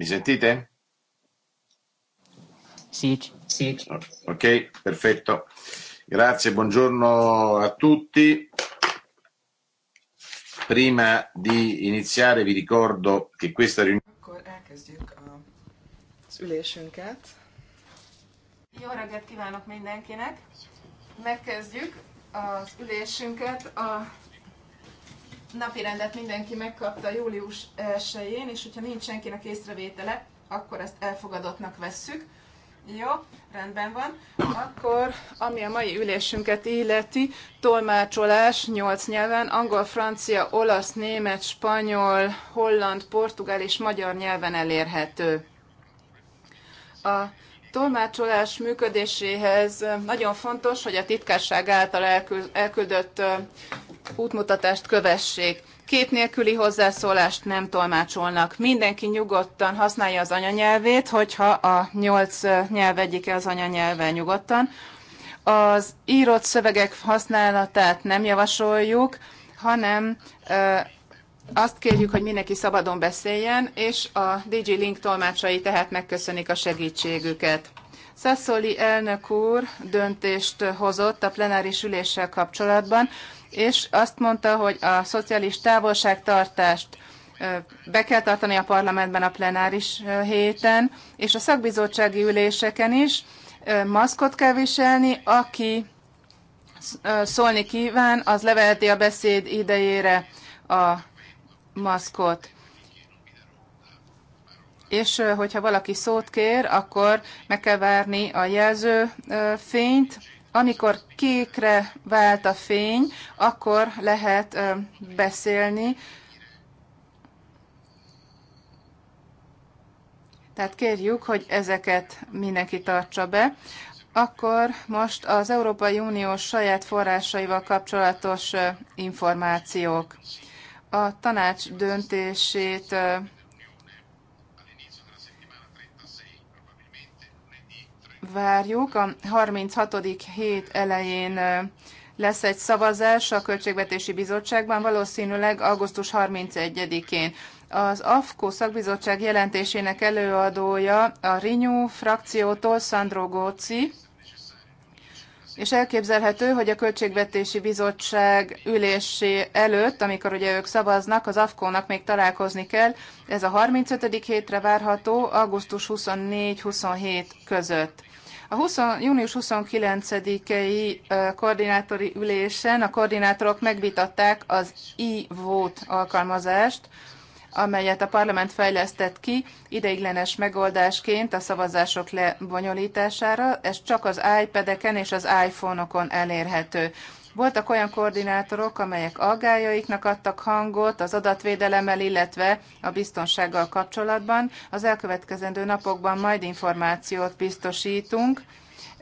¿Me sentite? Sì. sì. Ok, perfetto. Grazie, buongiorno a tutti. Prima di iniziare vi ricordo che questa riunione... ülésünket. Jó reggelt kívánok mindenkinek! Megkezdjük az ülésünket a napirendet mindenki megkapta július 1-én, és hogyha nincs senkinek észrevétele, akkor ezt elfogadottnak vesszük. Jó, rendben van. Akkor, ami a mai ülésünket illeti, tolmácsolás 8 nyelven, angol, francia, olasz, német, spanyol, holland, portugál és magyar nyelven elérhető. A tolmácsolás működéséhez nagyon fontos, hogy a titkárság által elküldött útmutatást kövessék. Kép nélküli hozzászólást nem tolmácsolnak. Mindenki nyugodtan használja az anyanyelvét, hogyha a nyolc nyelv egyike az anyanyelve nyugodtan. Az írott szövegek használatát nem javasoljuk, hanem azt kérjük, hogy mindenki szabadon beszéljen, és a DG Link tolmácsai tehát megköszönik a segítségüket. Szaszoli elnök úr döntést hozott a plenáris üléssel kapcsolatban, és azt mondta, hogy a szociális távolságtartást be kell tartani a parlamentben a plenáris héten, és a szakbizottsági üléseken is maszkot kell viselni, aki szólni kíván, az leveheti a beszéd idejére a maszkot. És hogyha valaki szót kér, akkor meg kell várni a jelző fényt, amikor kékre vált a fény, akkor lehet beszélni. Tehát kérjük, hogy ezeket mindenki tartsa be. Akkor most az Európai Unió saját forrásaival kapcsolatos információk. A tanács döntését várjuk. A 36. hét elején lesz egy szavazás a Költségvetési Bizottságban, valószínűleg augusztus 31-én. Az AFKO szakbizottság jelentésének előadója a Rinyú frakciótól Sandro Góci, és elképzelhető, hogy a Költségvetési Bizottság ülésé előtt, amikor ugye ők szavaznak, az AFKO-nak még találkozni kell. Ez a 35. hétre várható, augusztus 24-27 között. A 20, június 29-i koordinátori ülésen a koordinátorok megvitatták az e-vote alkalmazást, amelyet a parlament fejlesztett ki ideiglenes megoldásként a szavazások lebonyolítására, ez csak az iPad-eken és az iPhone-okon elérhető. Voltak olyan koordinátorok, amelyek aggájaiknak adtak hangot az adatvédelemmel, illetve a biztonsággal kapcsolatban. Az elkövetkezendő napokban majd információt biztosítunk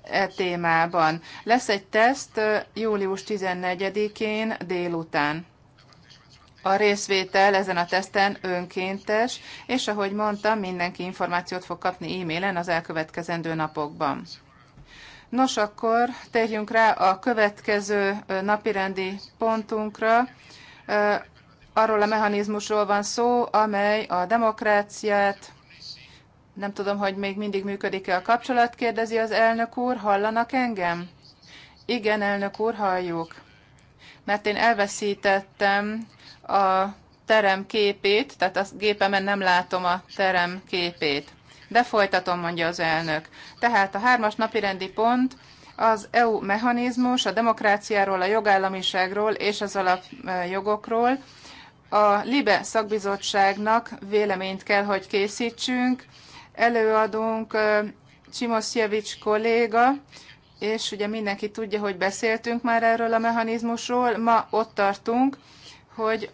e témában. Lesz egy teszt július 14-én délután. A részvétel ezen a teszten önkéntes, és ahogy mondtam, mindenki információt fog kapni e-mailen az elkövetkezendő napokban. Nos, akkor térjünk rá a következő napirendi pontunkra. Arról a mechanizmusról van szó, amely a demokráciát, nem tudom, hogy még mindig működik-e a kapcsolat, kérdezi az elnök úr, hallanak engem? Igen, elnök úr, halljuk. Mert én elveszítettem a terem képét, tehát a gépemen nem látom a terem képét. De folytatom, mondja az elnök. Tehát a hármas napirendi pont az EU mechanizmus a demokráciáról, a jogállamiságról és az alapjogokról. A LIBE szakbizottságnak véleményt kell, hogy készítsünk. Előadunk Csimoszjevics kolléga, és ugye mindenki tudja, hogy beszéltünk már erről a mechanizmusról. Ma ott tartunk, hogy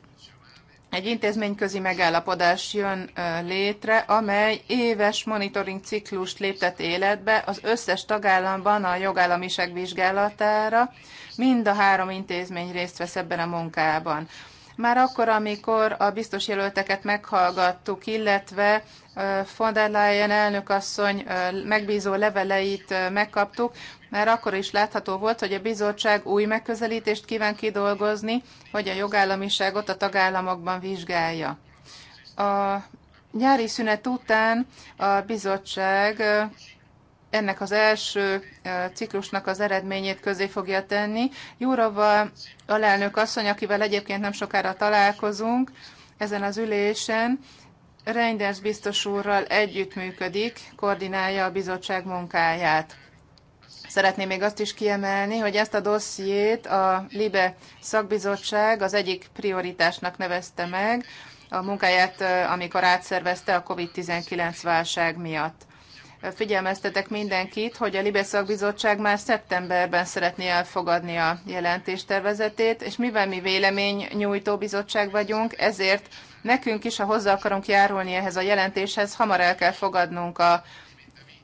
egy intézményközi megállapodás jön létre, amely éves monitoring ciklust léptet életbe az összes tagállamban a jogállamiság vizsgálatára. Mind a három intézmény részt vesz ebben a munkában. Már akkor, amikor a biztos jelölteket meghallgattuk, illetve von der Leyen elnökasszony megbízó leveleit megkaptuk, mert akkor is látható volt, hogy a bizottság új megközelítést kíván kidolgozni, hogy a jogállamiságot a tagállamokban vizsgálja. A nyári szünet után a bizottság ennek az első ciklusnak az eredményét közé fogja tenni. Jurova alelnök asszony, akivel egyébként nem sokára találkozunk ezen az ülésen, Reinders biztos úrral együttműködik, koordinálja a bizottság munkáját. Szeretném még azt is kiemelni, hogy ezt a dossziét a LIBE szakbizottság az egyik prioritásnak nevezte meg a munkáját, amikor átszervezte a COVID-19 válság miatt figyelmeztetek mindenkit, hogy a Libe Szakbizottság már szeptemberben szeretné elfogadni a jelentéstervezetét, és mivel mi vélemény nyújtó bizottság vagyunk, ezért nekünk is, ha hozzá akarunk járulni ehhez a jelentéshez, hamar el kell fogadnunk a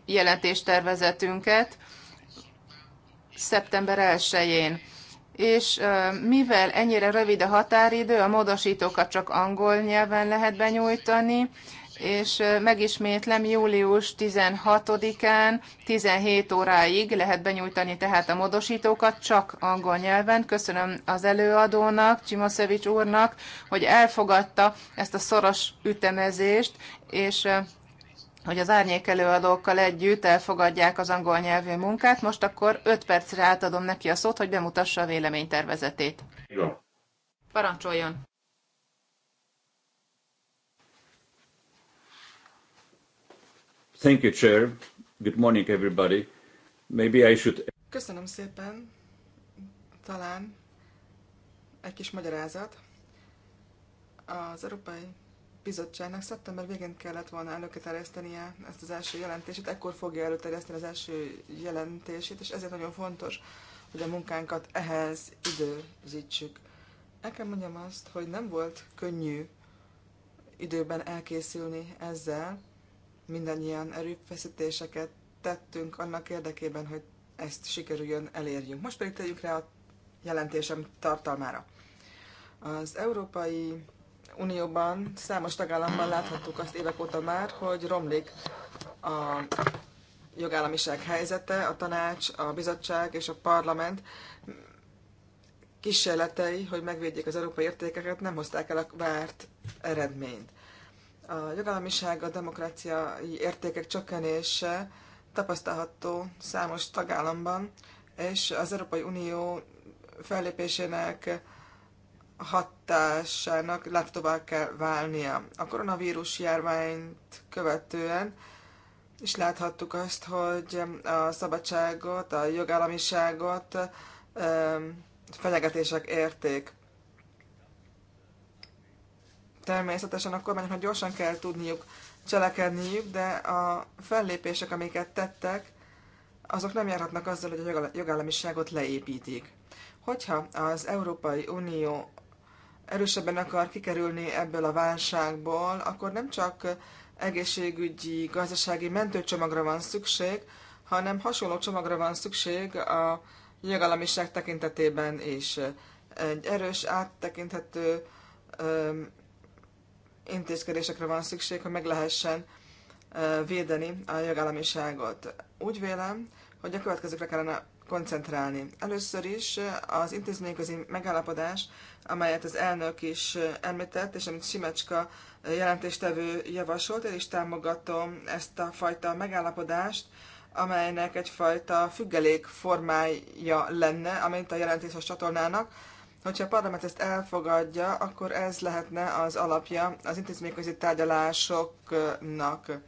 jelentéstervezetünket, szeptember 1-én. És mivel ennyire rövid a határidő, a módosítókat csak angol nyelven lehet benyújtani, és megismétlem, július 16-án 17 óráig lehet benyújtani tehát a módosítókat, csak angol nyelven. Köszönöm az előadónak, Csimoszevics úrnak, hogy elfogadta ezt a szoros ütemezést, és hogy az árnyék előadókkal együtt elfogadják az angol nyelvű munkát. Most akkor 5 percre átadom neki a szót, hogy bemutassa a véleménytervezetét. Jó. Parancsoljon! Thank you, Chair. Good morning, everybody. Maybe I should... Köszönöm szépen. Talán egy kis magyarázat. Az Európai bizottságnak szeptember végén kellett volna előterjesztenie ezt az első jelentését, ekkor fogja előterjeszteni az első jelentését, és ezért nagyon fontos, hogy a munkánkat ehhez időzítsük. El kell mondjam azt, hogy nem volt könnyű időben elkészülni ezzel, mindannyian erőfeszítéseket tettünk annak érdekében, hogy ezt sikerüljön elérjünk. Most pedig tegyük rá a jelentésem tartalmára. Az európai Unióban számos tagállamban láthattuk azt évek óta már, hogy romlik a jogállamiság helyzete, a tanács, a bizottság és a parlament kísérletei, hogy megvédjék az európai értékeket, nem hozták el a várt eredményt. A jogállamiság, a demokráciai értékek csökkenése tapasztalható számos tagállamban, és az Európai Unió fellépésének hatásának laptopá kell válnia. A koronavírus járványt követően és láthattuk azt, hogy a szabadságot, a jogállamiságot fenyegetések érték. Természetesen a kormányoknak gyorsan kell tudniuk cselekedniük, de a fellépések, amiket tettek, azok nem járhatnak azzal, hogy a jogállamiságot leépítik. Hogyha az Európai Unió erősebben akar kikerülni ebből a válságból, akkor nem csak egészségügyi, gazdasági mentőcsomagra van szükség, hanem hasonló csomagra van szükség a jogállamiság tekintetében is. Egy erős, áttekinthető öm, intézkedésekre van szükség, hogy meg lehessen védeni a jogállamiságot. Úgy vélem, hogy a következőkre kellene koncentrálni. Először is az intézményközi megállapodás, amelyet az elnök is említett, és amit Simecska jelentéstevő javasolt, én is támogatom ezt a fajta megállapodást, amelynek egyfajta függelék formája lenne, amint a jelentéses csatornának. Hogyha a parlament ezt elfogadja, akkor ez lehetne az alapja az intézményközi tárgyalásoknak.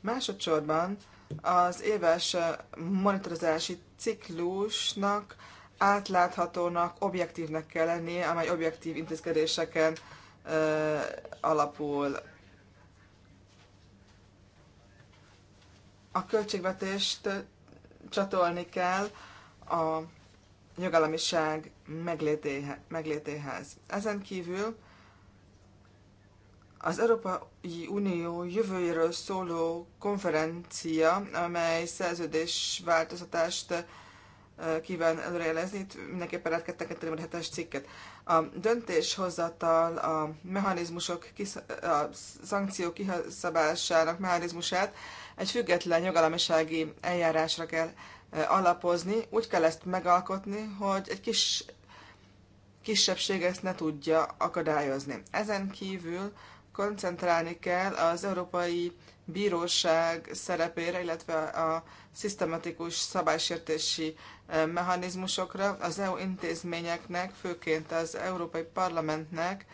Másodszorban az éves monitorozási ciklusnak átláthatónak, objektívnek kell lenni, amely objektív intézkedéseken ö, alapul. A költségvetést csatolni kell a jogállamiság meglétéhez. Ezen kívül az Európai Unió jövőjéről szóló konferencia, amely szerződés változatást kíván előrejelezni, itt mindenképpen átkedtek egy hetes cikket. A döntéshozatal, a mechanizmusok, a szankciók kiszabásának mechanizmusát egy független jogalamisági eljárásra kell alapozni. Úgy kell ezt megalkotni, hogy egy kis kisebbség ezt ne tudja akadályozni. Ezen kívül koncentrálni kell az Európai Bíróság szerepére, illetve a szisztematikus szabálysértési mechanizmusokra az EU intézményeknek, főként az Európai Parlamentnek,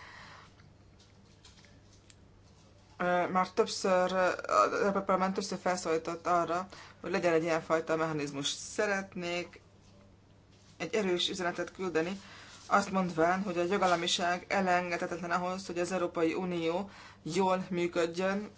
már többször, az Európai Parlament többször felszólított arra, hogy legyen egy ilyenfajta mechanizmus. Szeretnék egy erős üzenetet küldeni azt mondván, hogy a jogalamiság elengedhetetlen ahhoz, hogy az Európai Unió jól működjön,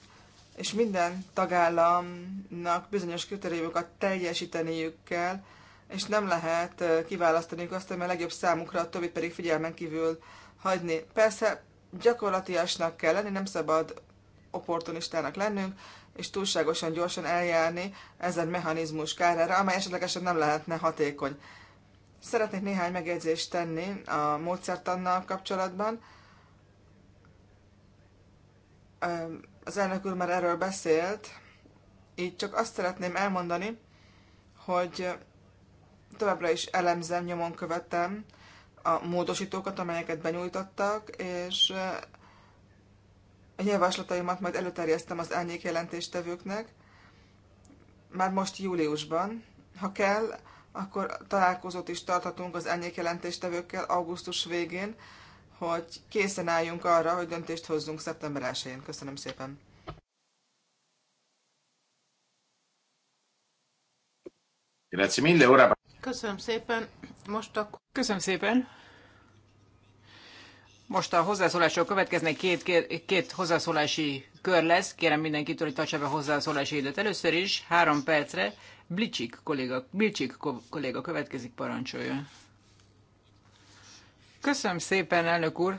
és minden tagállamnak bizonyos kritériumokat teljesíteniük kell, és nem lehet kiválasztani azt, ami a legjobb számukra, a többi pedig figyelmen kívül hagyni. Persze gyakorlatiasnak kell lenni, nem szabad opportunistának lennünk, és túlságosan gyorsan eljárni ezen mechanizmus kárára, amely esetlegesen nem lehetne hatékony. Szeretnék néhány megjegyzést tenni a módszertannal kapcsolatban. Az elnök úr már erről beszélt, így csak azt szeretném elmondani, hogy továbbra is elemzem, nyomon követem a módosítókat, amelyeket benyújtottak, és a javaslataimat majd előterjesztem az elnyék jelentéstevőknek, már most júliusban. Ha kell, akkor találkozót is tarthatunk az elnyékjelentéstevőkkel augusztus végén, hogy készen álljunk arra, hogy döntést hozzunk szeptember 1-én. Köszönöm szépen! Köszönöm szépen. Most akkor... Köszönöm szépen. Most a hozzászólások következnek, két, két, két hozzászólási kör lesz. Kérem mindenkitől, hogy tartsa be hozzászólási időt. Először is három percre Blicsik kolléga, Blicsik kolléga következik, parancsoljon. Köszönöm szépen, elnök úr!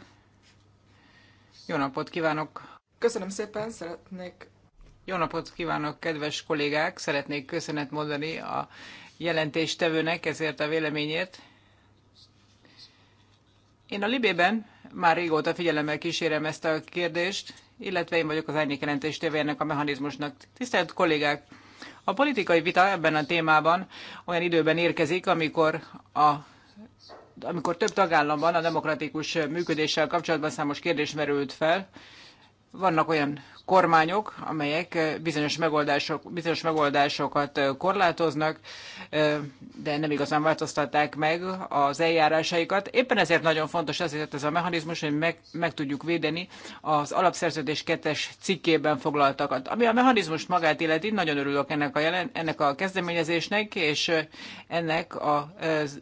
Jó napot kívánok! Köszönöm szépen, szeretnék... Jó napot kívánok, kedves kollégák! Szeretnék köszönet mondani a jelentéstevőnek ezért a véleményért. Én a Libében már régóta figyelemmel kísérem ezt a kérdést, illetve én vagyok az árnyék jelentéstevő a mechanizmusnak. Tisztelt kollégák! A politikai vita ebben a témában olyan időben érkezik, amikor a amikor több tagállamban a demokratikus működéssel kapcsolatban számos kérdés merült fel, vannak olyan kormányok, amelyek bizonyos, megoldások, bizonyos megoldásokat korlátoznak, de nem igazán változtatták meg az eljárásaikat. Éppen ezért nagyon fontos ezért ez a mechanizmus, hogy meg, meg tudjuk védeni az alapszerződés kettes cikkében foglaltakat. Ami a mechanizmust magát illeti, nagyon örülök ennek a, jelen, ennek a kezdeményezésnek, és ennek a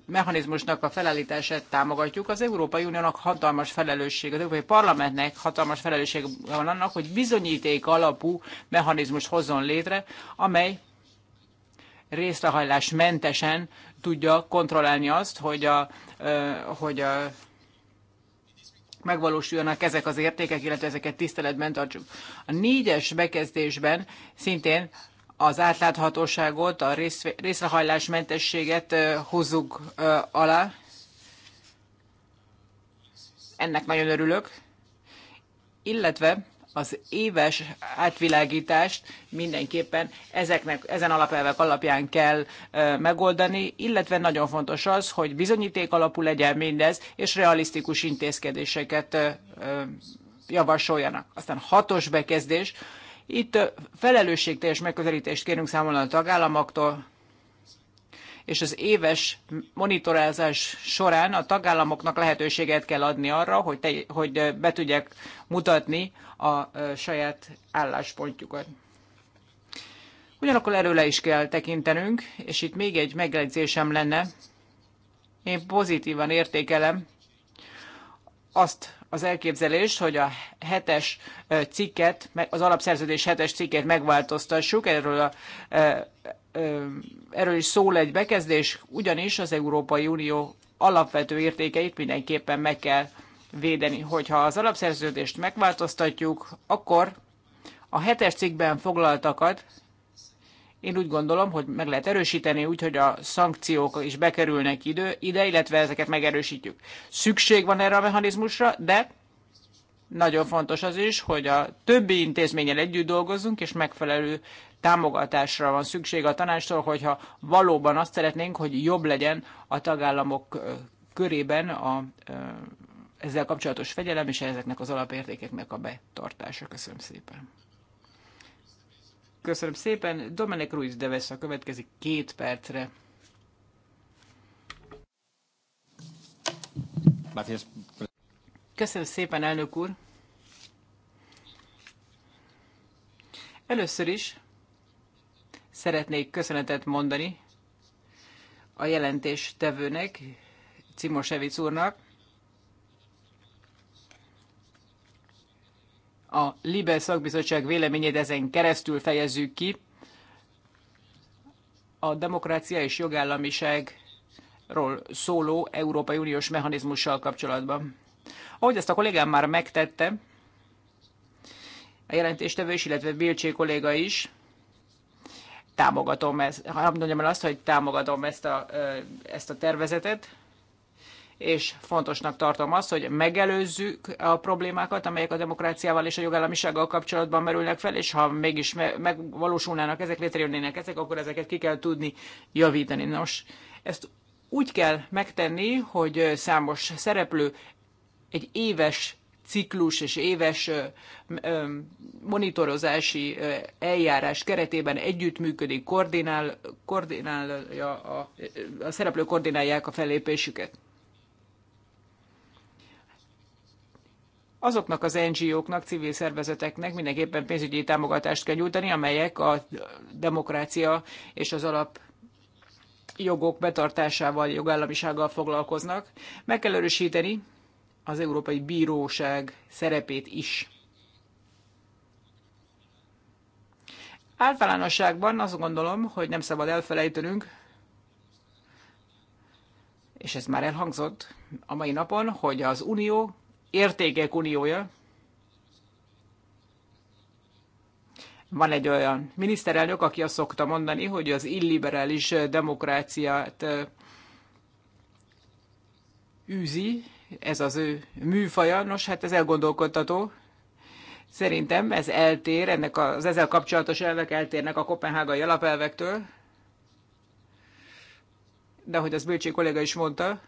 mechanizmusnak a felállítását támogatjuk. Az Európai Uniónak hatalmas felelősség, az Európai Parlamentnek hatalmas felelősség van annak, hogy bizonyít bizonyíték alapú mechanizmus hozzon létre, amely részrehajlás mentesen tudja kontrollálni azt, hogy, a, hogy a, megvalósuljanak ezek az értékek, illetve ezeket tiszteletben tartsuk. A négyes bekezdésben szintén az átláthatóságot, a részrehajlásmentességet hozzuk alá. Ennek nagyon örülök. Illetve az éves átvilágítást mindenképpen ezeknek, ezen alapelvek alapján kell e, megoldani, illetve nagyon fontos az, hogy bizonyíték alapú legyen mindez, és realisztikus intézkedéseket e, e, javasoljanak. Aztán hatos bekezdés. Itt felelősségteljes megközelítést kérünk számolni a tagállamoktól, és az éves monitorázás során a tagállamoknak lehetőséget kell adni arra, hogy, te, hogy be tudják mutatni a saját álláspontjukat. Ugyanakkor erőle is kell tekintenünk, és itt még egy megjegyzésem lenne. Én pozitívan értékelem azt az elképzelést, hogy a hetes cikket, az alapszerződés hetes cikket megváltoztassuk, erről a erről is szól egy bekezdés, ugyanis az Európai Unió alapvető értékeit mindenképpen meg kell védeni. Hogyha az alapszerződést megváltoztatjuk, akkor a hetes cikkben foglaltakat én úgy gondolom, hogy meg lehet erősíteni, úgyhogy a szankciók is bekerülnek idő, ide, illetve ezeket megerősítjük. Szükség van erre a mechanizmusra, de nagyon fontos az is, hogy a többi intézménnyel együtt dolgozzunk, és megfelelő támogatásra van szükség a tanácstól, hogyha valóban azt szeretnénk, hogy jobb legyen a tagállamok körében a, ezzel kapcsolatos fegyelem és ezeknek az alapértékeknek a betartása. Köszönöm szépen. Köszönöm szépen. Dominic Ruiz de a következik két percre. Köszönöm szépen, elnök úr. Először is Szeretnék köszönetet mondani a jelentés tevőnek, Cimosevic úrnak. A Libe szakbizottság véleményét ezen keresztül fejezzük ki. A demokrácia és jogállamiságról szóló Európai Uniós mechanizmussal kapcsolatban. Ahogy ezt a kollégám már megtette, a jelentéstevő is, illetve Bilcsé kolléga is, támogatom ezt, ha mondjam el azt, hogy támogatom ezt a, ezt a tervezetet, és fontosnak tartom azt, hogy megelőzzük a problémákat, amelyek a demokráciával és a jogállamisággal kapcsolatban merülnek fel, és ha mégis me- megvalósulnának ezek, létrejönnének ezek, akkor ezeket ki kell tudni javítani. Nos, ezt úgy kell megtenni, hogy számos szereplő egy éves ciklus és éves monitorozási eljárás keretében együttműködik, koordinál, koordinálja a, a szereplők koordinálják a fellépésüket. azoknak az NGO-knak, civil szervezeteknek mindenképpen pénzügyi támogatást kell nyújtani, amelyek a demokrácia és az alap jogok betartásával, jogállamisággal foglalkoznak. Meg kell erősíteni az Európai Bíróság szerepét is. Általánosságban azt gondolom, hogy nem szabad elfelejtenünk, és ez már elhangzott a mai napon, hogy az Unió értékek uniója. Van egy olyan miniszterelnök, aki azt szokta mondani, hogy az illiberális demokráciát űzi, ez az ő műfaja, nos hát ez elgondolkodtató. Szerintem ez eltér, ennek az ezzel kapcsolatos elvek eltérnek a kopenhágai alapelvektől, de ahogy az Bölcsi kolléga is mondta,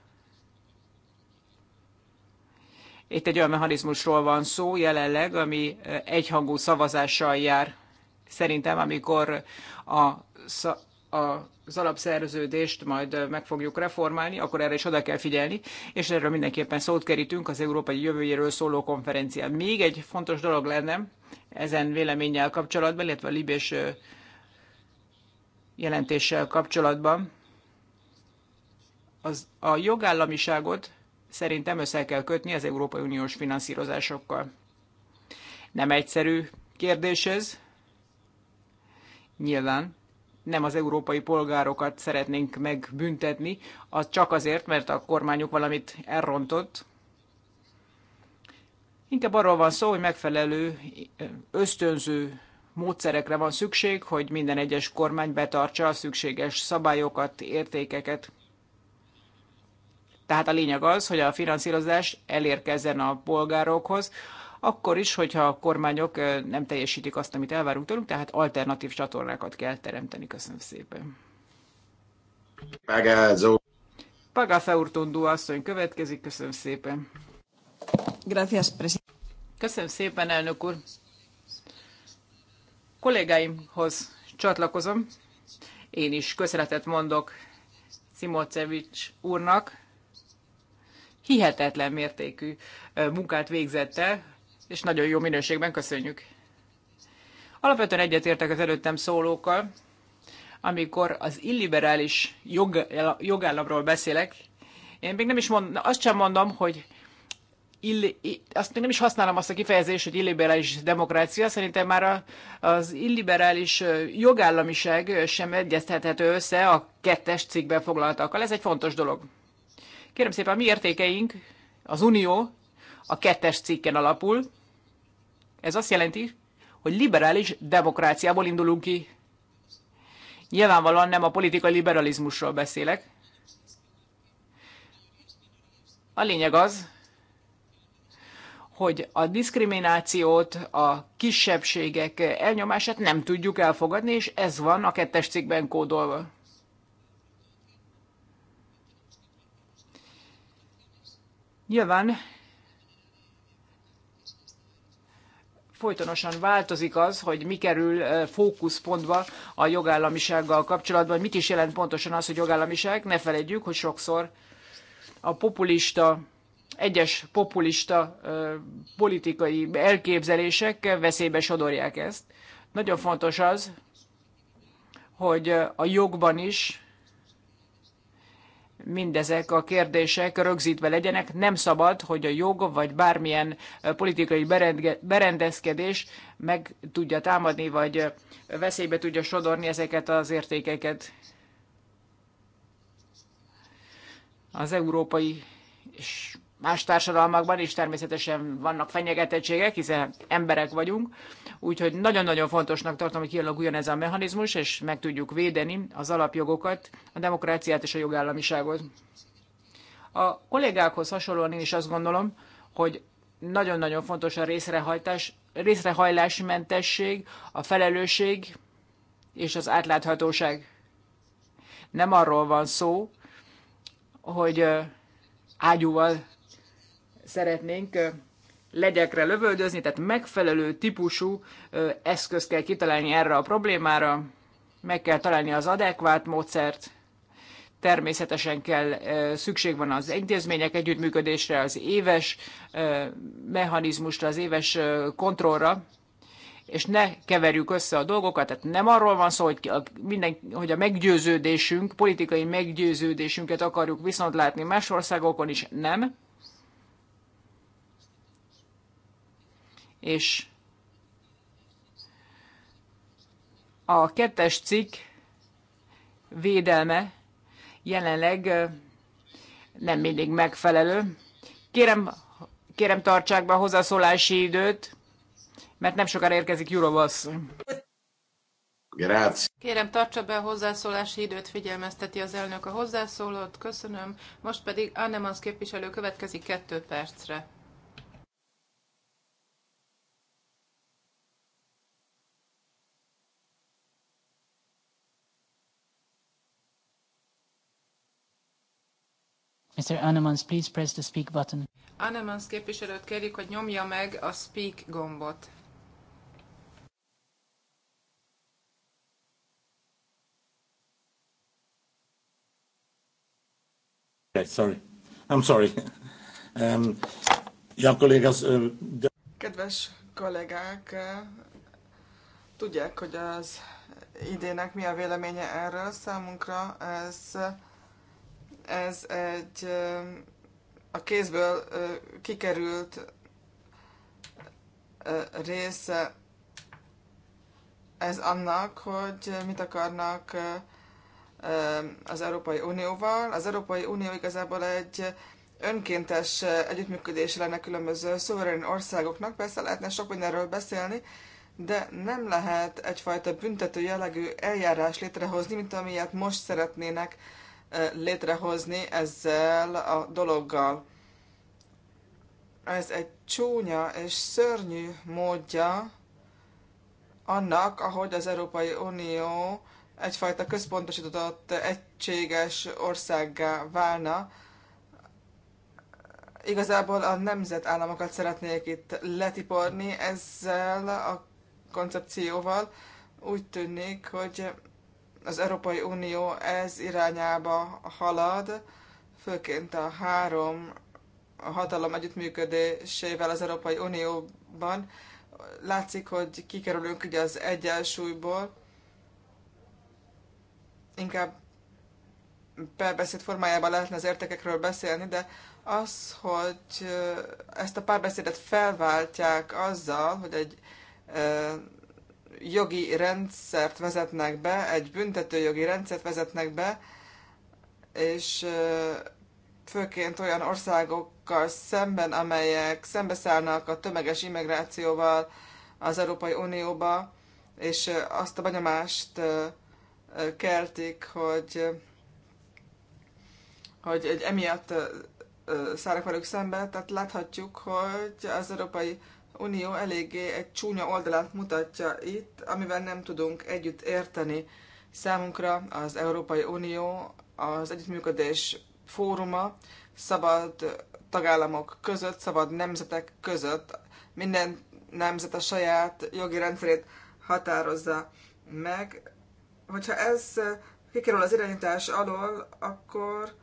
itt egy olyan mechanizmusról van szó jelenleg, ami eh, egyhangú szavazással jár. Szerintem, amikor a, a az alapszerződést majd meg fogjuk reformálni, akkor erre is oda kell figyelni, és erről mindenképpen szót kerítünk az Európai Jövőjéről szóló konferencián. Még egy fontos dolog lenne ezen véleménnyel kapcsolatban, illetve a libés jelentéssel kapcsolatban, az a jogállamiságot szerintem össze kell kötni az Európai Uniós finanszírozásokkal. Nem egyszerű kérdés ez. Nyilván nem az európai polgárokat szeretnénk megbüntetni, az csak azért, mert a kormányuk valamit elrontott. Inkább arról van szó, hogy megfelelő ösztönző módszerekre van szükség, hogy minden egyes kormány betartsa a szükséges szabályokat, értékeket. Tehát a lényeg az, hogy a finanszírozás elérkezzen a polgárokhoz, akkor is, hogyha a kormányok nem teljesítik azt, amit elvárunk tőlük, tehát alternatív csatornákat kell teremteni. Köszönöm szépen. Pagázó. Pagásza Urtundú asszony következik, köszönöm szépen. Gracias, Köszönöm szépen, elnök úr. Kollégáimhoz csatlakozom. Én is köszönetet mondok Szimocevics úrnak. Hihetetlen mértékű munkát végzett el, és nagyon jó minőségben köszönjük. Alapvetően egyetértek az előttem szólókkal, amikor az illiberális jog, jogállamról beszélek, én még nem is mond, azt sem mondom, hogy ill, azt még nem is használom azt a kifejezést, hogy illiberális demokrácia, szerintem már a, az illiberális jogállamiság sem egyeztethető össze a kettes cikkben foglaltakkal. Ez egy fontos dolog. Kérem szépen, mi értékeink, az unió a kettes cikken alapul. Ez azt jelenti, hogy liberális demokráciából indulunk ki. Nyilvánvalóan nem a politikai liberalizmusról beszélek. A lényeg az, hogy a diszkriminációt, a kisebbségek elnyomását nem tudjuk elfogadni, és ez van a kettes cikkben kódolva. Nyilván folytonosan változik az, hogy mi kerül fókuszpontba a jogállamisággal kapcsolatban. Mit is jelent pontosan az, hogy jogállamiság? Ne felejtjük, hogy sokszor a populista egyes populista politikai elképzelések veszélybe sodorják ezt. Nagyon fontos az, hogy a jogban is mindezek a kérdések rögzítve legyenek. Nem szabad, hogy a jog vagy bármilyen eh, politikai berendezkedés meg tudja támadni, vagy eh, veszélybe tudja sodorni ezeket az értékeket. Az európai és más társadalmakban is természetesen vannak fenyegetettségek, hiszen emberek vagyunk, úgyhogy nagyon-nagyon fontosnak tartom, hogy kialakuljon ez a mechanizmus, és meg tudjuk védeni az alapjogokat, a demokráciát és a jogállamiságot. A kollégákhoz hasonlóan én is azt gondolom, hogy nagyon-nagyon fontos a részrehajtás, részrehajlásmentesség, a felelősség és az átláthatóság. Nem arról van szó, hogy ágyúval szeretnénk legyekre lövöldözni, tehát megfelelő típusú eszközt kell kitalálni erre a problémára, meg kell találni az adekvát módszert, természetesen kell, szükség van az intézmények együttműködésre, az éves mechanizmusra, az éves kontrollra, és ne keverjük össze a dolgokat, tehát nem arról van szó, hogy a, minden, hogy a meggyőződésünk, politikai meggyőződésünket akarjuk viszont látni más országokon is, nem, és a kettes cikk védelme jelenleg nem mindig megfelelő. Kérem, kérem tartsák be a hozzászólási időt, mert nem sokára érkezik Jurovasz. Kérem, tartsa be a hozzászólási időt, figyelmezteti az elnök a hozzászólót. Köszönöm. Most pedig Annemans képviselő következik kettő percre. Mr. Annemans, please press the speak button. Annemans képviselőt kérjük, hogy nyomja meg a speak gombot. sorry. I'm sorry. Um, ja, kollégás, de... Kedves kollégák, tudják, hogy az idének mi a véleménye erről. Számunkra ez ez egy a kézből kikerült része ez annak, hogy mit akarnak az Európai Unióval. Az Európai Unió igazából egy önkéntes együttműködés lenne különböző szuverén országoknak. Persze lehetne sok mindenről beszélni, de nem lehet egyfajta büntető jellegű eljárás létrehozni, mint amilyet most szeretnének létrehozni ezzel a dologgal. Ez egy csúnya és szörnyű módja annak, ahogy az Európai Unió egyfajta központosított, egységes országgá válna. Igazából a nemzetállamokat szeretnék itt letiporni ezzel a koncepcióval. Úgy tűnik, hogy az Európai Unió ez irányába halad, főként a három a hatalom együttműködésével az Európai Unióban. Látszik, hogy kikerülünk ugye az egyensúlyból, inkább párbeszéd formájában lehetne az értékekről beszélni, de az, hogy ezt a párbeszédet felváltják azzal, hogy egy jogi rendszert vezetnek be, egy jogi rendszert vezetnek be, és főként olyan országokkal szemben, amelyek szembeszállnak a tömeges immigrációval az Európai Unióba, és azt a benyomást keltik, hogy, hogy egy emiatt szállnak velük szembe, tehát láthatjuk, hogy az Európai Unió eléggé egy csúnya oldalát mutatja itt, amivel nem tudunk együtt érteni. Számunkra az Európai Unió az együttműködés fóruma, szabad tagállamok között, szabad nemzetek között. Minden nemzet a saját jogi rendszerét határozza meg. Hogyha ez kikerül az irányítás alól, akkor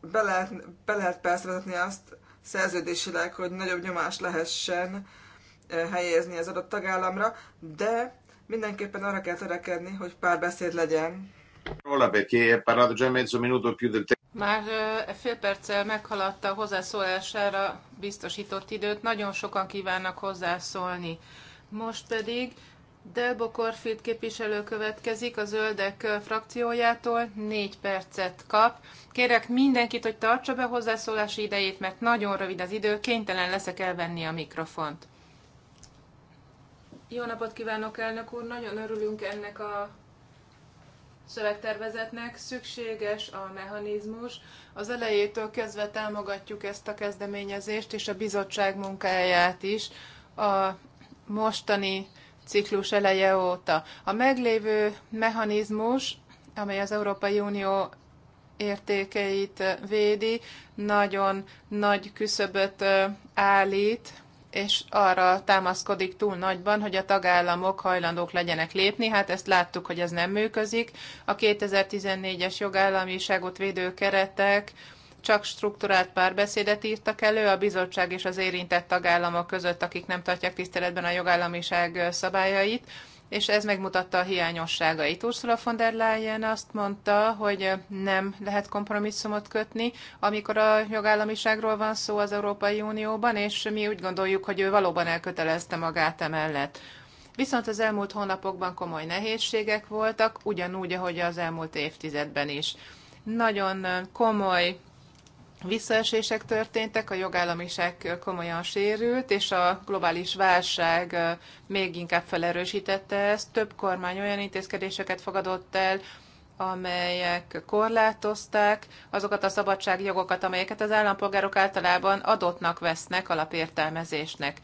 be lehet, be lehet persze vezetni azt, szerződésileg, hogy nagyobb nyomás lehessen helyezni az adott tagállamra, de mindenképpen arra kell törekedni, hogy párbeszéd legyen. Már fél perccel meghaladta a hozzászólására biztosított időt, nagyon sokan kívánnak hozzászólni. Most pedig Delbo Korfield képviselő következik a zöldek frakciójától, négy percet kap. Kérek mindenkit, hogy tartsa be hozzászólási idejét, mert nagyon rövid az idő, kénytelen leszek elvenni a mikrofont. Jó napot kívánok, elnök úr! Nagyon örülünk ennek a szövegtervezetnek. Szükséges a mechanizmus. Az elejétől kezdve támogatjuk ezt a kezdeményezést és a bizottság munkáját is. A mostani ciklus eleje óta. A meglévő mechanizmus, amely az Európai Unió értékeit védi, nagyon nagy küszöböt állít, és arra támaszkodik túl nagyban, hogy a tagállamok hajlandók legyenek lépni. Hát ezt láttuk, hogy ez nem működik. A 2014-es jogállamiságot védő keretek csak strukturált párbeszédet írtak elő a bizottság és az érintett tagállamok között, akik nem tartják tiszteletben a jogállamiság szabályait, és ez megmutatta a hiányosságait. Ursula von der Leyen azt mondta, hogy nem lehet kompromisszumot kötni, amikor a jogállamiságról van szó az Európai Unióban, és mi úgy gondoljuk, hogy ő valóban elkötelezte magát emellett. Viszont az elmúlt hónapokban komoly nehézségek voltak, ugyanúgy, ahogy az elmúlt évtizedben is. Nagyon komoly visszaesések történtek, a jogállamiság komolyan sérült, és a globális válság még inkább felerősítette ezt. Több kormány olyan intézkedéseket fogadott el, amelyek korlátozták azokat a szabadságjogokat, amelyeket az állampolgárok általában adottnak vesznek alapértelmezésnek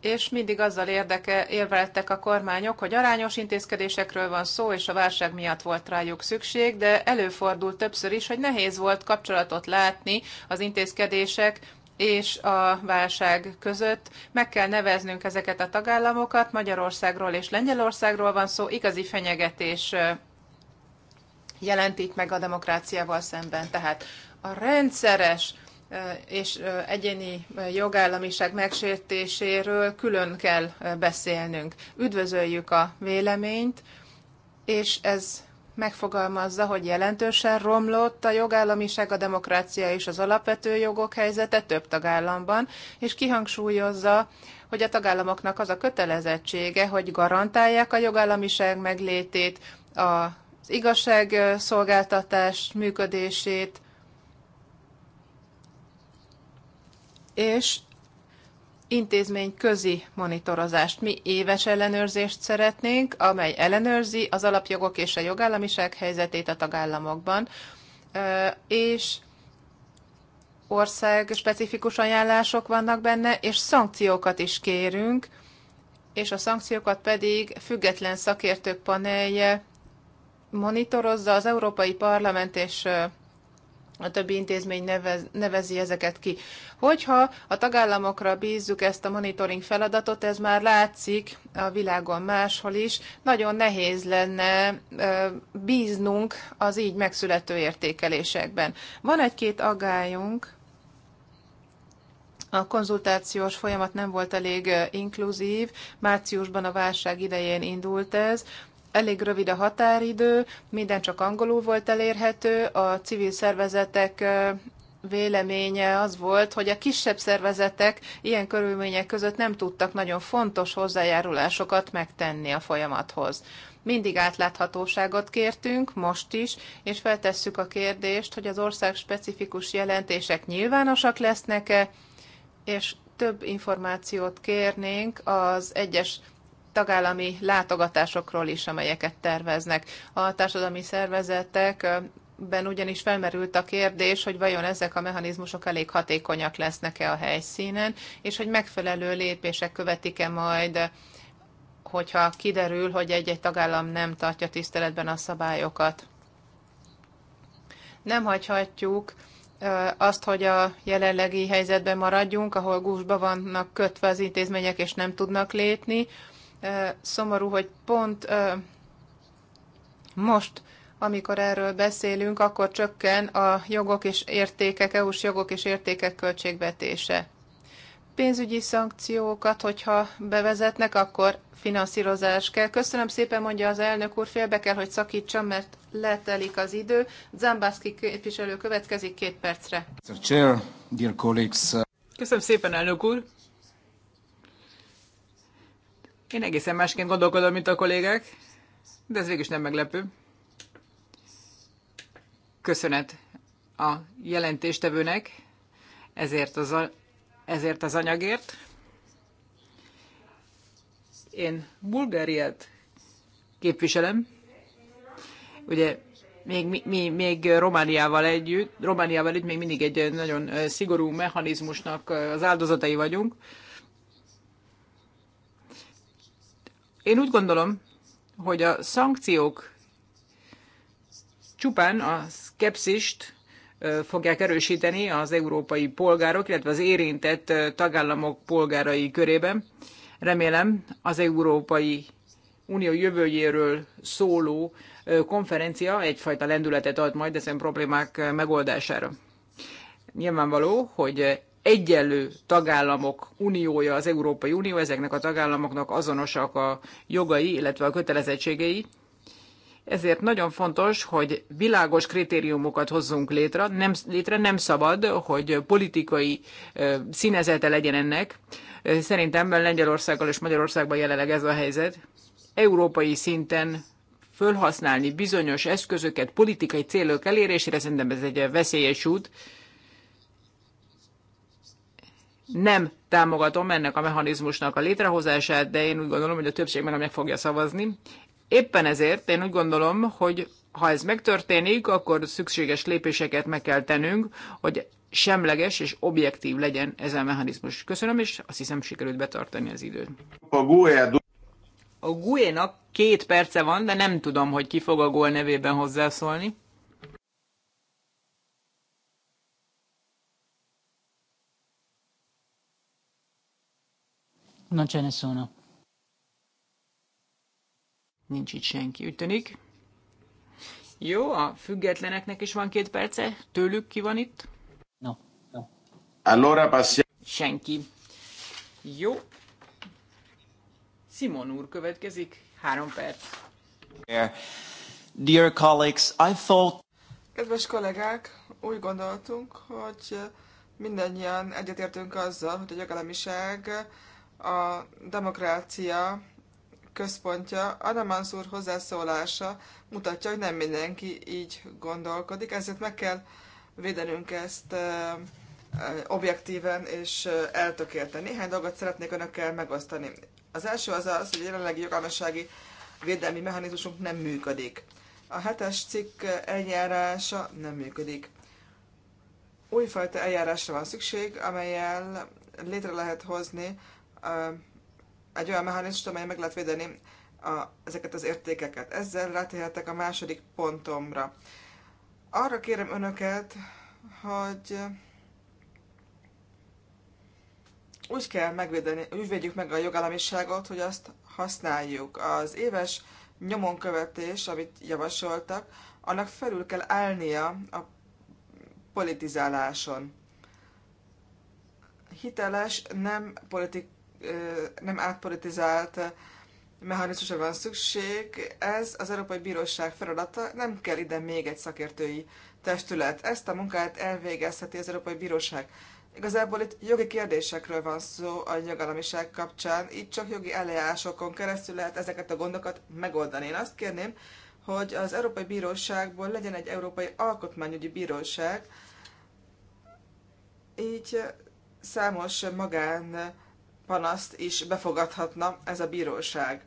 és mindig azzal érdeke, érveltek a kormányok, hogy arányos intézkedésekről van szó, és a válság miatt volt rájuk szükség, de előfordult többször is, hogy nehéz volt kapcsolatot látni az intézkedések és a válság között. Meg kell neveznünk ezeket a tagállamokat, Magyarországról és Lengyelországról van szó, igazi fenyegetés jelent meg a demokráciával szemben. Tehát a rendszeres és egyéni jogállamiság megsértéséről külön kell beszélnünk. Üdvözöljük a véleményt, és ez megfogalmazza, hogy jelentősen romlott a jogállamiság, a demokrácia és az alapvető jogok helyzete több tagállamban, és kihangsúlyozza, hogy a tagállamoknak az a kötelezettsége, hogy garantálják a jogállamiság meglétét, az igazságszolgáltatás működését, és intézmény közi monitorozást. Mi éves ellenőrzést szeretnénk, amely ellenőrzi az alapjogok és a jogállamiság helyzetét a tagállamokban, és ország specifikus ajánlások vannak benne, és szankciókat is kérünk, és a szankciókat pedig független szakértők panelje monitorozza az Európai Parlament és a többi intézmény nevez, nevezi ezeket ki. Hogyha a tagállamokra bízzuk ezt a monitoring feladatot, ez már látszik a világon máshol is, nagyon nehéz lenne bíznunk az így megszülető értékelésekben. Van egy-két agályunk, a konzultációs folyamat nem volt elég inkluzív, márciusban a válság idején indult ez, elég rövid a határidő, minden csak angolul volt elérhető, a civil szervezetek véleménye az volt, hogy a kisebb szervezetek ilyen körülmények között nem tudtak nagyon fontos hozzájárulásokat megtenni a folyamathoz. Mindig átláthatóságot kértünk, most is, és feltesszük a kérdést, hogy az ország specifikus jelentések nyilvánosak lesznek-e, és több információt kérnénk az egyes tagállami látogatásokról is, amelyeket terveznek. A társadalmi szervezetek ben ugyanis felmerült a kérdés, hogy vajon ezek a mechanizmusok elég hatékonyak lesznek-e a helyszínen, és hogy megfelelő lépések követik-e majd, hogyha kiderül, hogy egy-egy tagállam nem tartja tiszteletben a szabályokat. Nem hagyhatjuk azt, hogy a jelenlegi helyzetben maradjunk, ahol gúzsba vannak kötve az intézmények, és nem tudnak lépni, szomorú, hogy pont most, amikor erről beszélünk, akkor csökken a jogok és értékek, EU-s jogok és értékek költségvetése. Pénzügyi szankciókat, hogyha bevezetnek, akkor finanszírozás kell. Köszönöm szépen, mondja az elnök úr, félbe kell, hogy szakítsam, mert letelik az idő. Zambászki képviselő következik két percre. Uh, Köszönöm szépen, elnök úr! Én egészen másként gondolkodom, mint a kollégák, de ez végülis nem meglepő. Köszönet a jelentéstevőnek ezért az, a, ezért az anyagért. Én Bulgáriát képviselem. Ugye még, mi, mi, még Romániával együtt, Romániával együtt még mindig egy nagyon szigorú mechanizmusnak az áldozatai vagyunk. Én úgy gondolom, hogy a szankciók csupán a szkepszist fogják erősíteni az európai polgárok, illetve az érintett tagállamok polgárai körében. Remélem az Európai Unió jövőjéről szóló konferencia egyfajta lendületet ad majd ezen problémák megoldására. Nyilvánvaló, hogy egyenlő tagállamok uniója az Európai Unió, ezeknek a tagállamoknak azonosak a jogai, illetve a kötelezettségei. Ezért nagyon fontos, hogy világos kritériumokat hozzunk létre, nem, létre nem szabad, hogy politikai színezete legyen ennek. Szerintem Lengyelországgal és Magyarországban jelenleg ez a helyzet. Európai szinten fölhasználni bizonyos eszközöket politikai célok elérésére, szerintem ez egy veszélyes út nem támogatom ennek a mechanizmusnak a létrehozását, de én úgy gondolom, hogy a többség meg meg fogja szavazni. Éppen ezért én úgy gondolom, hogy ha ez megtörténik, akkor szükséges lépéseket meg kell tennünk, hogy semleges és objektív legyen ez a mechanizmus. Köszönöm, és azt hiszem sikerült betartani az időt. A GUE a GUE-nak két perce van, de nem tudom, hogy ki fog a gól nevében hozzászólni. Non c'è nessuno. Nincs itt senki, úgy tűnik. Jó, a függetleneknek is van két perce. Tőlük ki van itt? No. no. Allora passi... Senki. Jó. Simon úr következik. Három perc. Dear colleagues, I thought... Kedves kollégák, úgy gondoltunk, hogy mindannyian egyetértünk azzal, hogy a jogállamiság a demokrácia központja, Anna Mansur hozzászólása mutatja, hogy nem mindenki így gondolkodik, ezért meg kell védenünk ezt objektíven és eltökélten. Néhány dolgot szeretnék önökkel megosztani. Az első az az, hogy a jelenlegi jogállamisági védelmi mechanizmusunk nem működik. A hetes cikk eljárása nem működik. Újfajta eljárásra van szükség, amelyel létre lehet hozni egy olyan mechanizmust, amely meg lehet védeni a, ezeket az értékeket. Ezzel rátérhetek a második pontomra. Arra kérem önöket, hogy úgy kell megvédeni, úgy védjük meg a jogállamiságot, hogy azt használjuk. Az éves nyomonkövetés, amit javasoltak, annak felül kell állnia a politizáláson. Hiteles, nem politik nem átpolitizált mechanizmusra van szükség. Ez az Európai Bíróság feladata, nem kell ide még egy szakértői testület. Ezt a munkát elvégezheti az Európai Bíróság. Igazából itt jogi kérdésekről van szó a jogállamiság kapcsán, itt csak jogi eljárásokon keresztül lehet ezeket a gondokat megoldani. Én azt kérném, hogy az Európai Bíróságból legyen egy Európai Alkotmányügyi Bíróság, így számos magán panaszt is befogadhatna ez a bíróság.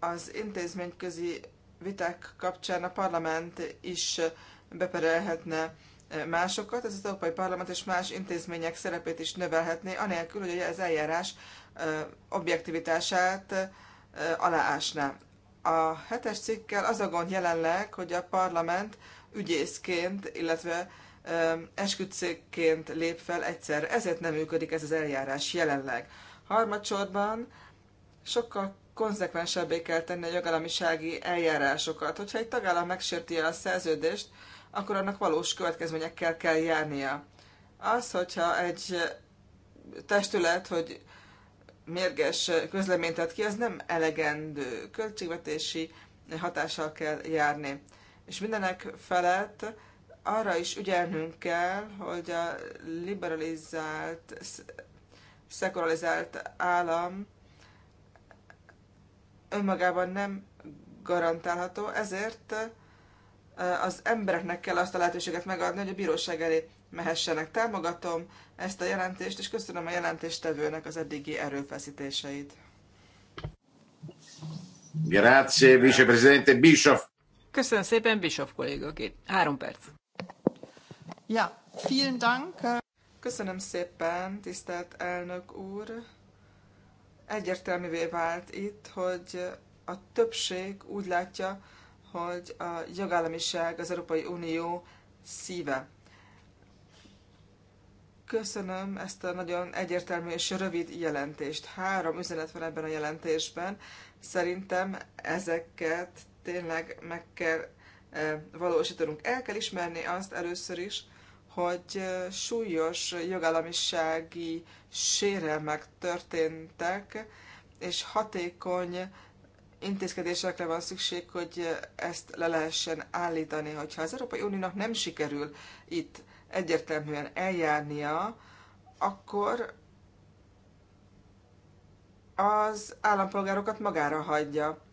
Az intézményközi viták kapcsán a parlament is beperelhetne eh, másokat, ez az Európai Parlament és más intézmények szerepét is növelhetné, anélkül, hogy az eljárás eh, objektivitását eh, aláásná. A hetes cikkel az a gond jelenleg, hogy a parlament ügyészként, illetve esküdszékként lép fel egyszerre. Ezért nem működik ez az eljárás jelenleg. Harmadsorban sokkal konzekvensebbé kell tenni a jogállamisági eljárásokat. Hogyha egy tagállam megsérti a szerződést, akkor annak valós következményekkel kell járnia. Az, hogyha egy testület, hogy mérges közleményt ad ki, az nem elegendő. Költségvetési hatással kell járni. És mindenek felett arra is ügyelnünk kell, hogy a liberalizált, szekularizált állam önmagában nem garantálható, ezért eh, az embereknek kell azt a lehetőséget megadni, hogy a bíróság elé mehessenek. Támogatom ezt a jelentést, és köszönöm a jelentéstevőnek az eddigi erőfeszítéseit. Grazie, vicepresidente Bischoff. Köszönöm szépen, Bischoff kolléga, két, három perc. Ja, vielen Dank. Köszönöm szépen, tisztelt elnök úr. Egyértelművé vált itt, hogy a többség úgy látja, hogy a jogállamiság az Európai Unió szíve. Köszönöm ezt a nagyon egyértelmű és rövid jelentést. Három üzenet van ebben a jelentésben. Szerintem ezeket tényleg meg kell eh, valósítanunk. El kell ismerni azt először is, hogy súlyos jogállamisági sérelmek történtek, és hatékony intézkedésekre van szükség, hogy ezt le lehessen állítani. Hogyha az Európai Uniónak nem sikerül itt egyértelműen eljárnia, akkor az állampolgárokat magára hagyja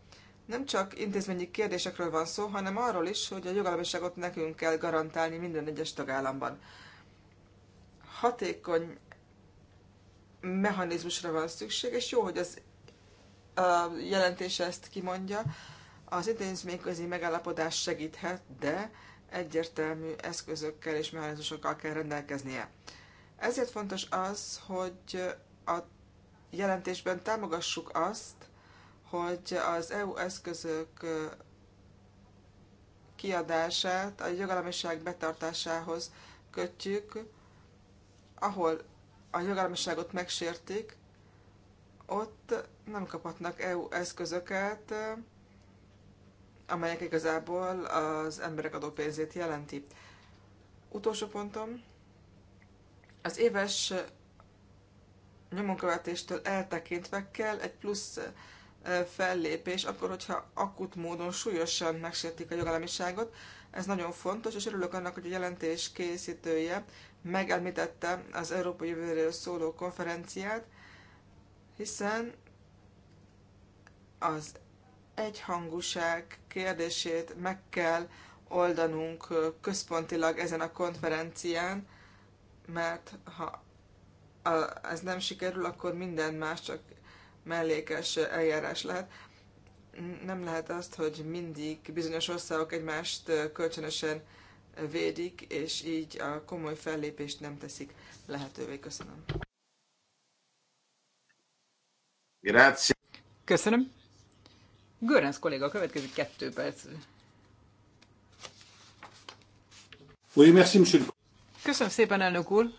nem csak intézményi kérdésekről van szó, hanem arról is, hogy a jogállamiságot nekünk kell garantálni minden egyes tagállamban. Hatékony mechanizmusra van szükség, és jó, hogy az a jelentés ezt kimondja. Az intézményközi megállapodás segíthet, de egyértelmű eszközökkel és mechanizmusokkal kell rendelkeznie. Ezért fontos az, hogy a jelentésben támogassuk azt, hogy az EU eszközök kiadását a jogállamiság betartásához kötjük, ahol a jogállamiságot megsértik, ott nem kaphatnak EU eszközöket, amelyek igazából az emberek adópénzét jelenti. Utolsó pontom, az éves nyomonkövetéstől eltekintve kell egy plusz fellépés, akkor, hogyha akut módon súlyosan megsértik a jogállamiságot. Ez nagyon fontos, és örülök annak, hogy a jelentés készítője megelmítette az Európai jövőről szóló konferenciát, hiszen az egyhangúság kérdését meg kell oldanunk központilag ezen a konferencián, mert ha ez nem sikerül, akkor minden más csak mellékes eljárás lehet. Nem lehet azt, hogy mindig bizonyos országok egymást kölcsönösen védik, és így a komoly fellépést nem teszik lehetővé. Köszönöm. Grazie. Köszönöm. Görens kolléga, a következő kettő perc. Oui, merci, monsieur. Köszönöm szépen, elnök úr.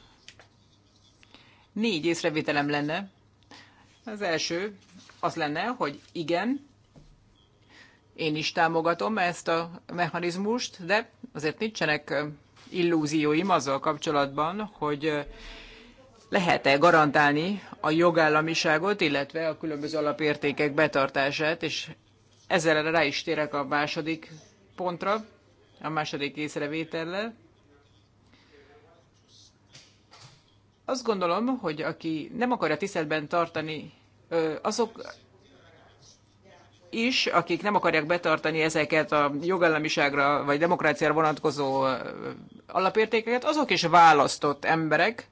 Négy észrevételem lenne. Az első az lenne, hogy igen, én is támogatom ezt a mechanizmust, de azért nincsenek illúzióim azzal kapcsolatban, hogy lehet-e garantálni a jogállamiságot, illetve a különböző alapértékek betartását, és ezzel rá is térek a második pontra, a második észrevétellel. Azt gondolom, hogy aki nem akarja tiszteletben tartani, azok is, akik nem akarják betartani ezeket a jogállamiságra vagy demokráciára vonatkozó alapértékeket, azok is választott emberek.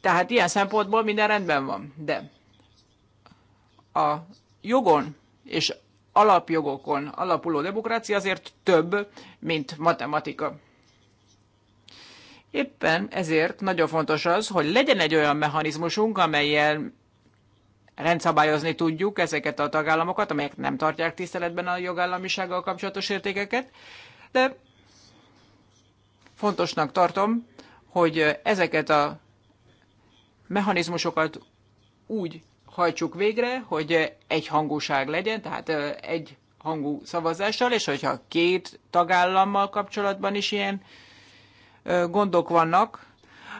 Tehát ilyen szempontból minden rendben van. De a jogon és alapjogokon alapuló demokrácia azért több, mint matematika. Éppen ezért nagyon fontos az, hogy legyen egy olyan mechanizmusunk, amelyel rendszabályozni tudjuk ezeket a tagállamokat, amelyek nem tartják tiszteletben a jogállamisággal kapcsolatos értékeket, de fontosnak tartom, hogy ezeket a mechanizmusokat úgy hajtsuk végre, hogy egy hangúság legyen, tehát egy hangú szavazással, és hogyha két tagállammal kapcsolatban is ilyen gondok vannak,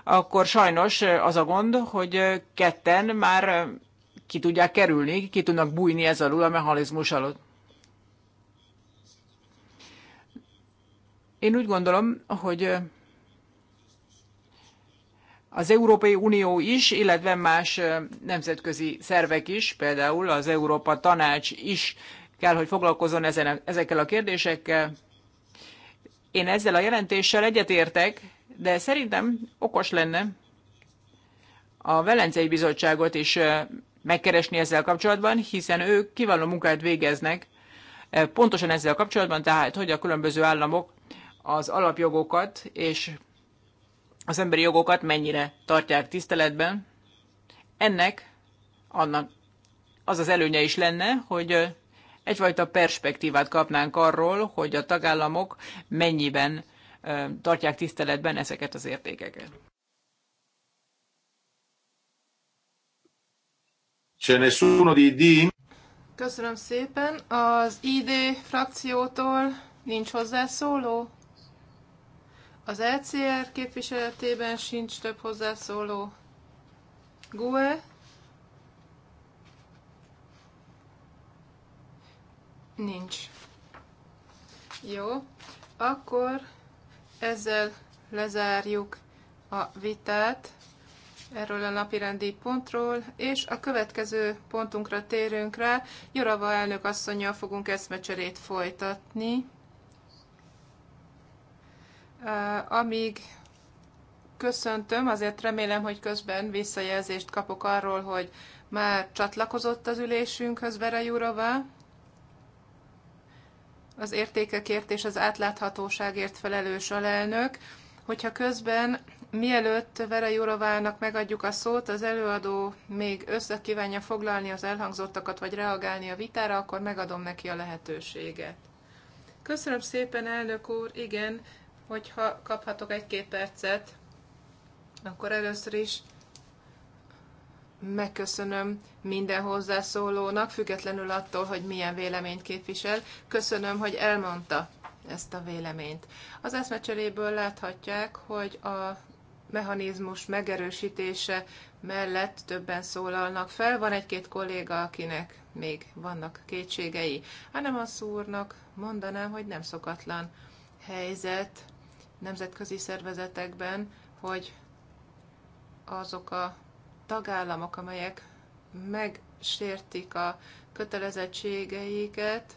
akkor sajnos az a gond, hogy ketten már ki tudják kerülni, ki tudnak bújni ez alul a mechanizmus alatt. Én úgy gondolom, hogy az Európai Unió is, illetve más nemzetközi szervek is, például az Európa Tanács is kell, hogy foglalkozzon ezen, ezekkel a kérdésekkel. Én ezzel a jelentéssel egyetértek, de szerintem okos lenne a Velencei Bizottságot is megkeresni ezzel kapcsolatban, hiszen ők kiváló munkát végeznek pontosan ezzel kapcsolatban, tehát hogy a különböző államok az alapjogokat és az emberi jogokat mennyire tartják tiszteletben. Ennek annak az az előnye is lenne, hogy egyfajta perspektívát kapnánk arról, hogy a tagállamok mennyiben tartják tiszteletben ezeket az értékeket. Köszönöm szépen. Az ID frakciótól nincs hozzászóló? Az LCR e képviseletében sincs több hozzászóló. GUE? Nincs. Jó, akkor ezzel lezárjuk a vitát erről a napirendi pontról, és a következő pontunkra térünk rá. Jorava elnök asszonyjal fogunk eszmecserét folytatni, amíg köszöntöm, azért remélem, hogy közben visszajelzést kapok arról, hogy már csatlakozott az ülésünkhöz Vera Jurova az értékekért és az átláthatóságért felelős alelnök, hogyha közben mielőtt Vera Jurovának megadjuk a szót, az előadó még össze kívánja foglalni az elhangzottakat, vagy reagálni a vitára, akkor megadom neki a lehetőséget. Köszönöm szépen, elnök úr, igen, hogyha kaphatok egy-két percet, akkor először is megköszönöm minden hozzászólónak, függetlenül attól, hogy milyen véleményt képvisel. Köszönöm, hogy elmondta ezt a véleményt. Az eszmecseréből láthatják, hogy a mechanizmus megerősítése mellett többen szólalnak fel. Van egy-két kolléga, akinek még vannak kétségei. Hanem a szúrnak mondanám, hogy nem szokatlan helyzet nemzetközi szervezetekben, hogy azok a tagállamok, amelyek megsértik a kötelezettségeiket,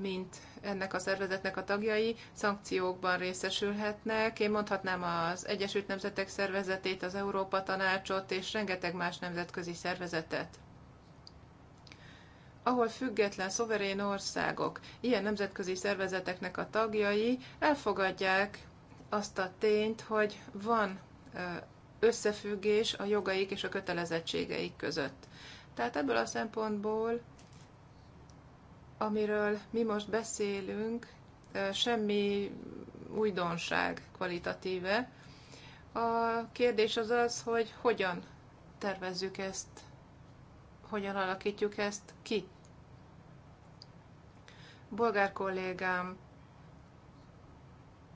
mint ennek a szervezetnek a tagjai, szankciókban részesülhetnek. Én mondhatnám az Egyesült Nemzetek Szervezetét, az Európa Tanácsot és rengeteg más nemzetközi szervezetet ahol független, szoverén országok, ilyen nemzetközi szervezeteknek a tagjai elfogadják azt a tényt, hogy van összefüggés a jogaik és a kötelezettségeik között. Tehát ebből a szempontból, amiről mi most beszélünk, semmi újdonság kvalitatíve. A kérdés az az, hogy hogyan tervezzük ezt, hogyan alakítjuk ezt ki. A bolgár kollégám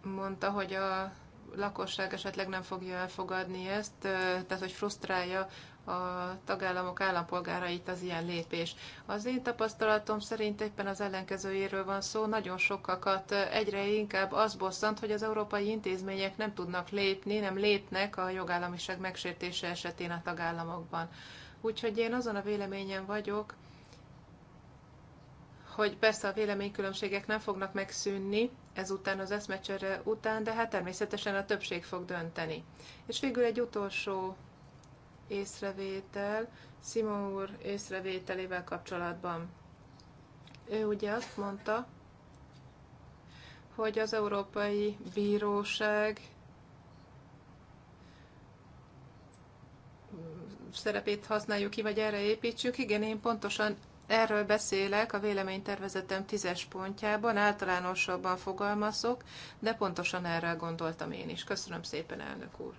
mondta, hogy a lakosság esetleg nem fogja elfogadni ezt, tehát hogy frusztrálja a tagállamok állampolgárait az ilyen lépés. Az én tapasztalatom szerint éppen az ellenkezőjéről van szó, nagyon sokakat egyre inkább az bosszant, hogy az európai intézmények nem tudnak lépni, nem lépnek a jogállamiság megsértése esetén a tagállamokban. Úgyhogy én azon a véleményen vagyok, hogy persze a véleménykülönbségek nem fognak megszűnni, ezután az eszmecsere után, de hát természetesen a többség fog dönteni. És végül egy utolsó észrevétel, Simon úr észrevételével kapcsolatban. Ő ugye azt mondta, hogy az Európai Bíróság szerepét használjuk ki, vagy erre építsük. Igen, én pontosan Erről beszélek a véleménytervezetem tízes pontjában, általánosabban fogalmazok, de pontosan erre gondoltam én is. Köszönöm szépen, elnök úr!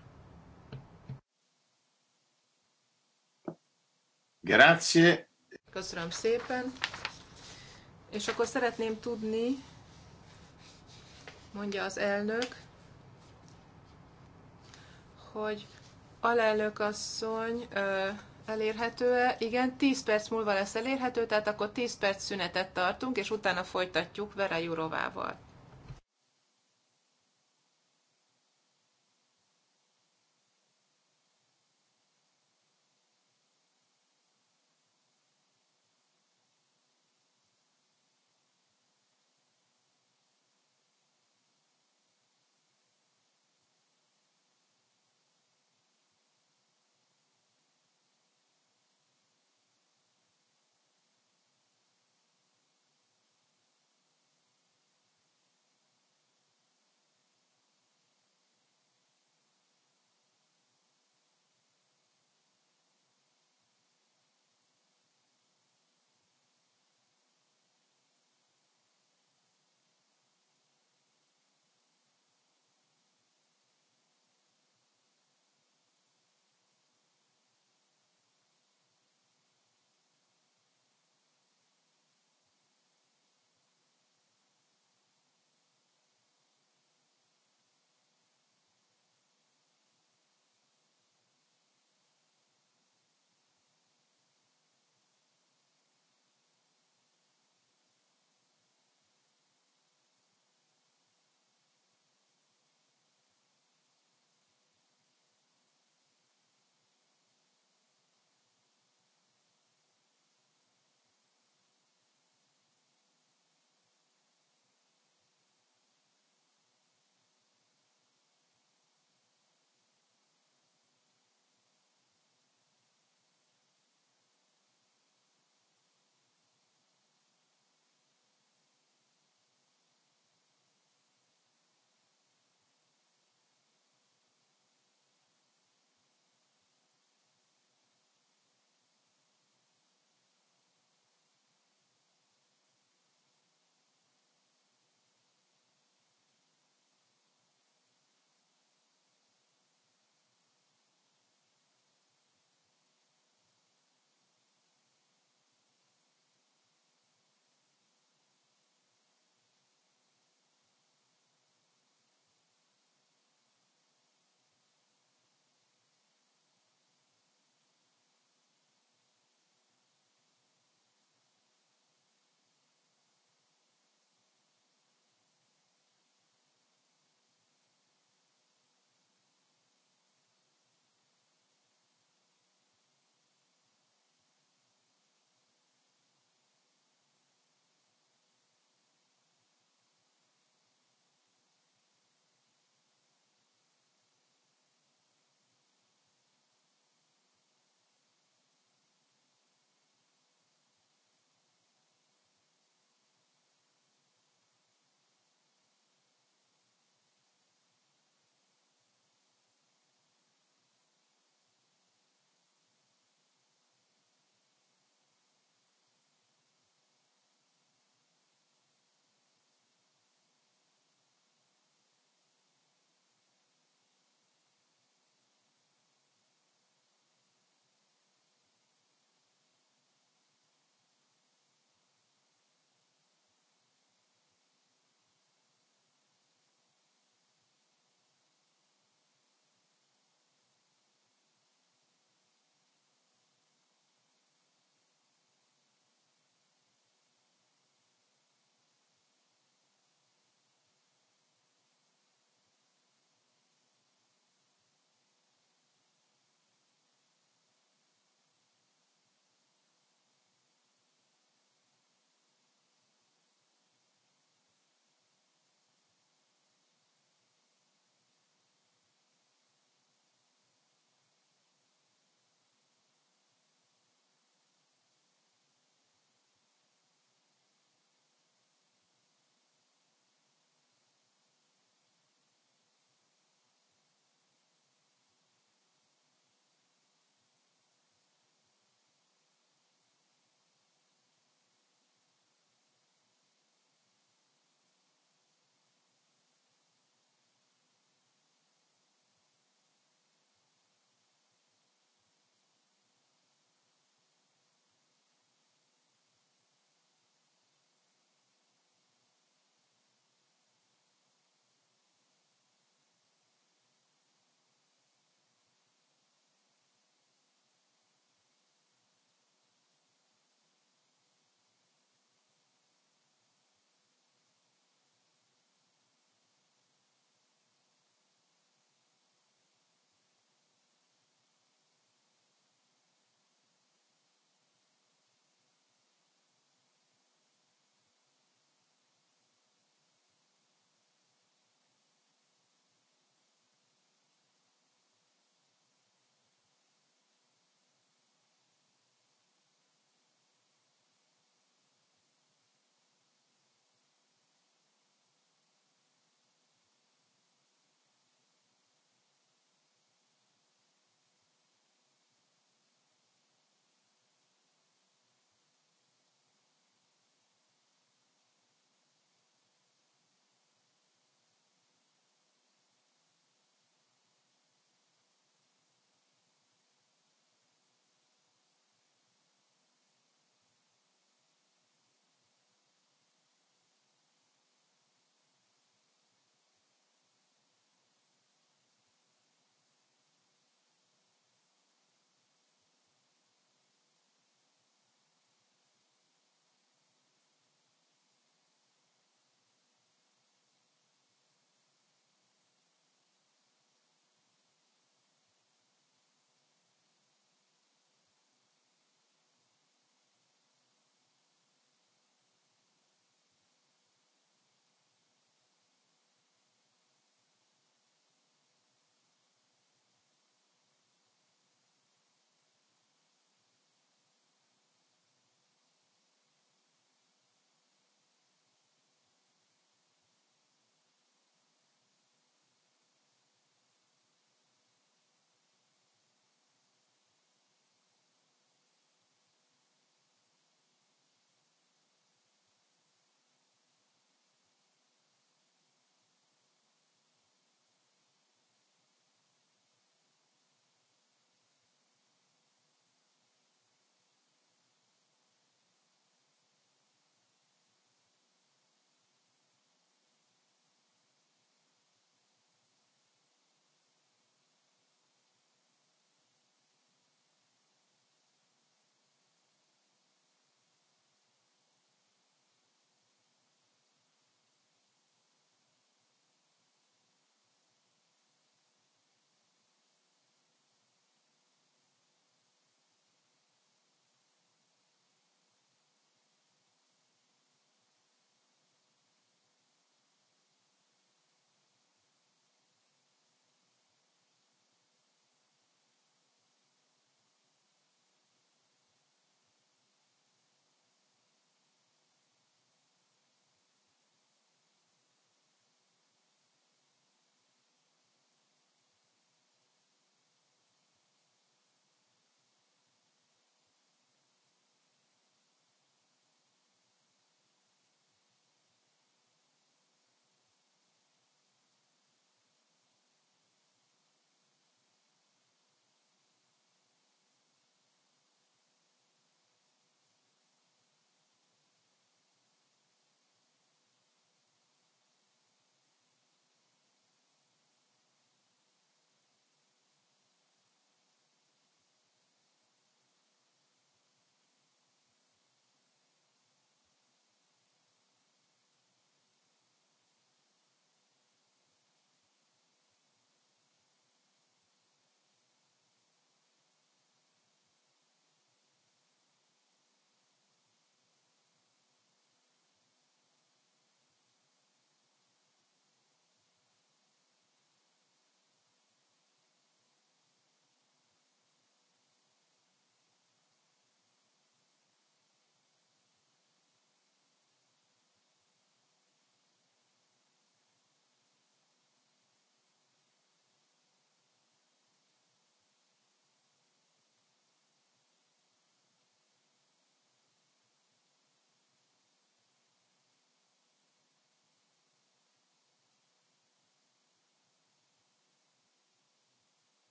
Grazie. Köszönöm szépen. És akkor szeretném tudni, mondja az elnök, hogy alelnök asszony elérhető -e? Igen, 10 perc múlva lesz elérhető, tehát akkor 10 perc szünetet tartunk, és utána folytatjuk Vera Jurovával.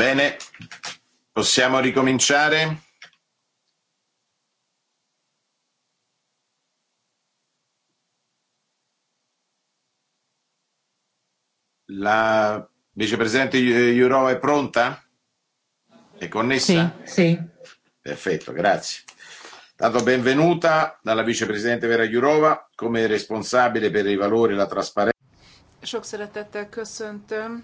Bene, possiamo ricominciare? La vicepresidente Jurova eh, è pronta? È connessa? Sì, sì. Perfetto, grazie. Dato benvenuta dalla vicepresidente Vera Jurova come responsabile per i valori e la trasparenza. Sok szeretettel köszöntöm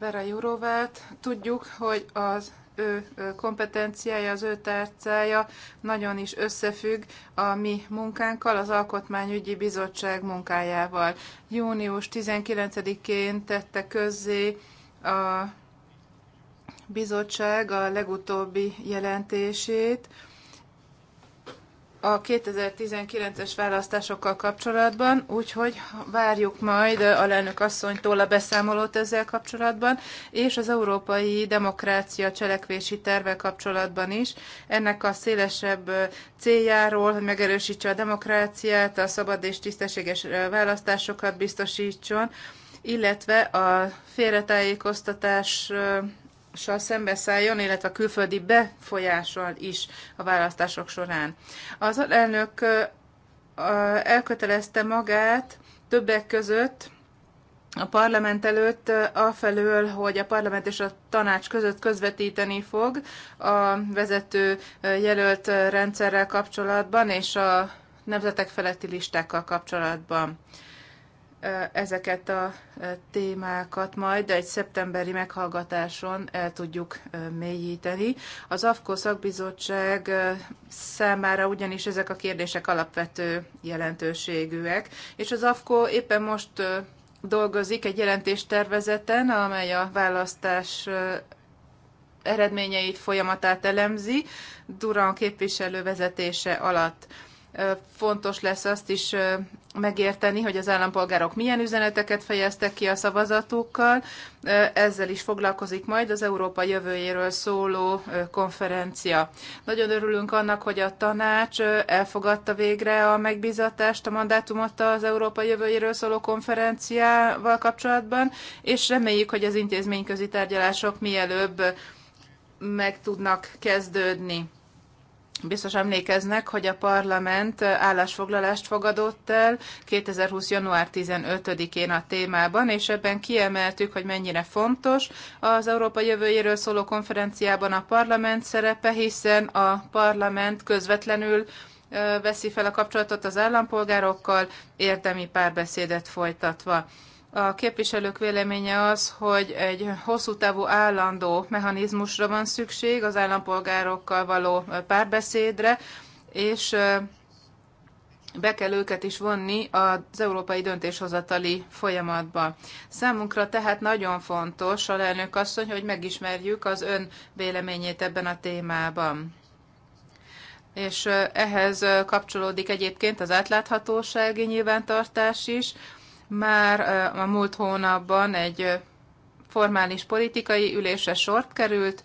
Vera Jurovát. Tudjuk, hogy az ő kompetenciája, az ő tárcája nagyon is összefügg a mi munkánkkal, az Alkotmányügyi Bizottság munkájával. Június 19-én tette közzé a bizottság a legutóbbi jelentését, a 2019-es választásokkal kapcsolatban, úgyhogy várjuk majd a lelnök asszonytól a beszámolót ezzel kapcsolatban, és az Európai Demokrácia cselekvési terve kapcsolatban is. Ennek a szélesebb céljáról, hogy megerősítse a demokráciát, a szabad és tisztességes választásokat biztosítson, illetve a félretájékoztatás szembeszálljon, illetve a külföldi befolyással is a választások során. Az elnök elkötelezte magát többek között a parlament előtt afelől, hogy a parlament és a tanács között közvetíteni fog a vezető jelölt rendszerrel kapcsolatban és a nemzetek feletti listákkal kapcsolatban ezeket a témákat majd egy szeptemberi meghallgatáson el tudjuk mélyíteni. Az AFKO szakbizottság számára ugyanis ezek a kérdések alapvető jelentőségűek, és az AFKO éppen most dolgozik egy jelentéstervezeten, amely a választás eredményeit, folyamatát elemzi Durán képviselő vezetése alatt fontos lesz azt is megérteni, hogy az állampolgárok milyen üzeneteket fejeztek ki a szavazatukkal. Ezzel is foglalkozik majd az Európa jövőjéről szóló konferencia. Nagyon örülünk annak, hogy a tanács elfogadta végre a megbízatást a mandátumot az Európa jövőjéről szóló konferenciával kapcsolatban, és reméljük, hogy az intézményközi tárgyalások mielőbb meg tudnak kezdődni Biztos emlékeznek, hogy a parlament állásfoglalást fogadott el 2020. január 15-én a témában, és ebben kiemeltük, hogy mennyire fontos az Európa jövőjéről szóló konferenciában a parlament szerepe, hiszen a parlament közvetlenül veszi fel a kapcsolatot az állampolgárokkal, érdemi párbeszédet folytatva. A képviselők véleménye az, hogy egy hosszú távú állandó mechanizmusra van szükség az állampolgárokkal való párbeszédre, és be kell őket is vonni az európai döntéshozatali folyamatba. Számunkra tehát nagyon fontos, a lelnök asszony, hogy megismerjük az ön véleményét ebben a témában. És ehhez kapcsolódik egyébként az átláthatósági nyilvántartás is, már a múlt hónapban egy formális politikai ülésre sort került,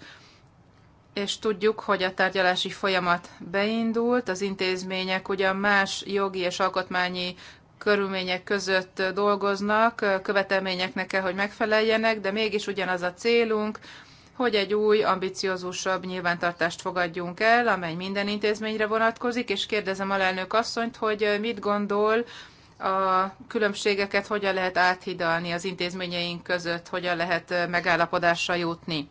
és tudjuk, hogy a tárgyalási folyamat beindult, az intézmények ugyan más jogi és alkotmányi körülmények között dolgoznak, követelményeknek kell, hogy megfeleljenek, de mégis ugyanaz a célunk, hogy egy új, ambiciózusabb nyilvántartást fogadjunk el, amely minden intézményre vonatkozik, és kérdezem alelnök asszonyt, hogy mit gondol a különbségeket hogyan lehet áthidalni az intézményeink között, hogyan lehet megállapodásra jutni.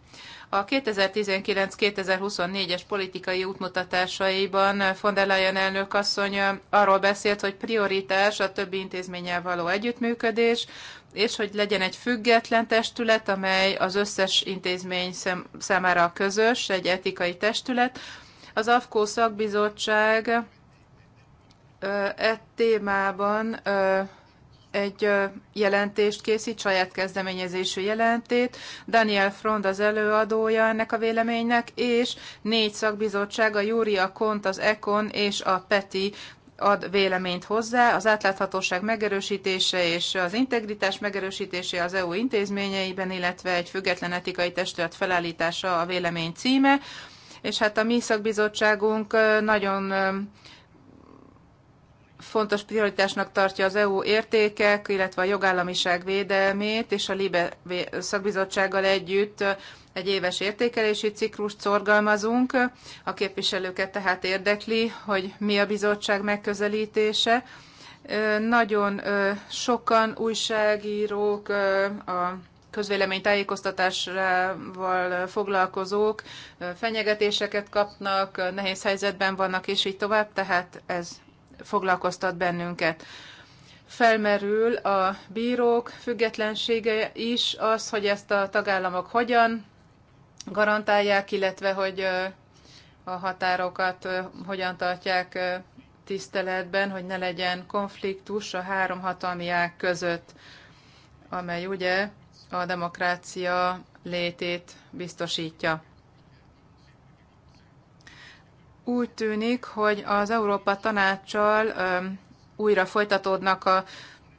A 2019-2024-es politikai útmutatásaiban von der Leyen elnök asszony arról beszélt, hogy prioritás a többi intézménnyel való együttműködés, és hogy legyen egy független testület, amely az összes intézmény számára közös, egy etikai testület. Az AFKO szakbizottság e témában egy jelentést készít, saját kezdeményezésű jelentét. Daniel Frond az előadója ennek a véleménynek, és négy szakbizottság, a a Kont, az Ekon és a Peti ad véleményt hozzá, az átláthatóság megerősítése és az integritás megerősítése az EU intézményeiben, illetve egy független etikai testület felállítása a vélemény címe. És hát a mi szakbizottságunk nagyon fontos prioritásnak tartja az EU értékek, illetve a jogállamiság védelmét, és a LIBE szakbizottsággal együtt egy éves értékelési ciklust szorgalmazunk. A képviselőket tehát érdekli, hogy mi a bizottság megközelítése. Nagyon sokan újságírók, a közvélemény tájékoztatásával foglalkozók fenyegetéseket kapnak, nehéz helyzetben vannak, és így tovább, tehát ez foglalkoztat bennünket. Felmerül a bírók függetlensége is, az, hogy ezt a tagállamok hogyan garantálják, illetve hogy a határokat hogyan tartják tiszteletben, hogy ne legyen konfliktus a három hatalmi ág között, amely ugye a demokrácia létét biztosítja. Úgy tűnik, hogy az Európa tanácsal újra folytatódnak a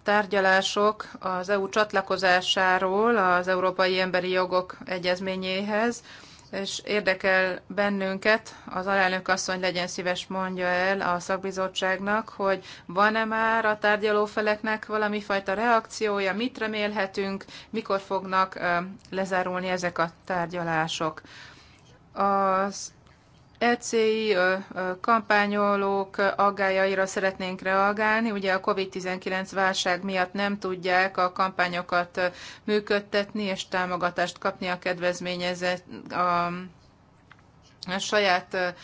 tárgyalások az EU csatlakozásáról az Európai Emberi Jogok Egyezményéhez, és érdekel bennünket, az alelnök asszony legyen szíves mondja el a szakbizottságnak, hogy van-e már a tárgyalófeleknek valami fajta reakciója, mit remélhetünk, mikor fognak lezárulni ezek a tárgyalások. Az ECI kampányolók aggájaira szeretnénk reagálni. Ugye a COVID-19 válság miatt nem tudják a kampányokat működtetni és támogatást kapni a kedvezményezett a, a saját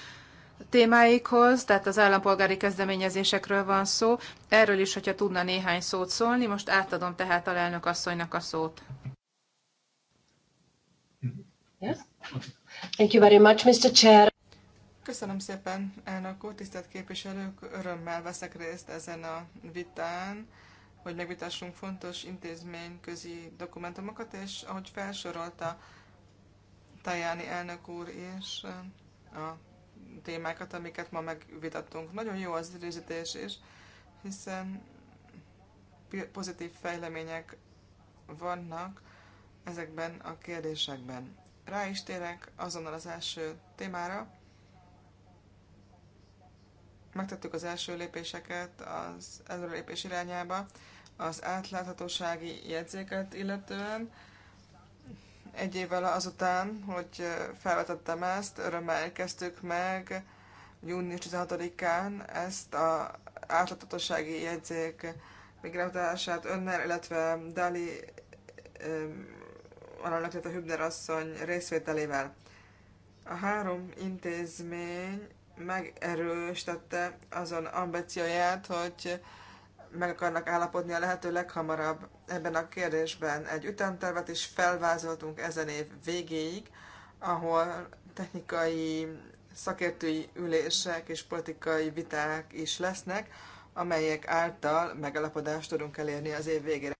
témáikhoz, tehát az állampolgári kezdeményezésekről van szó. Erről is, hogyha tudna néhány szót szólni, most átadom tehát a elnök asszonynak a szót. Yes? Thank you very much, Mr. Chair. Köszönöm szépen, elnök úr, tisztelt képviselők, örömmel veszek részt ezen a vitán, hogy megvitassunk fontos intézményközi dokumentumokat, és ahogy felsorolta Tajáni elnök úr és a témákat, amiket ma megvitattunk. Nagyon jó az időzítés is, hiszen pozitív fejlemények vannak ezekben a kérdésekben. Rá is térek azonnal az első témára, Megtettük az első lépéseket az előrelépés irányába, az átláthatósági jegyzéket illetően. Egy évvel azután, hogy felvetettem ezt, örömmel kezdtük meg június 16-án ezt a átláthatósági jegyzék migráltását önnel, illetve Dali alelnök, a Hübner asszony részvételével. A három intézmény megerősítette azon ambícióját, hogy meg akarnak állapodni a lehető leghamarabb ebben a kérdésben. Egy ütemtervet is felvázoltunk ezen év végéig, ahol technikai szakértői ülések és politikai viták is lesznek, amelyek által megalapodást tudunk elérni az év végére.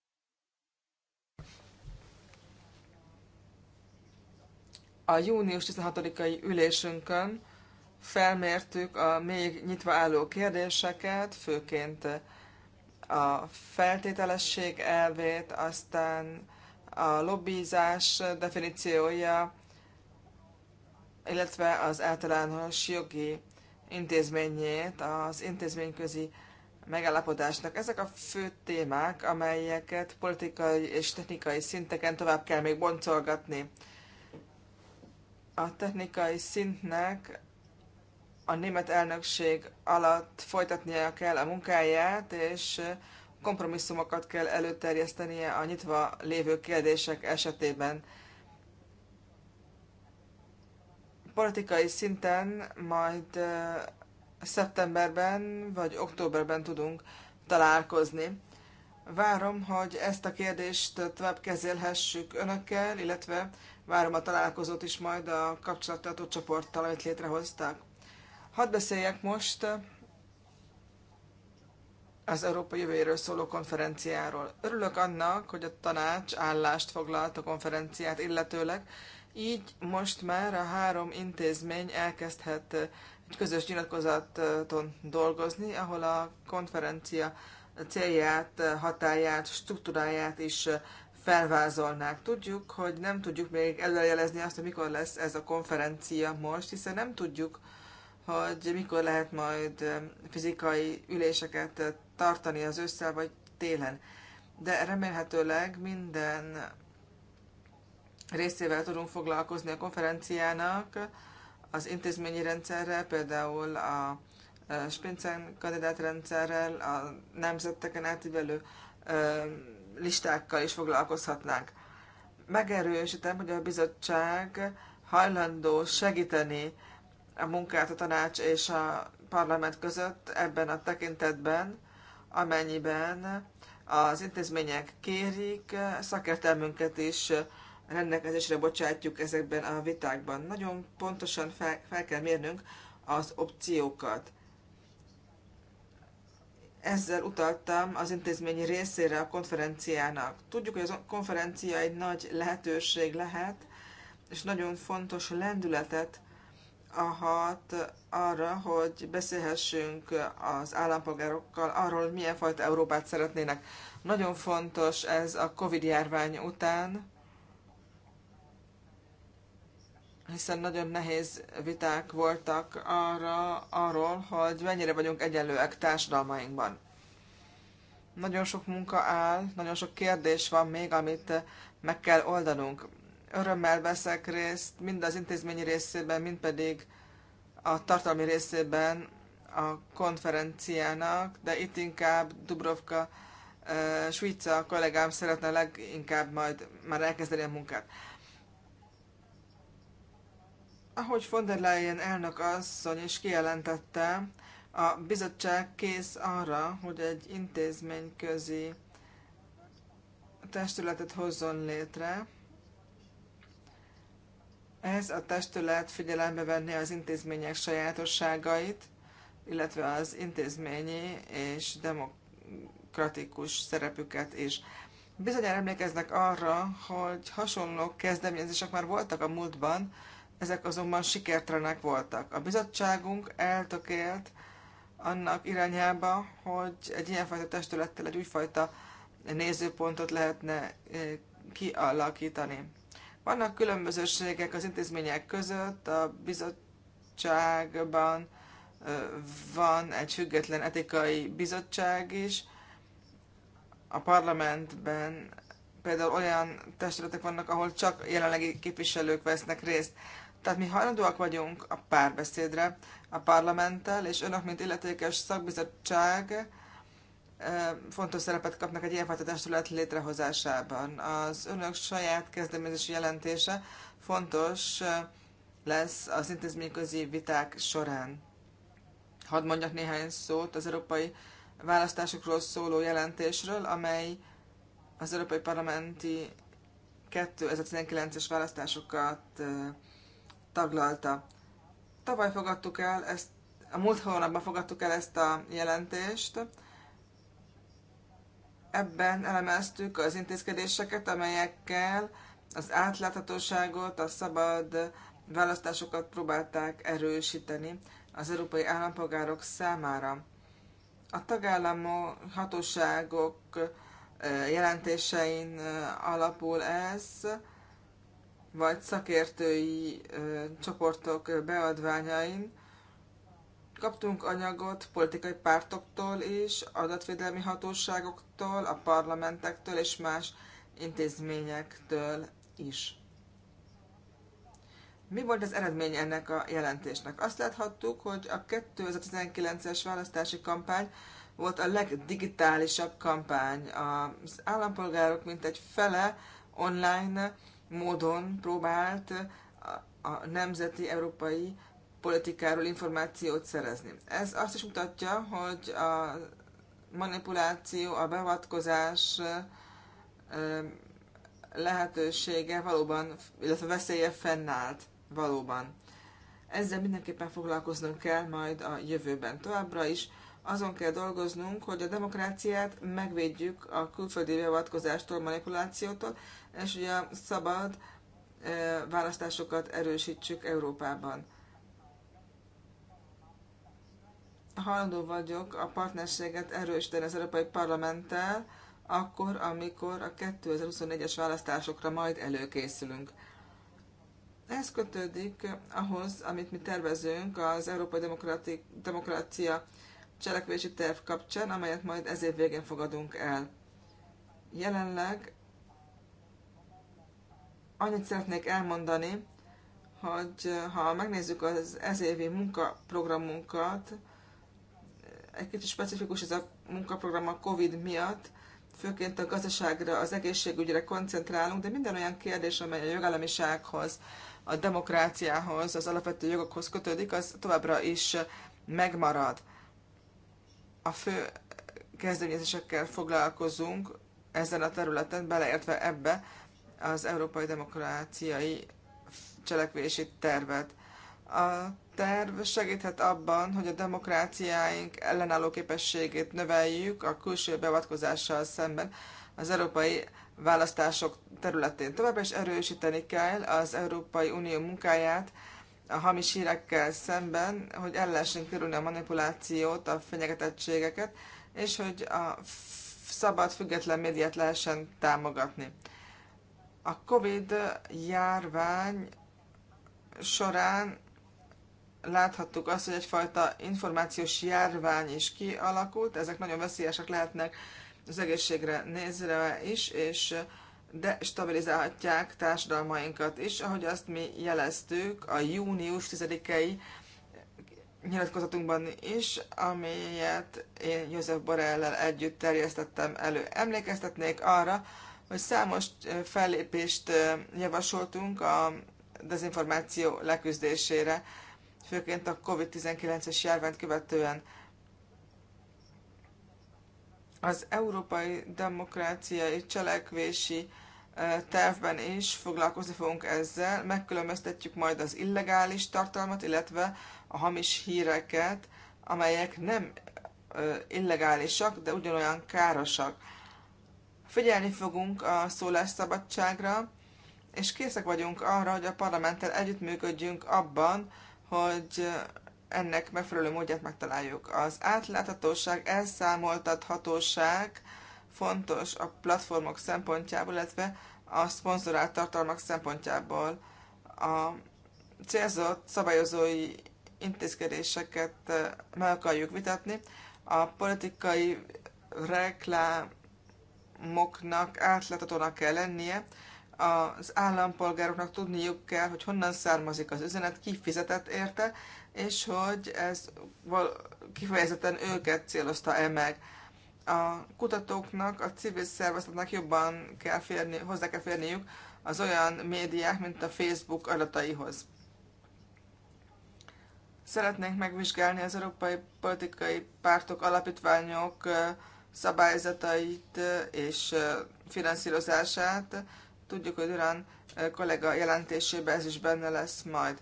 A június 16-ai ülésünkön felmértük a még nyitva álló kérdéseket, főként a feltételesség elvét, aztán a lobbizás definíciója, illetve az általános jogi intézményét, az intézményközi megállapodásnak. Ezek a fő témák, amelyeket politikai és technikai szinteken tovább kell még boncolgatni. A technikai szintnek a német elnökség alatt folytatnia kell a munkáját, és kompromisszumokat kell előterjesztenie a nyitva lévő kérdések esetében. Politikai szinten majd szeptemberben vagy októberben tudunk találkozni. Várom, hogy ezt a kérdést tovább kezelhessük önökkel, illetve várom a találkozót is majd a kapcsolattartó csoporttal, amit létrehoztak. Hadd beszéljek most az Európa jövőjéről szóló konferenciáról. Örülök annak, hogy a tanács állást foglalt a konferenciát illetőleg, így most már a három intézmény elkezdhet egy közös nyilatkozaton dolgozni, ahol a konferencia célját, hatáját, struktúráját is felvázolnák. Tudjuk, hogy nem tudjuk még előjelezni azt, hogy mikor lesz ez a konferencia most, hiszen nem tudjuk, hogy mikor lehet majd fizikai üléseket tartani az ősszel vagy télen. De remélhetőleg minden részével tudunk foglalkozni a konferenciának, az intézményi rendszerrel, például a Spincen kandidátrendszerrel, a nemzeteken átívelő listákkal is foglalkozhatnánk. Megerősítem, hogy a bizottság hajlandó segíteni a munkát a tanács és a parlament között ebben a tekintetben, amennyiben az intézmények kérik, szakértelmünket is rendelkezésre bocsátjuk ezekben a vitákban. Nagyon pontosan fel, fel kell mérnünk az opciókat. Ezzel utaltam az intézményi részére a konferenciának. Tudjuk, hogy a konferencia egy nagy lehetőség lehet, és nagyon fontos lendületet a hat arra, hogy beszélhessünk az állampolgárokkal arról, hogy milyen fajta Európát szeretnének. Nagyon fontos ez a Covid-járvány után, hiszen nagyon nehéz viták voltak arra, arról, hogy mennyire vagyunk egyenlőek társadalmainkban. Nagyon sok munka áll, nagyon sok kérdés van még, amit meg kell oldanunk örömmel veszek részt, mind az intézményi részében, mind pedig a tartalmi részében a konferenciának, de itt inkább Dubrovka Svica kollégám szeretne leginkább majd már elkezdeni a munkát. Ahogy von der Leyen elnök asszony is kijelentette, a bizottság kész arra, hogy egy intézményközi testületet hozzon létre, ez a testület figyelembe venni az intézmények sajátosságait, illetve az intézményi és demokratikus szerepüket is. Bizonyára emlékeznek arra, hogy hasonló kezdeményezések már voltak a múltban, ezek azonban sikertelenek voltak. A bizottságunk eltökélt annak irányába, hogy egy ilyenfajta testülettel egy újfajta nézőpontot lehetne eh, kialakítani. Vannak különbözőségek az intézmények között, a bizottságban van egy független etikai bizottság is, a parlamentben például olyan testületek vannak, ahol csak jelenlegi képviselők vesznek részt. Tehát mi hajlandóak vagyunk a párbeszédre a parlamenttel, és önök, mint illetékes szakbizottság, fontos szerepet kapnak egy ilyenfajta testület létrehozásában. Az önök saját kezdeményezési jelentése fontos lesz az intézményközi viták során. Hadd mondjak néhány szót az európai választásokról szóló jelentésről, amely az európai parlamenti 2019-es választásokat taglalta. Tavaly fogadtuk el ezt, a múlt hónapban fogadtuk el ezt a jelentést, Ebben elemeztük az intézkedéseket, amelyekkel az átláthatóságot, a szabad választásokat próbálták erősíteni az európai állampolgárok számára. A tagállamok hatóságok eh, jelentésein eh, alapul ez, vagy szakértői eh, csoportok beadványain, Kaptunk anyagot politikai pártoktól is, adatvédelmi hatóságoktól, a parlamentektől és más intézményektől is. Mi volt az eredmény ennek a jelentésnek? Azt láthattuk, hogy a 2019-es választási kampány volt a legdigitálisabb kampány. Az állampolgárok mintegy fele online módon próbált a nemzeti európai politikáról információt szerezni. Ez azt is mutatja, hogy a manipuláció, a beavatkozás lehetősége valóban, illetve veszélye fennállt valóban. Ezzel mindenképpen foglalkoznunk kell majd a jövőben továbbra is. Azon kell dolgoznunk, hogy a demokráciát megvédjük a külföldi beavatkozástól, manipulációtól, és hogy a szabad választásokat erősítsük Európában. hajlandó vagyok a partnerséget erősíteni az Európai Parlamenttel, akkor, amikor a 2024-es választásokra majd előkészülünk. Ez kötődik ahhoz, amit mi tervezünk az Európai Demokrati- Demokrácia cselekvési terv kapcsán, amelyet majd ez év végén fogadunk el. Jelenleg annyit szeretnék elmondani, hogy ha megnézzük az ez évi munkaprogramunkat, egy kicsit specifikus ez a munkaprogram a COVID miatt, főként a gazdaságra, az egészségügyre koncentrálunk, de minden olyan kérdés, amely a jogállamisághoz, a demokráciához, az alapvető jogokhoz kötődik, az továbbra is megmarad. A fő kezdeményezésekkel foglalkozunk ezen a területen, beleértve ebbe az európai demokráciai cselekvési tervet. A terv segíthet abban, hogy a demokráciáink ellenálló képességét növeljük a külső beavatkozással szemben az európai választások területén. Továbbá is erősíteni kell az Európai Unió munkáját a hamis hírekkel szemben, hogy el lehessen kerülni a manipulációt, a fenyegetettségeket, és hogy a szabad, független médiát lehessen támogatni. A COVID járvány során láthattuk azt, hogy egyfajta információs járvány is kialakult, ezek nagyon veszélyesek lehetnek az egészségre nézve is, és destabilizálhatják társadalmainkat is, ahogy azt mi jeleztük a június 10-i nyilatkozatunkban is, amelyet én József Borellel együtt terjesztettem elő. Emlékeztetnék arra, hogy számos fellépést javasoltunk a dezinformáció leküzdésére főként a COVID-19-es járványt követően. Az Európai Demokráciai Cselekvési tervben is foglalkozni fogunk ezzel, megkülönböztetjük majd az illegális tartalmat, illetve a hamis híreket, amelyek nem illegálisak, de ugyanolyan károsak. Figyelni fogunk a szólásszabadságra, és készek vagyunk arra, hogy a parlamenttel együttműködjünk abban, hogy ennek megfelelő módját megtaláljuk. Az átláthatóság, elszámoltathatóság fontos a platformok szempontjából, illetve a szponzorált tartalmak szempontjából. A célzott szabályozói intézkedéseket eh, meg akarjuk vitatni. A politikai reklámoknak átláthatónak kell lennie, az állampolgároknak tudniuk kell, hogy honnan származik az üzenet, ki fizetett érte, és hogy ez kifejezetten őket célozta el meg. A kutatóknak, a civil szervezetnek jobban kell férni, hozzá kell férniük az olyan médiák, mint a Facebook adataihoz. Szeretnénk megvizsgálni az európai politikai pártok, alapítványok szabályzatait és finanszírozását, Tudjuk, hogy Durán kollega jelentésében ez is benne lesz majd.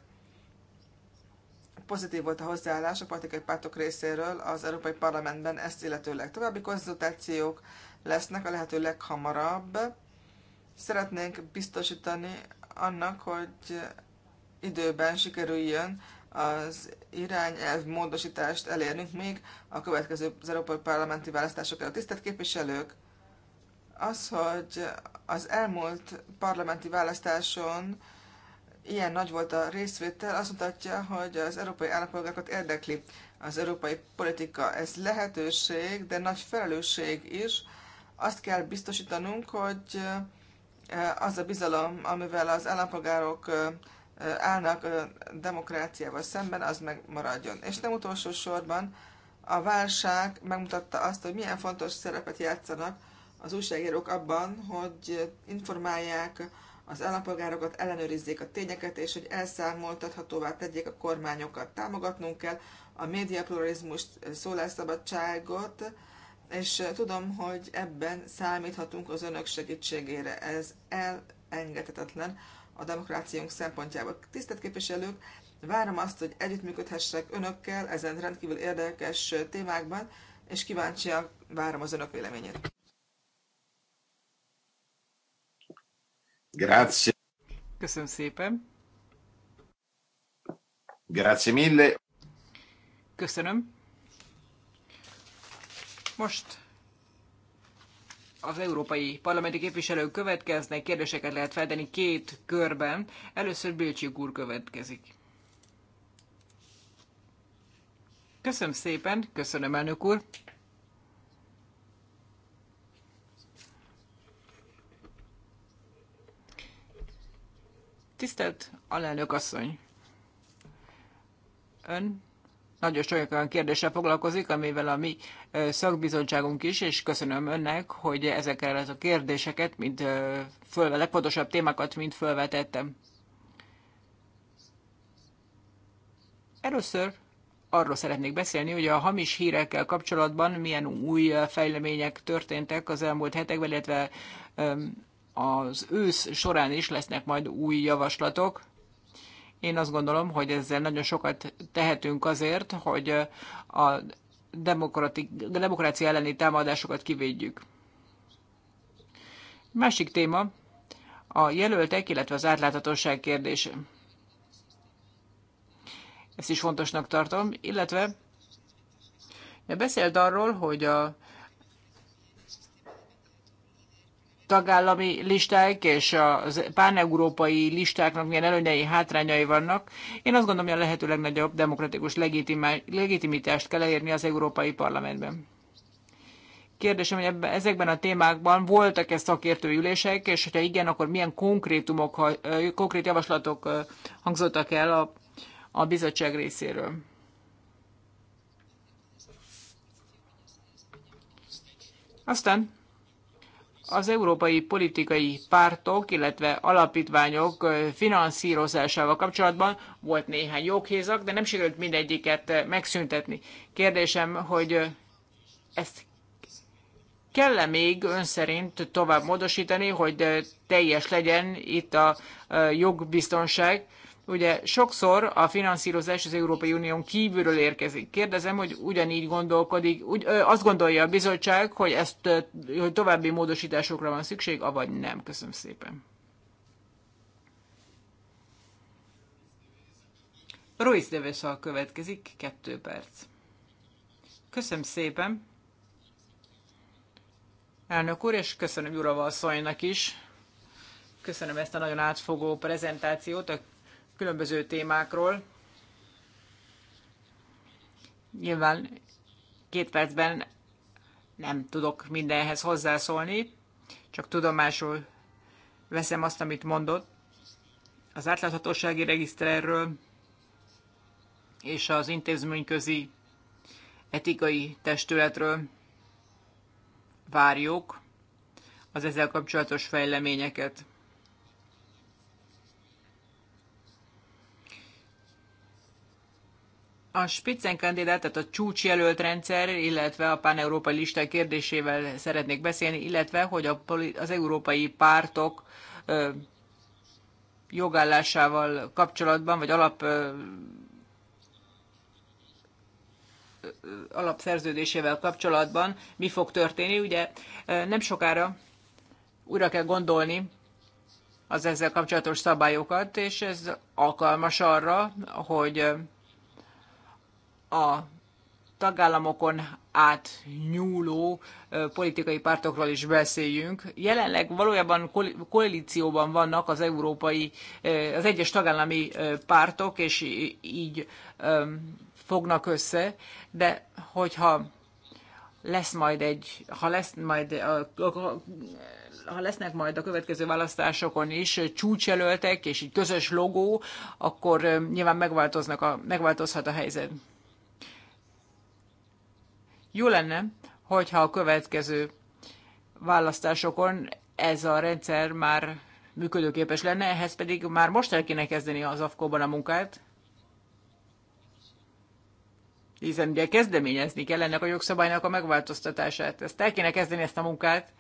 Pozitív volt a hozzáállás a politikai pártok részéről az Európai Parlamentben ezt illetőleg. További konzultációk lesznek a lehető leghamarabb. Szeretnénk biztosítani annak, hogy időben sikerüljön az irányelv módosítást elérnünk még a következő az Európai Parlamenti választások előtt. Tisztelt képviselők! Az, hogy az elmúlt parlamenti választáson ilyen nagy volt a részvétel, azt mutatja, hogy az európai állampolgárokat érdekli az európai politika. Ez lehetőség, de nagy felelősség is. Azt kell biztosítanunk, hogy e, az a bizalom, amivel az állampolgárok e, e, állnak a demokráciával szemben, az megmaradjon. És nem utolsó sorban a válság megmutatta azt, hogy milyen fontos szerepet játszanak az újságírók abban, hogy informálják az állampolgárokat, ellenőrizzék a tényeket, és hogy elszámoltathatóvá tegyék a kormányokat. Támogatnunk kell a médiapluralizmust, szólásszabadságot, és tudom, hogy ebben számíthatunk az önök segítségére. Ez elengedhetetlen a demokráciánk szempontjából. Tisztelt képviselők, várom azt, hogy együttműködhessek önökkel ezen rendkívül érdekes témákban, és kíváncsiak várom az önök véleményét. Grazie. Köszönöm szépen. Grazie mille. Köszönöm. Most az európai parlamenti képviselők következnek, kérdéseket lehet feltenni két körben. Először Bilcsik úr következik. Köszönöm szépen, köszönöm elnök úr. Tisztelt alelnök asszony! Ön nagyon sok olyan kérdéssel foglalkozik, amivel a mi szakbizottságunk is, és köszönöm önnek, hogy ezekkel ez a kérdéseket, mint fölve, legfontosabb témákat mint fölvetettem. Először arról szeretnék beszélni, hogy a hamis hírekkel kapcsolatban milyen új fejlemények történtek az elmúlt hetekben, illetve az ősz során is lesznek majd új javaslatok. Én azt gondolom, hogy ezzel nagyon sokat tehetünk azért, hogy a demokrácia elleni támadásokat kivédjük. Másik téma a jelöltek, illetve az átláthatóság kérdése. Ezt is fontosnak tartom, illetve beszélt arról, hogy a tagállami listák és a páneurópai listáknak milyen előnyei, hátrányai vannak. Én azt gondolom, hogy a lehető legnagyobb demokratikus legitimitást kell elérni az Európai Parlamentben. Kérdésem, hogy ebben, ezekben a témákban voltak-e szakértői ülések, és hogyha igen, akkor milyen konkrétumok, konkrét javaslatok hangzottak el a, a bizottság részéről? Aztán az európai politikai pártok, illetve alapítványok finanszírozásával kapcsolatban volt néhány joghézak, de nem sikerült mindegyiket megszüntetni. Kérdésem, hogy ezt kell -e még ön szerint tovább módosítani, hogy teljes legyen itt a jogbiztonság, Ugye sokszor a finanszírozás az Európai Unión kívülről érkezik. Kérdezem, hogy ugyanígy gondolkodik, úgy, ö, azt gondolja a bizottság, hogy ezt ö, hogy további módosításokra van szükség, avagy nem. Köszönöm szépen. Ruiz de Vesa következik, kettő perc. Köszönöm szépen. Elnök úr, és köszönöm Jurava asszonynak is. Köszönöm ezt a nagyon átfogó prezentációt a különböző témákról. Nyilván két percben nem tudok mindenhez hozzászólni, csak tudomásul veszem azt, amit mondott. Az átláthatósági regiszterről és az intézményközi etikai testületről várjuk az ezzel kapcsolatos fejleményeket. A Spitzenkandidát, tehát a csúcsjelölt rendszer, illetve a pán-európai lista kérdésével szeretnék beszélni, illetve hogy a, az európai pártok ö, jogállásával kapcsolatban, vagy alap ö, alapszerződésével kapcsolatban mi fog történni. Ugye nem sokára újra kell gondolni az ezzel kapcsolatos szabályokat, és ez alkalmas arra, hogy a tagállamokon átnyúló politikai pártokról is beszéljünk. Jelenleg valójában koalícióban vannak az európai, az egyes tagállami pártok, és így fognak össze, de hogyha lesz majd egy, ha lesz majd a, a, ha lesznek majd a következő választásokon is csúcsjelöltek, és egy közös logó, akkor nyilván megváltoznak a, megváltozhat a helyzet. Jó lenne, hogyha a következő választásokon ez a rendszer már működőképes lenne, ehhez pedig már most el kéne kezdeni az AFKO-ban a munkát, hiszen ugye kezdeményezni kell ennek a jogszabálynak a megváltoztatását. Ezt el kéne kezdeni ezt a munkát,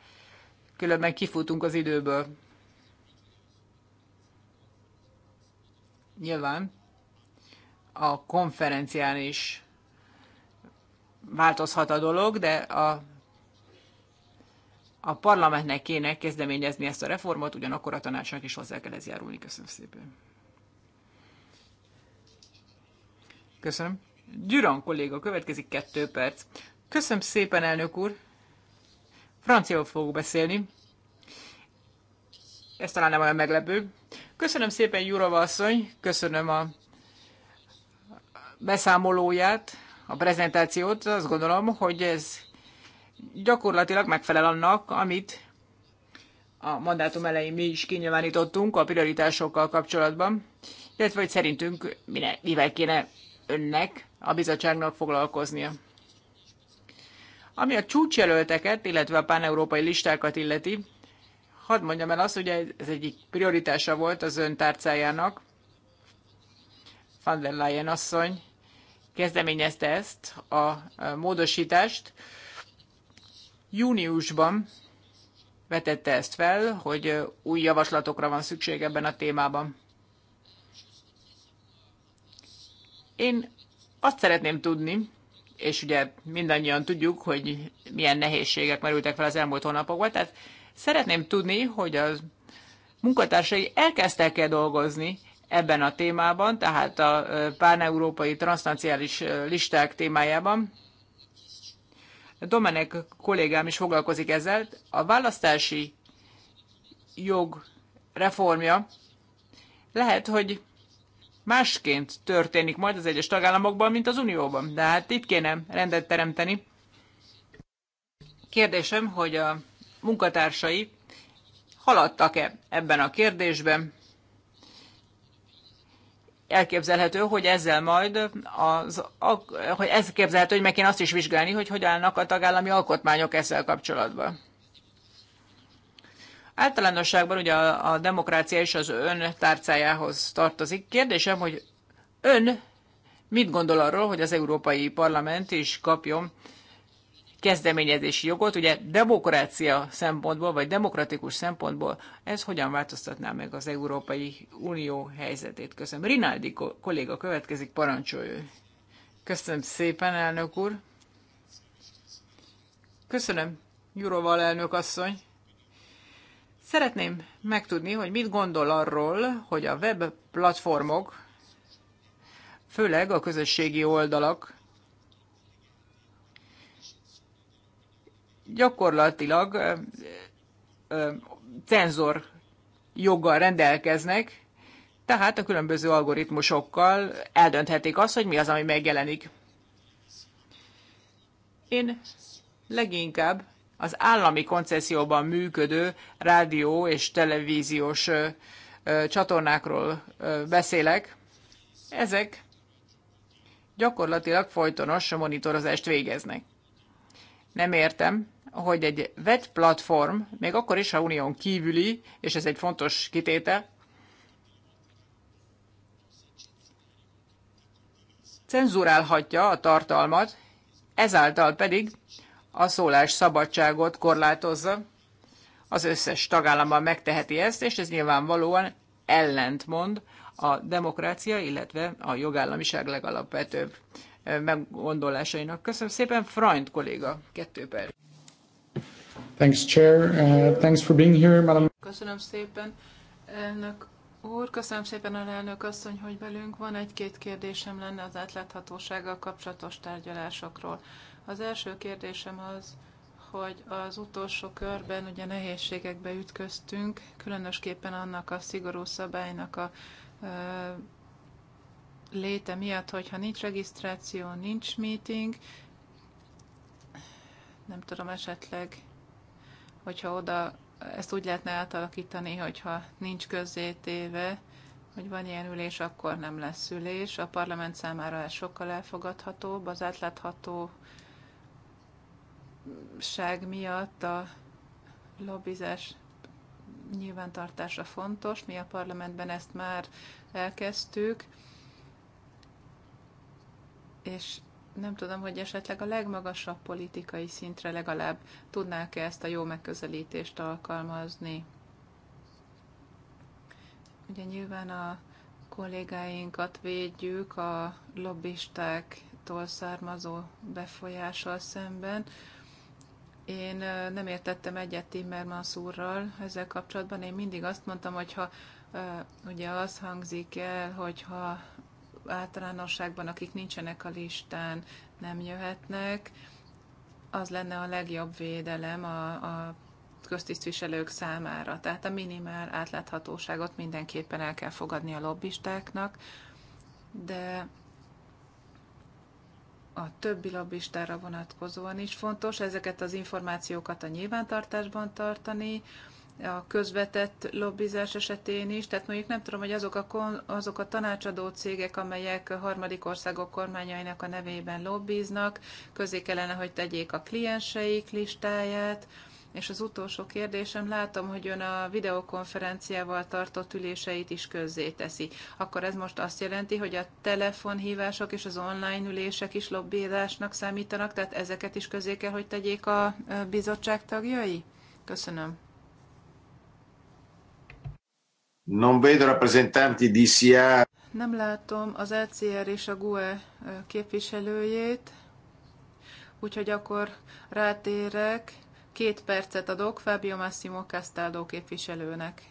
különben kifutunk az időből. Nyilván a konferencián is változhat a dolog, de a, a parlamentnek kéne kezdeményezni ezt a reformot, ugyanakkor a tanácsnak is hozzá kell ez járulni. Köszönöm szépen. Köszönöm. Gyuran kolléga, következik kettő perc. Köszönöm szépen, elnök úr. Franciául fogok beszélni. Ez talán nem olyan meglepő. Köszönöm szépen, Jurova asszony, köszönöm a beszámolóját a prezentációt, azt gondolom, hogy ez gyakorlatilag megfelel annak, amit a mandátum elején mi is kinyilvánítottunk a prioritásokkal kapcsolatban, illetve hogy szerintünk mine, mivel kéne önnek, a bizottságnak foglalkoznia. Ami a csúcsjelölteket, illetve a páneurópai listákat illeti, hadd mondjam el azt, hogy ez egyik prioritása volt az ön tárcájának, van der Leyen asszony kezdeményezte ezt a módosítást. Júniusban vetette ezt fel, hogy új javaslatokra van szükség ebben a témában. Én azt szeretném tudni, és ugye mindannyian tudjuk, hogy milyen nehézségek merültek fel az elmúlt hónapokban, tehát szeretném tudni, hogy az munkatársai elkezdtek-e dolgozni ebben a témában, tehát a páneurópai transznaciális listák témájában. Domenek kollégám is foglalkozik ezzel. A választási jog reformja lehet, hogy másként történik majd az egyes tagállamokban, mint az Unióban. De hát itt kéne rendet teremteni. Kérdésem, hogy a munkatársai haladtak-e ebben a kérdésben, elképzelhető, hogy ezzel majd, az, hogy ez képzelhető, hogy meg kéne azt is vizsgálni, hogy hogy állnak a tagállami alkotmányok ezzel kapcsolatban. Általánosságban ugye a, a demokrácia is az ön tárcájához tartozik. Kérdésem, hogy ön mit gondol arról, hogy az Európai Parlament is kapjon kezdeményezési jogot, ugye demokrácia szempontból, vagy demokratikus szempontból, ez hogyan változtatná meg az Európai Unió helyzetét? Köszönöm. Rinaldi kolléga következik, parancsolj. Köszönöm szépen, elnök úr. Köszönöm, Juroval elnök asszony. Szeretném megtudni, hogy mit gondol arról, hogy a web platformok, főleg a közösségi oldalak gyakorlatilag cenzor joggal rendelkeznek, tehát a különböző algoritmusokkal eldönthetik azt, hogy mi az, ami megjelenik. Én leginkább az állami koncesszióban működő rádió és televíziós csatornákról beszélek. Ezek gyakorlatilag folytonos monitorozást végeznek. Nem értem, hogy egy VET platform, még akkor is, ha unión kívüli, és ez egy fontos kitétel, cenzurálhatja a tartalmat, ezáltal pedig a szólás szabadságot korlátozza. Az összes tagállamban megteheti ezt, és ez nyilvánvalóan ellentmond a demokrácia, illetve a jogállamiság legalapvetőbb meggondolásainak. Köszönöm szépen, Freund kolléga, kettő perc. Thanks, Chair. Uh, thanks for being here, Madam. Köszönöm szépen, elnök úr. Köszönöm szépen, elnök asszony, hogy velünk van. Egy-két kérdésem lenne az átláthatósággal kapcsolatos tárgyalásokról. Az első kérdésem az, hogy az utolsó körben ugye nehézségekbe ütköztünk, különösképpen annak a szigorú szabálynak a ö, léte miatt, hogyha nincs regisztráció, nincs meeting, nem tudom, esetleg hogyha oda ezt úgy lehetne átalakítani, hogyha nincs közzétéve, hogy van ilyen ülés, akkor nem lesz ülés. A parlament számára ez sokkal elfogadhatóbb. Az átláthatóság miatt a lobbizás nyilvántartása fontos. Mi a parlamentben ezt már elkezdtük, és nem tudom, hogy esetleg a legmagasabb politikai szintre legalább tudnák-e ezt a jó megközelítést alkalmazni. Ugye nyilván a kollégáinkat védjük a lobbistáktól származó befolyással szemben. Én nem értettem egyet Timmermans úrral ezzel kapcsolatban. Én mindig azt mondtam, hogy ha ugye az hangzik el, hogyha általánosságban, akik nincsenek a listán, nem jöhetnek. Az lenne a legjobb védelem a, a köztisztviselők számára. Tehát a minimál átláthatóságot mindenképpen el kell fogadni a lobbistáknak, de a többi lobbistára vonatkozóan is fontos ezeket az információkat a nyilvántartásban tartani, a közvetett lobbizás esetén is, tehát mondjuk nem tudom, hogy azok a, kon, azok a tanácsadó cégek, amelyek a harmadik országok kormányainak a nevében lobbiznak, közé kellene, hogy tegyék a klienseik listáját, és az utolsó kérdésem, látom, hogy ön a videokonferenciával tartott üléseit is közzéteszi. Akkor ez most azt jelenti, hogy a telefonhívások és az online ülések is lobbizásnak számítanak, tehát ezeket is közé kell, hogy tegyék a bizottság tagjai? Köszönöm. Non vedo rappresentanti di SIA. Nem látom az ECR és a GUE képviselőjét, úgyhogy akkor rátérek, két percet adok Fábio Massimo Castaldo képviselőnek.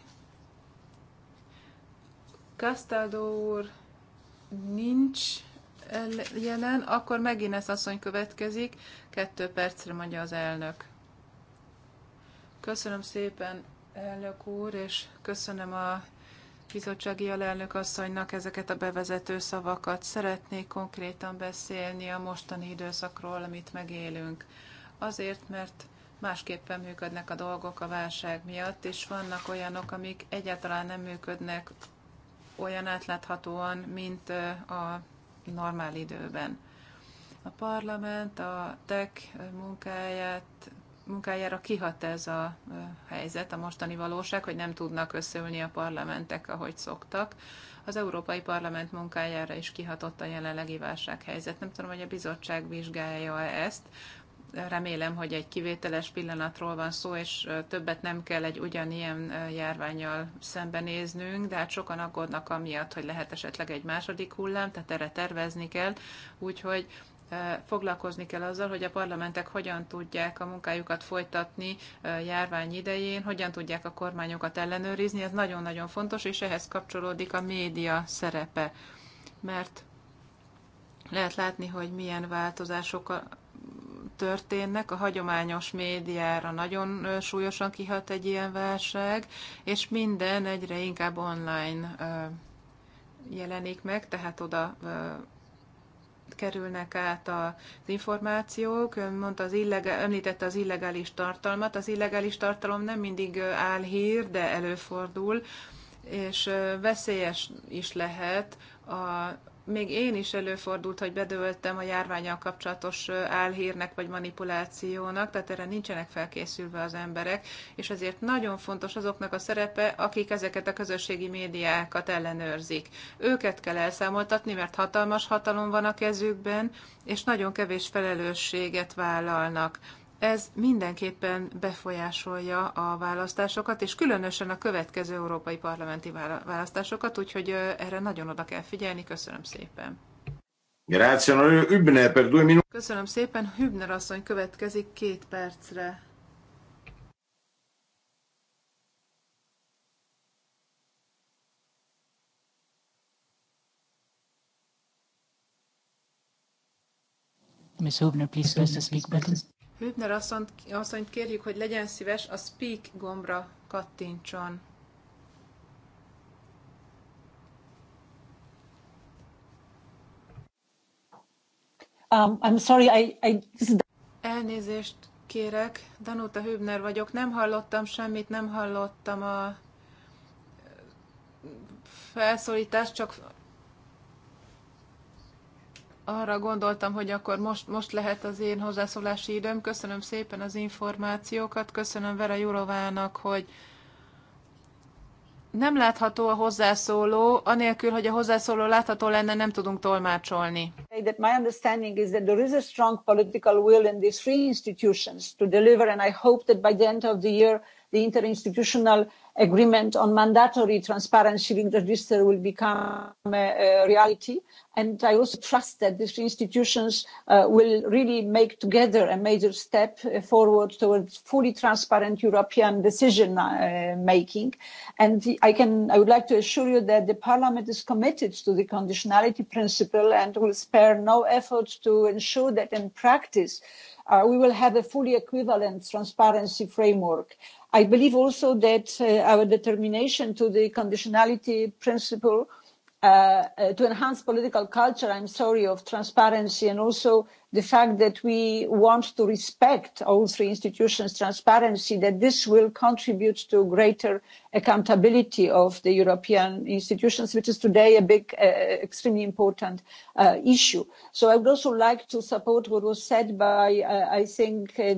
Castaldo úr nincs jelen, akkor megint ez asszony következik, kettő percre mondja az elnök. Köszönöm szépen, elnök úr, és köszönöm a bizottsági alelnök asszonynak ezeket a bevezető szavakat. Szeretnék konkrétan beszélni a mostani időszakról, amit megélünk. Azért, mert másképpen működnek a dolgok a válság miatt, és vannak olyanok, amik egyáltalán nem működnek olyan átláthatóan, mint a normál időben. A parlament a TEC munkáját munkájára kihat ez a helyzet, a mostani valóság, hogy nem tudnak összeülni a parlamentek, ahogy szoktak. Az Európai Parlament munkájára is kihatott a jelenlegi válsághelyzet. Nem tudom, hogy a bizottság vizsgálja ezt. Remélem, hogy egy kivételes pillanatról van szó, és többet nem kell egy ugyanilyen járványjal szembenéznünk, de hát sokan aggódnak amiatt, hogy lehet esetleg egy második hullám, tehát erre tervezni kell. Úgyhogy foglalkozni kell azzal, hogy a parlamentek hogyan tudják a munkájukat folytatni járvány idején, hogyan tudják a kormányokat ellenőrizni, ez nagyon-nagyon fontos, és ehhez kapcsolódik a média szerepe. Mert lehet látni, hogy milyen változások történnek, a hagyományos médiára nagyon súlyosan kihat egy ilyen válság, és minden egyre inkább online jelenik meg, tehát oda kerülnek át az információk. Ön mondta az illegál, említette az illegális tartalmat. Az illegális tartalom nem mindig áll hír, de előfordul, és veszélyes is lehet a, még én is előfordult, hogy bedöltem a járványal kapcsolatos álhírnek vagy manipulációnak, tehát erre nincsenek felkészülve az emberek, és ezért nagyon fontos azoknak a szerepe, akik ezeket a közösségi médiákat ellenőrzik. Őket kell elszámoltatni, mert hatalmas hatalom van a kezükben, és nagyon kevés felelősséget vállalnak ez mindenképpen befolyásolja a választásokat, és különösen a következő európai parlamenti választásokat, úgyhogy erre nagyon oda kell figyelni. Köszönöm szépen. Köszönöm szépen. Hübner asszony következik két percre. Ms. Hübner, please press the speak button. Hübner asszonyt, asszonyt kérjük, hogy legyen szíves, a speak gombra kattintson. Um, I'm sorry, I, I... Elnézést kérek, Danuta Hübner vagyok. Nem hallottam semmit, nem hallottam a felszólítást, csak arra gondoltam, hogy akkor most, most lehet az én hozzászólási időm. Köszönöm szépen az információkat, köszönöm Vera Jurovának, hogy nem látható a hozzászóló, anélkül, hogy a hozzászóló látható lenne, nem tudunk tolmácsolni. That my understanding is that there is a strong political will in these three institutions to deliver, and I hope that by the end of the year the interinstitutional agreement on mandatory transparent the register will become a, a reality. And I also trust that these institutions uh, will really make together a major step uh, forward towards fully transparent European decision uh, making. And I can, I would like to assure you that the Parliament is committed to the conditionality principle and will spare no effort to ensure that in practice uh, uh, we will have a fully equivalent transparency framework. I believe also that uh, our determination to the conditionality principle uh, Uh, uh, to enhance political culture, I'm sorry, of transparency and also the fact that we want to respect all three institutions' transparency, that this will contribute to greater accountability of the European institutions, which is today a big, uh, extremely important uh, issue. So I would also like to support what was said by, uh, I think, uh,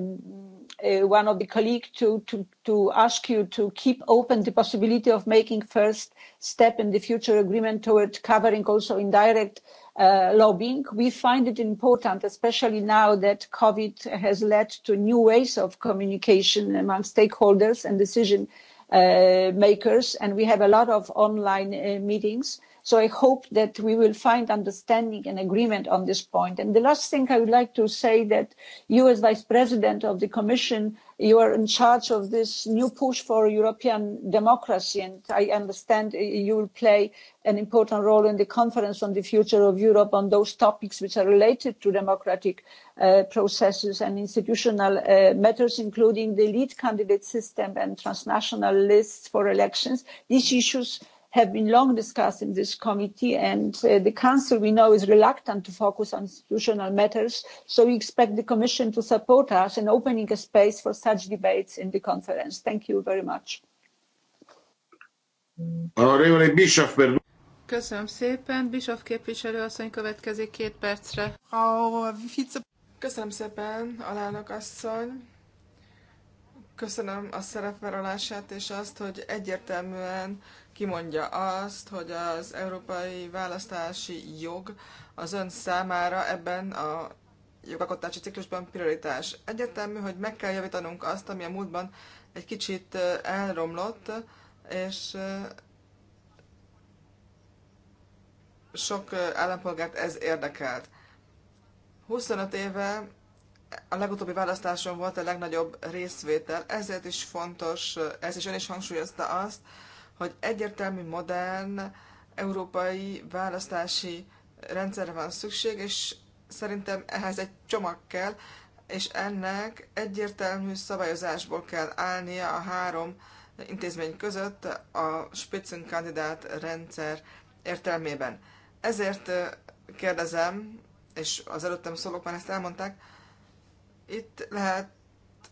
uh, one of the colleagues to, to, to ask you to keep open the possibility of making first step in the future agreement toward covering also indirect uh, lobbying. We find it important, especially now that COVID has led to new ways of communication among stakeholders and decision uh, makers, and we have a lot of online uh, meetings. So I hope that we will find understanding and agreement on this point. And the last thing I would like to say that you as Vice President of the Commission, you are in charge of this new push for European democracy. And I understand you will play an important role in the conference on the future of Europe on those topics which are related to democratic uh, processes and institutional uh, matters, including the lead candidate system and transnational lists for elections. These issues have been long discussed in this committee and uh, the council we know is reluctant to focus on institutional matters so we expect the commission to support us in opening a space for such debates in the conference thank you very much Honorable Bishop, Köszönöm szépen. Bishop képviselő asszony következik két percre. Köszönöm szépen, alának asszony. Köszönöm a szerepvállalását és azt, hogy egyértelműen kimondja azt, hogy az európai választási jog az ön számára ebben a jogalkotási ciklusban prioritás. Egyetemű, hogy meg kell javítanunk azt, ami a múltban egy kicsit elromlott, és sok állampolgárt ez érdekelt. 25 éve a legutóbbi választáson volt a legnagyobb részvétel, ezért is fontos, ez is ön is hangsúlyozta azt, hogy egyértelmű, modern, európai választási rendszerre van szükség, és szerintem ehhez egy csomag kell, és ennek egyértelmű szabályozásból kell állnia a három intézmény között a Spitzenkandidát rendszer értelmében. Ezért kérdezem, és az előttem szólók már ezt elmondták, itt lehet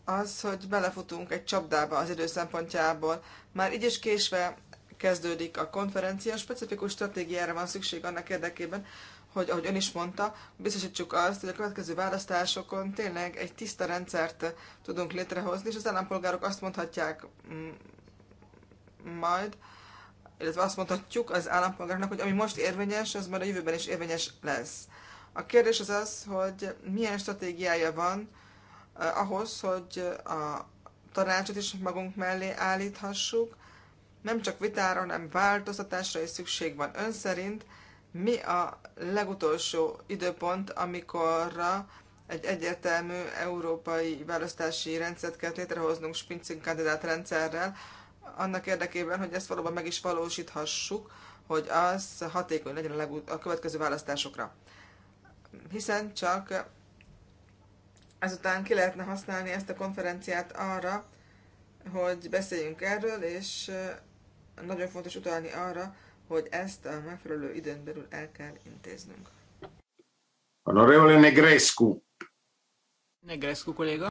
az, hogy belefutunk egy csapdába az idő szempontjából. Már így is késve kezdődik a konferencia, specifikus stratégiára van szükség annak érdekében, hogy ahogy ön is mondta, biztosítsuk azt, hogy a következő választásokon tényleg egy tiszta rendszert tudunk létrehozni, és az állampolgárok azt mondhatják mm, majd, illetve azt mondhatjuk az állampolgárnak, hogy ami most érvényes, az már a jövőben is érvényes lesz. A kérdés az az, hogy milyen stratégiája van Eh, ahhoz, hogy eh, a tanácsot is magunk mellé állíthassuk. Nem csak vitára, hanem változtatásra is szükség van. Ön szerint mi a legutolsó időpont, amikorra egy egyértelmű európai választási rendszert kell létrehoznunk spincing kandidát rendszerrel, annak érdekében, hogy ezt valóban meg is valósíthassuk, hogy az hatékony legyen a, legut- a következő választásokra. Hiszen csak Ezután ki lehetne használni ezt a konferenciát arra, hogy beszéljünk erről, és nagyon fontos utalni arra, hogy ezt a megfelelő időn belül el kell intéznünk. Honorevole Negrescu. Negrescu kolléga.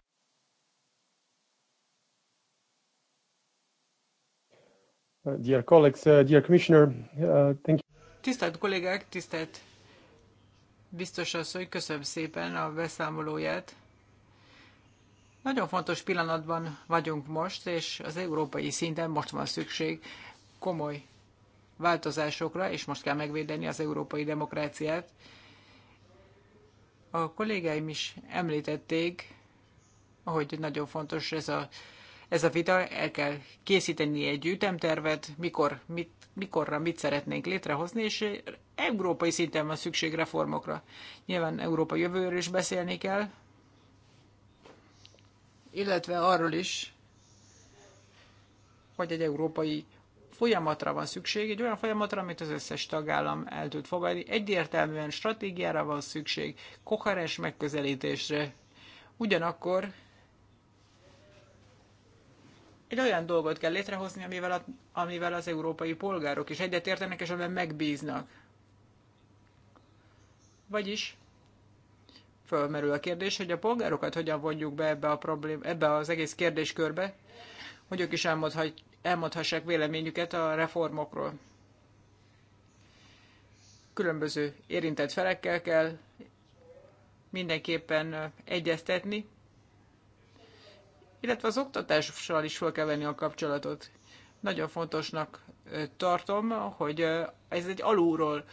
Uh, dear colleagues, uh, dear commissioner, uh, thank you. Tisztelt kollégák, tisztelt biztos asszony, köszönöm szépen a beszámolóját. Nagyon fontos pillanatban vagyunk most, és az európai szinten most van szükség komoly változásokra, és most kell megvédeni az európai demokráciát. A kollégáim is említették, hogy nagyon fontos ez a, ez a vita, el kell készíteni egy ütemtervet, mikor, mit, mikorra mit szeretnénk létrehozni, és európai szinten van szükség reformokra. Nyilván Európa jövőről is beszélni kell, illetve arról is, hogy egy európai folyamatra van szükség, egy olyan folyamatra, amit az összes tagállam el tud fogadni. Egyértelműen stratégiára van szükség, koherens megközelítésre. Ugyanakkor egy olyan dolgot kell létrehozni, amivel, a, amivel az európai polgárok is egyetértenek, és amivel megbíznak. Vagyis fölmerül a kérdés, hogy a polgárokat hogyan vonjuk be ebbe, a problém, ebbe az egész kérdéskörbe, hogy ők is elmondhat, elmondhassák véleményüket a reformokról. Különböző érintett felekkel kell mindenképpen egyeztetni, illetve az oktatással is fel kell venni a kapcsolatot. Nagyon fontosnak tartom, hogy ez egy alulról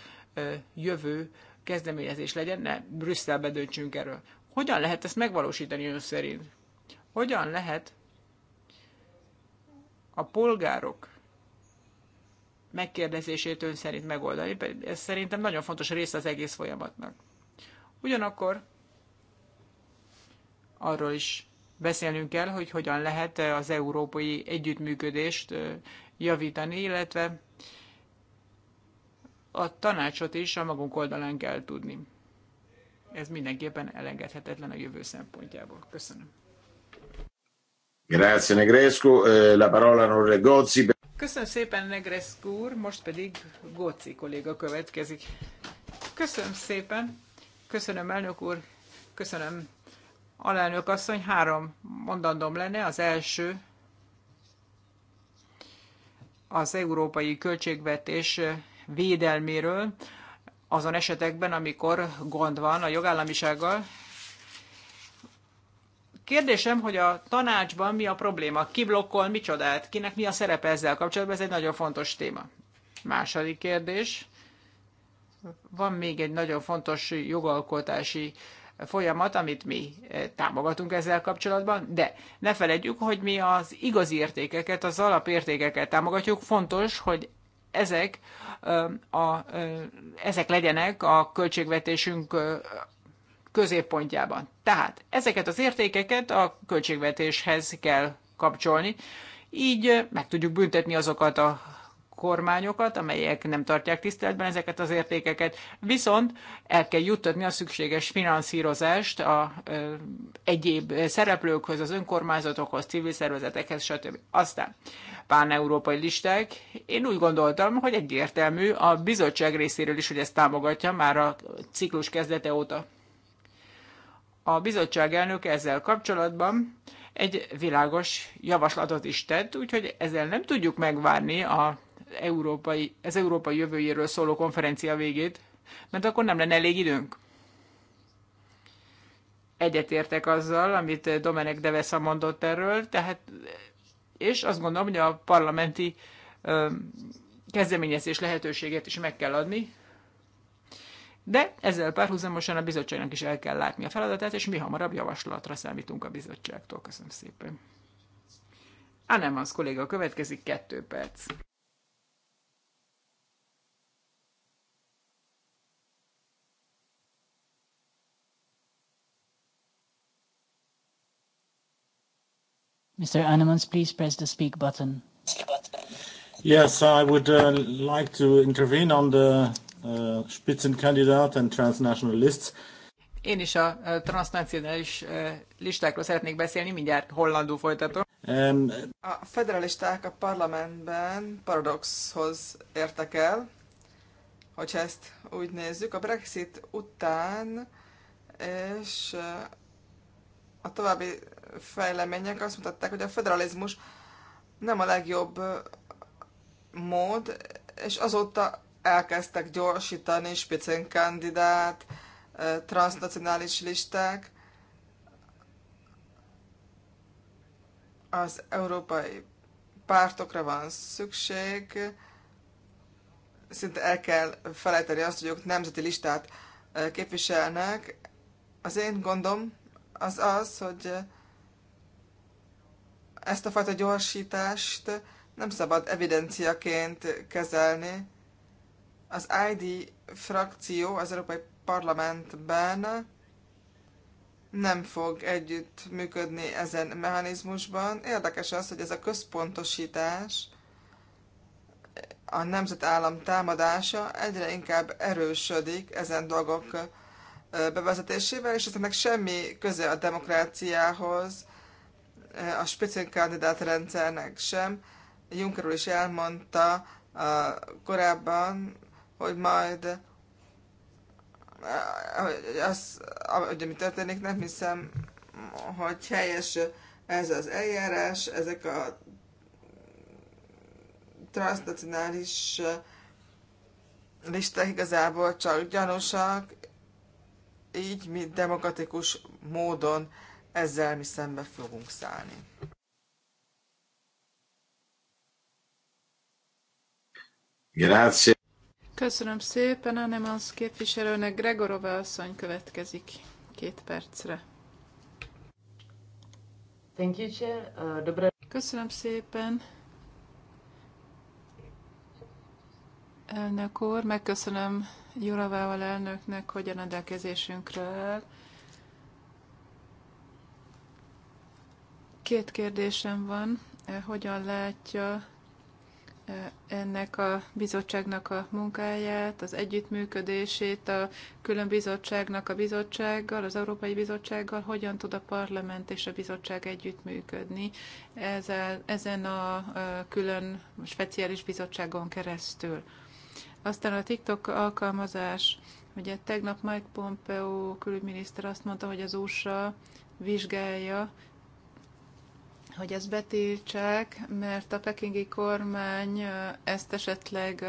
jövő kezdeményezés legyen, ne Brüsszelbe döntsünk erről. Hogyan lehet ezt megvalósítani ön szerint? Hogyan lehet a polgárok megkérdezését ön szerint megoldani? Ez szerintem nagyon fontos része az egész folyamatnak. Ugyanakkor arról is beszélnünk kell, hogy hogyan lehet az európai együttműködést javítani, illetve a tanácsot is a magunk oldalán kell tudni. Ez mindenképpen elengedhetetlen a jövő szempontjából. Köszönöm. Grazie Negrescu, eh, la parola non Gozzi. Köszönöm szépen Negrescu úr, most pedig Gozzi kolléga következik. Köszönöm szépen, köszönöm elnök úr, köszönöm alelnök asszony, három mondandom lenne, az első az európai költségvetés védelméről azon esetekben, amikor gond van a jogállamisággal. Kérdésem, hogy a tanácsban mi a probléma? Ki blokkol, mi csodát? Kinek mi a szerepe ezzel kapcsolatban? Ez egy nagyon fontos téma. Második kérdés. Van még egy nagyon fontos jogalkotási folyamat, amit mi eh, támogatunk ezzel kapcsolatban, de ne feledjük, hogy mi az igazi értékeket, az alapértékeket támogatjuk. Fontos, hogy ezek, a, ezek legyenek a költségvetésünk középpontjában. Tehát ezeket az értékeket a költségvetéshez kell kapcsolni, így meg tudjuk büntetni azokat a kormányokat, amelyek nem tartják tiszteletben ezeket az értékeket, viszont el kell juttatni a szükséges finanszírozást a ö, egyéb szereplőkhöz, az önkormányzatokhoz, civil szervezetekhez, stb. Aztán pán-európai listák. Én úgy gondoltam, hogy egyértelmű a bizottság részéről is, hogy ezt támogatja már a ciklus kezdete óta. A bizottság elnök ezzel kapcsolatban egy világos javaslatot is tett, úgyhogy ezzel nem tudjuk megvárni a európai, az európai jövőjéről szóló konferencia végét, mert akkor nem lenne elég időnk. Egyetértek azzal, amit Domenek Devesa mondott erről, tehát, és azt gondolom, hogy a parlamenti ö, kezdeményezés lehetőséget is meg kell adni, de ezzel párhuzamosan a bizottságnak is el kell látni a feladatát, és mi hamarabb javaslatra számítunk a bizottságtól. Köszönöm szépen. Anem az kolléga következik, kettő perc. Mr. Anemans, please press the speak button. Yes, I would uh, like to intervene on the uh, Spitzenkandidat and transnational lists. Én is a uh, transnacionális uh, listákról szeretnék beszélni, mindjárt hollandul folytatom. Um, a federalisták a parlamentben paradoxhoz értek el, hogyha ezt úgy nézzük, a Brexit után és uh, a további fejlemények azt mutatták, hogy a federalizmus nem a legjobb mód, és azóta elkezdtek gyorsítani kandidát, transnacionális listák. Az európai pártokra van szükség, szinte el kell felejteni azt, hogy ők nemzeti listát képviselnek. Az én gondom az az, hogy ezt a fajta gyorsítást nem szabad evidenciaként kezelni. Az ID frakció az Európai Parlamentben nem fog együtt működni ezen mechanizmusban. Érdekes az, hogy ez a központosítás, a nemzetállam támadása egyre inkább erősödik ezen dolgok bevezetésével, és ennek semmi köze a demokráciához, a spitzenkandidát rendszernek sem. Juncker úr is elmondta korábban, hogy majd az, hogy ami történik, nem hiszem, hogy helyes ez az eljárás, ezek a transnacionális listák igazából csak gyanúsak, így mi demokratikus módon ezzel mi szembe fogunk szállni. Grazie. Köszönöm szépen, Anemans képviselőnek. Gregorova asszony következik két percre. Thank you, Chair. Uh, Köszönöm szépen. Elnök úr, megköszönöm Juravával elnöknek, hogy a rendelkezésünkre áll. Két kérdésem van, eh, hogyan látja eh, ennek a bizottságnak a munkáját, az együttműködését, a külön bizottságnak a bizottsággal, az Európai Bizottsággal, hogyan tud a parlament és a bizottság együttműködni ezzel, ezen a eh, külön speciális bizottságon keresztül. Aztán a TikTok alkalmazás, ugye tegnap Mike Pompeo külügyminiszter azt mondta, hogy az USA vizsgálja hogy ezt betiltsák, mert a pekingi kormány ezt esetleg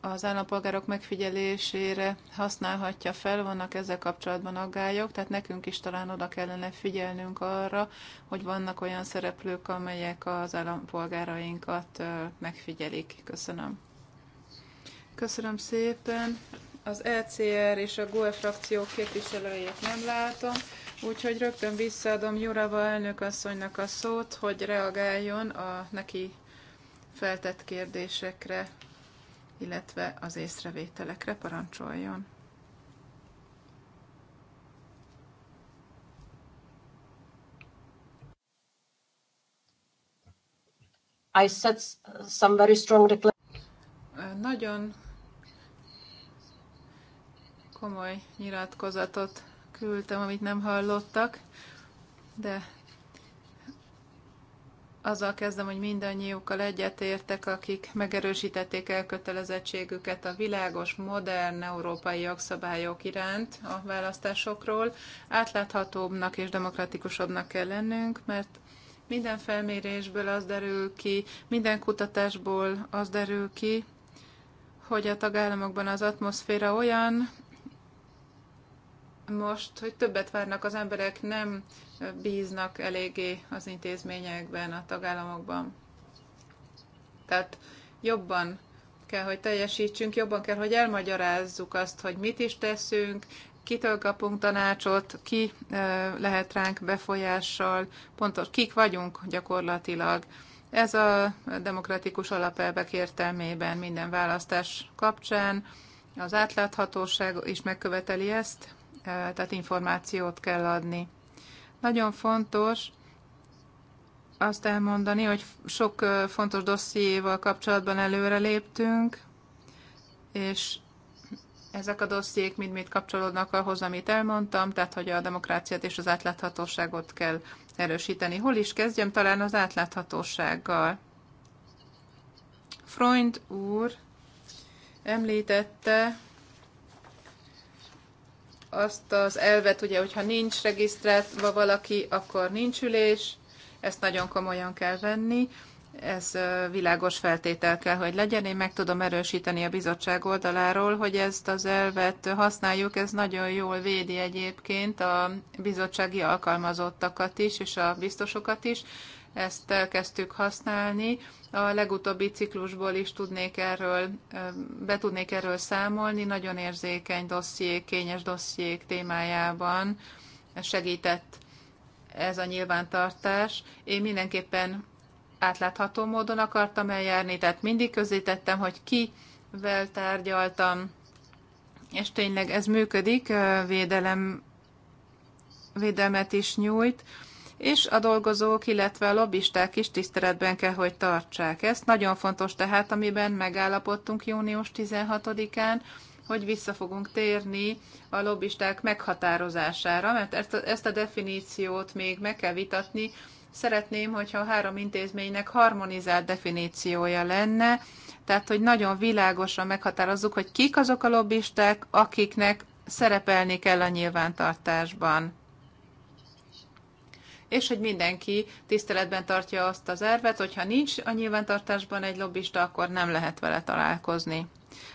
az állampolgárok megfigyelésére használhatja fel, vannak ezzel kapcsolatban aggályok, tehát nekünk is talán oda kellene figyelnünk arra, hogy vannak olyan szereplők, amelyek az állampolgárainkat megfigyelik. Köszönöm. Köszönöm szépen. Az ECR és a GOE frakció képviselőjét nem látom. Úgyhogy rögtön visszaadom Jurava elnök asszonynak a szót, hogy reagáljon a neki feltett kérdésekre, illetve az észrevételekre parancsoljon. I said some very strong Nagyon komoly nyilatkozatot küldtem, amit nem hallottak, de azzal kezdem, hogy mindannyiukkal egyetértek, akik megerősítették elkötelezettségüket a világos, modern európai jogszabályok iránt a választásokról. Átláthatóbbnak és demokratikusabbnak kell lennünk, mert minden felmérésből az derül ki, minden kutatásból az derül ki, hogy a tagállamokban az atmoszféra olyan, most, hogy többet várnak az emberek, nem bíznak eléggé az intézményekben, a tagállamokban. Tehát jobban kell, hogy teljesítsünk, jobban kell, hogy elmagyarázzuk azt, hogy mit is teszünk, kitől kapunk tanácsot, ki lehet ránk befolyással, pontos, kik vagyunk gyakorlatilag. Ez a demokratikus alapelvek értelmében minden választás kapcsán az átláthatóság is megköveteli ezt, tehát információt kell adni. Nagyon fontos azt elmondani, hogy sok fontos dossziéval kapcsolatban előre léptünk, és ezek a dossziék mind-mind kapcsolódnak ahhoz, amit elmondtam, tehát hogy a demokráciát és az átláthatóságot kell erősíteni. Hol is kezdjem? Talán az átláthatósággal. Freund úr említette azt az elvet, ugye, hogyha nincs regisztrálva valaki, akkor nincs ülés, ezt nagyon komolyan kell venni, ez világos feltétel kell, hogy legyen. Én meg tudom erősíteni a bizottság oldaláról, hogy ezt az elvet használjuk, ez nagyon jól védi egyébként a bizottsági alkalmazottakat is, és a biztosokat is, ezt kezdtük használni. A legutóbbi ciklusból is tudnék erről, be tudnék erről számolni, nagyon érzékeny dossziék, kényes dossziék témájában segített ez a nyilvántartás. Én mindenképpen átlátható módon akartam eljárni, tehát mindig közítettem, hogy kivel tárgyaltam, és tényleg ez működik, védelem, védelmet is nyújt és a dolgozók, illetve a lobbisták is tiszteletben kell, hogy tartsák ezt. Nagyon fontos tehát, amiben megállapodtunk június 16-án, hogy vissza fogunk térni a lobbisták meghatározására, mert ezt a, ezt a definíciót még meg kell vitatni. Szeretném, hogyha a három intézménynek harmonizált definíciója lenne, tehát hogy nagyon világosan meghatározzuk, hogy kik azok a lobbisták, akiknek szerepelni kell a nyilvántartásban és hogy mindenki tiszteletben tartja azt az ervet, hogyha nincs a nyilvántartásban egy lobbista, akkor nem lehet vele találkozni.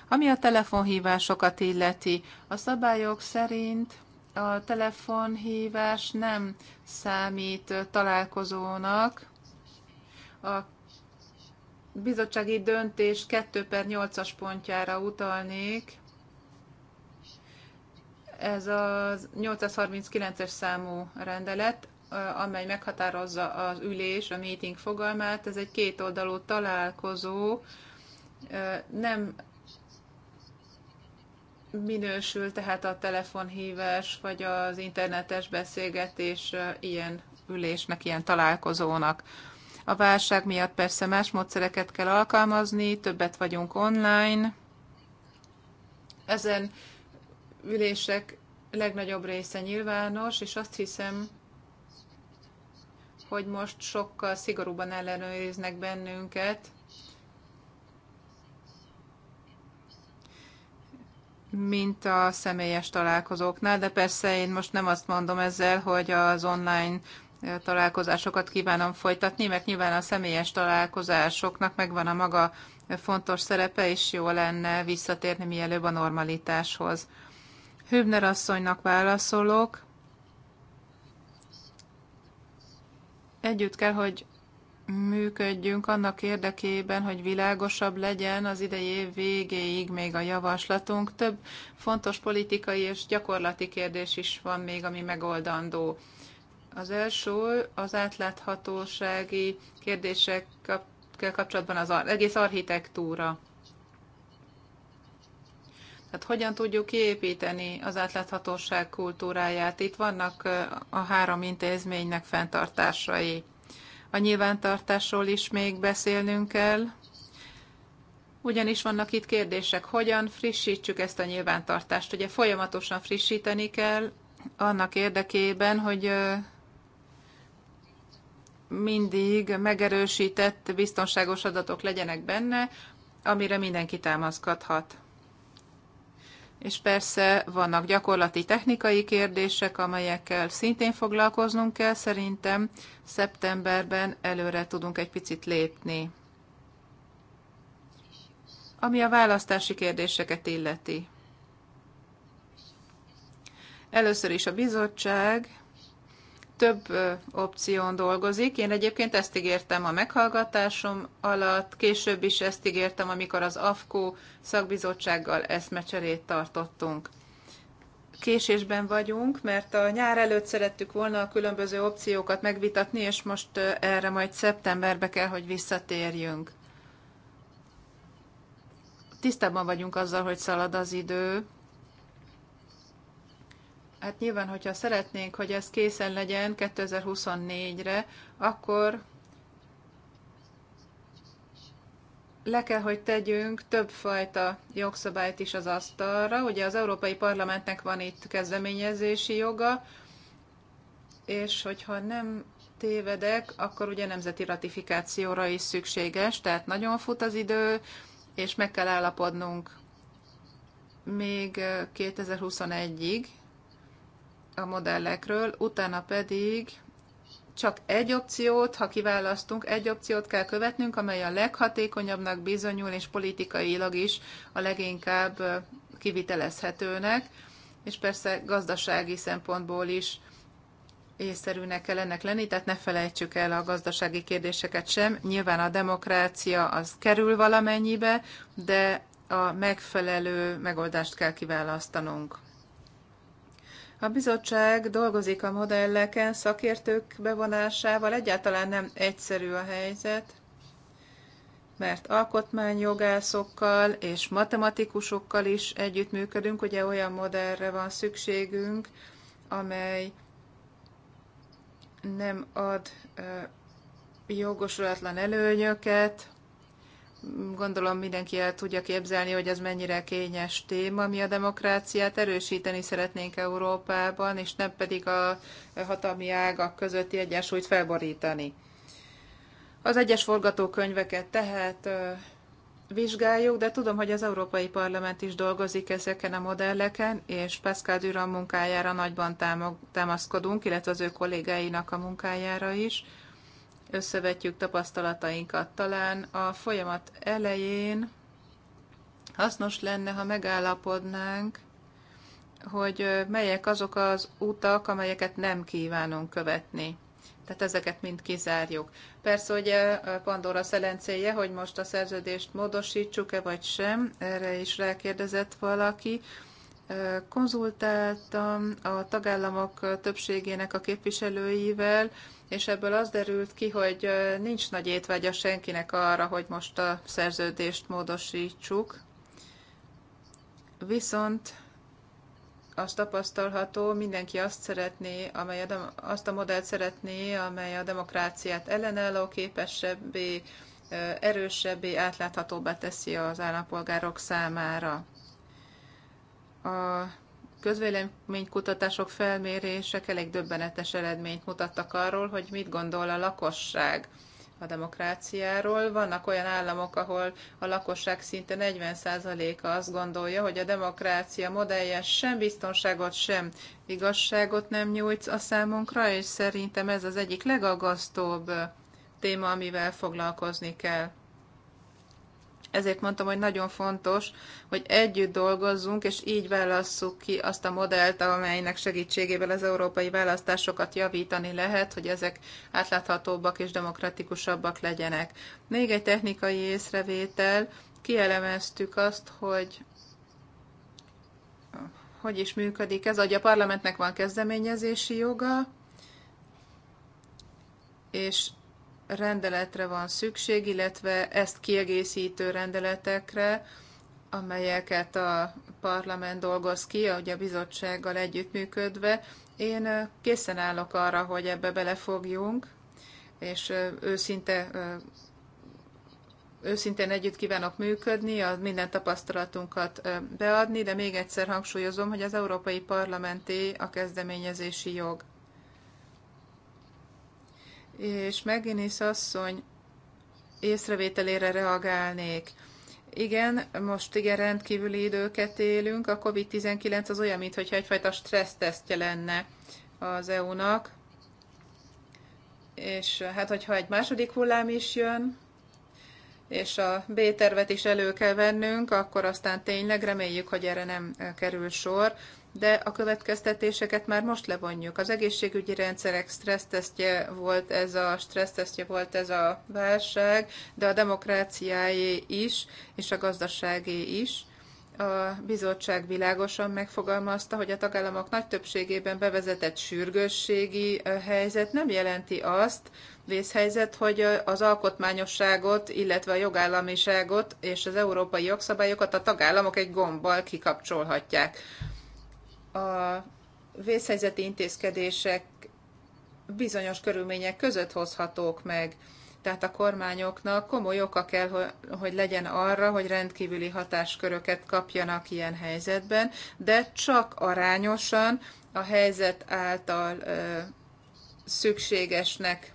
Ami a telefonhívásokat illeti, a szabályok szerint a telefonhívás nem számít találkozónak. A bizottsági döntés 2 per 8-as pontjára utalnék. Ez a 839-es számú rendelet amely meghatározza az ülés, a meeting fogalmát. Ez egy kétoldalú találkozó, nem minősül tehát a telefonhívás vagy az internetes beszélgetés ilyen ülésnek, ilyen találkozónak. A válság miatt persze más módszereket kell alkalmazni, többet vagyunk online. Ezen ülések legnagyobb része nyilvános, és azt hiszem, hogy most sokkal szigorúban ellenőriznek bennünket, mint a személyes találkozóknál, de persze én most nem azt mondom ezzel, hogy az online találkozásokat kívánom folytatni, mert nyilván a személyes találkozásoknak megvan a maga fontos szerepe, és jó lenne visszatérni mielőbb a normalitáshoz. Hübner asszonynak válaszolok. együtt kell, hogy működjünk annak érdekében, hogy világosabb legyen az idei év végéig még a javaslatunk. Több fontos politikai és gyakorlati kérdés is van még, ami megoldandó. Az első az átláthatósági kérdésekkel kapcsolatban az egész architektúra. Tehát hogyan tudjuk kiépíteni az átláthatóság kultúráját? Itt vannak a három intézménynek fenntartásai. A nyilvántartásról is még beszélnünk kell, ugyanis vannak itt kérdések, hogyan frissítsük ezt a nyilvántartást. Ugye folyamatosan frissíteni kell annak érdekében, hogy mindig megerősített, biztonságos adatok legyenek benne, amire mindenki támaszkodhat és persze vannak gyakorlati technikai kérdések, amelyekkel szintén foglalkoznunk kell. Szerintem szeptemberben előre tudunk egy picit lépni. Ami a választási kérdéseket illeti. Először is a bizottság több opción dolgozik. Én egyébként ezt ígértem a meghallgatásom alatt, később is ezt ígértem, amikor az AFKO szakbizottsággal eszmecserét tartottunk. Késésben vagyunk, mert a nyár előtt szerettük volna a különböző opciókat megvitatni, és most erre majd szeptemberbe kell, hogy visszatérjünk. Tisztában vagyunk azzal, hogy szalad az idő, Hát nyilván, hogyha szeretnénk, hogy ez készen legyen 2024-re, akkor le kell, hogy tegyünk többfajta jogszabályt is az asztalra. Ugye az Európai Parlamentnek van itt kezdeményezési joga, és hogyha nem tévedek, akkor ugye nemzeti ratifikációra is szükséges, tehát nagyon fut az idő, és meg kell állapodnunk még 2021-ig a modellekről, utána pedig csak egy opciót, ha kiválasztunk, egy opciót kell követnünk, amely a leghatékonyabbnak bizonyul, és politikailag is a leginkább kivitelezhetőnek, és persze gazdasági szempontból is észszerűnek kell ennek lenni, tehát ne felejtsük el a gazdasági kérdéseket sem. Nyilván a demokrácia az kerül valamennyibe, de a megfelelő megoldást kell kiválasztanunk. A bizottság dolgozik a modelleken, szakértők bevonásával, egyáltalán nem egyszerű a helyzet, mert alkotmányjogászokkal és matematikusokkal is együttműködünk, ugye olyan modellre van szükségünk, amely nem ad jogosulatlan előnyöket, gondolom mindenki el tudja képzelni, hogy ez mennyire kényes téma. Mi a demokráciát erősíteni szeretnénk Európában, és nem pedig a hatalmi ágak közötti egyensúlyt felborítani. Az egyes forgatókönyveket tehát vizsgáljuk, de tudom, hogy az Európai Parlament is dolgozik ezeken a modelleken, és Pascal Durand munkájára nagyban támaszkodunk, illetve az ő kollégáinak a munkájára is összevetjük tapasztalatainkat. Talán a folyamat elején hasznos lenne, ha megállapodnánk, hogy melyek azok az utak, amelyeket nem kívánunk követni. Tehát ezeket mind kizárjuk. Persze ugye Pandora szelencéje, hogy most a szerződést módosítsuk-e vagy sem, erre is rákérdezett valaki konzultáltam a tagállamok többségének a képviselőivel, és ebből az derült ki, hogy nincs nagy étvágya senkinek arra, hogy most a szerződést módosítsuk. Viszont azt tapasztalható, mindenki azt szeretné, amely a, azt a modellt szeretné, amely a demokráciát ellenálló, képesebbé, erősebbé, átláthatóbbá teszi az állampolgárok számára a közvéleménykutatások, felmérések elég döbbenetes eredményt mutattak arról, hogy mit gondol a lakosság a demokráciáról. Vannak olyan államok, ahol a lakosság szinte 40%-a azt gondolja, hogy a demokrácia modellje sem biztonságot, sem igazságot nem nyújt a számunkra, és szerintem ez az egyik legaggasztóbb téma, amivel foglalkozni kell. Ezért mondtam, hogy nagyon fontos, hogy együtt dolgozzunk, és így válasszuk ki azt a modellt, amelynek segítségével az európai választásokat javítani lehet, hogy ezek átláthatóbbak és demokratikusabbak legyenek. Még egy technikai észrevétel, kielemeztük azt, hogy hogy is működik ez, hogy a parlamentnek van kezdeményezési joga, és rendeletre van szükség, illetve ezt kiegészítő rendeletekre, amelyeket a parlament dolgoz ki, ahogy a bizottsággal együttműködve. Én készen állok arra, hogy ebbe belefogjunk, és őszinte őszintén együtt kívánok működni, a minden tapasztalatunkat beadni, de még egyszer hangsúlyozom, hogy az Európai Parlamenté a kezdeményezési jog és Meginis asszony észrevételére reagálnék. Igen, most igen rendkívüli időket élünk. A COVID-19 az olyan, mintha egyfajta stressztesztje lenne az EU-nak. És hát, hogyha egy második hullám is jön, és a B-tervet is elő kell vennünk, akkor aztán tényleg reméljük, hogy erre nem kerül sor de a következtetéseket már most levonjuk. Az egészségügyi rendszerek stressztesztje volt ez a stressztesztje volt ez a válság, de a demokráciáé is, és a gazdaságé is. A bizottság világosan megfogalmazta, hogy a tagállamok nagy többségében bevezetett sürgősségi helyzet nem jelenti azt, vészhelyzet, hogy az alkotmányosságot, illetve a jogállamiságot és az európai jogszabályokat a tagállamok egy gombbal kikapcsolhatják a vészhelyzeti intézkedések bizonyos körülmények között hozhatók meg. Tehát a kormányoknak komoly oka kell, hogy legyen arra, hogy rendkívüli hatásköröket kapjanak ilyen helyzetben, de csak arányosan a helyzet által ö, szükségesnek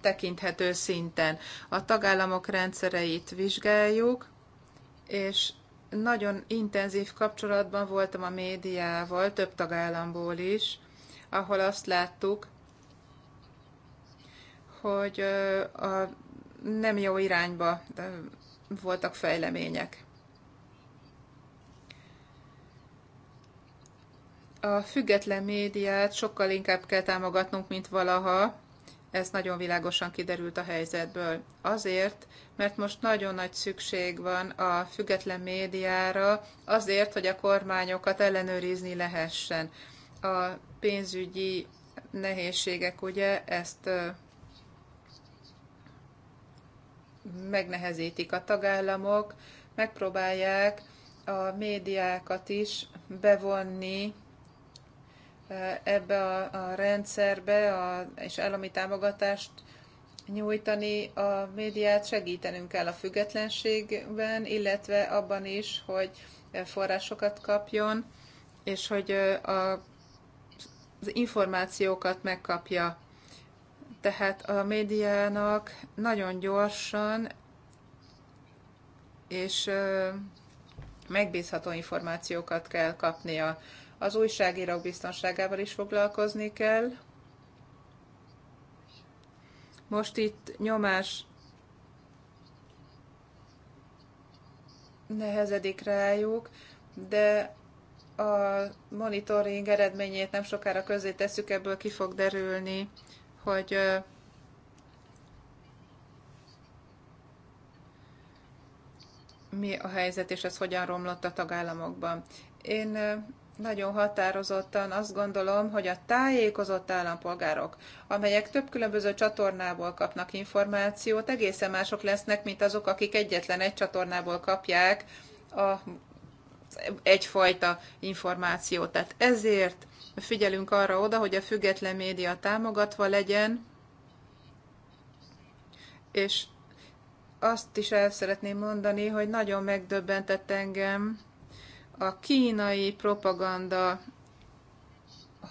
tekinthető szinten. A tagállamok rendszereit vizsgáljuk, és nagyon intenzív kapcsolatban voltam a médiával, több tagállamból is, ahol azt láttuk, hogy a nem jó irányba voltak fejlemények. A független médiát sokkal inkább kell támogatnunk, mint valaha. Ez nagyon világosan kiderült a helyzetből. Azért, mert most nagyon nagy szükség van a független médiára azért, hogy a kormányokat ellenőrizni lehessen. A pénzügyi nehézségek ugye ezt megnehezítik a tagállamok, megpróbálják a médiákat is bevonni ebbe a, a rendszerbe, a, és állami támogatást nyújtani a médiát, segítenünk kell a függetlenségben, illetve abban is, hogy forrásokat kapjon, és hogy a, az információkat megkapja. Tehát a médiának nagyon gyorsan és megbízható információkat kell kapnia. Az újságírók biztonságával is foglalkozni kell, most itt nyomás nehezedik rájuk, de a monitoring eredményét nem sokára közé tesszük, ebből ki fog derülni, hogy mi a helyzet, és ez hogyan romlott a tagállamokban. Én nagyon határozottan azt gondolom, hogy a tájékozott állampolgárok, amelyek több különböző csatornából kapnak információt, egészen mások lesznek, mint azok, akik egyetlen egy csatornából kapják a, egyfajta információt. Tehát ezért figyelünk arra oda, hogy a független média támogatva legyen, és azt is el szeretném mondani, hogy nagyon megdöbbentett engem, a kínai propaganda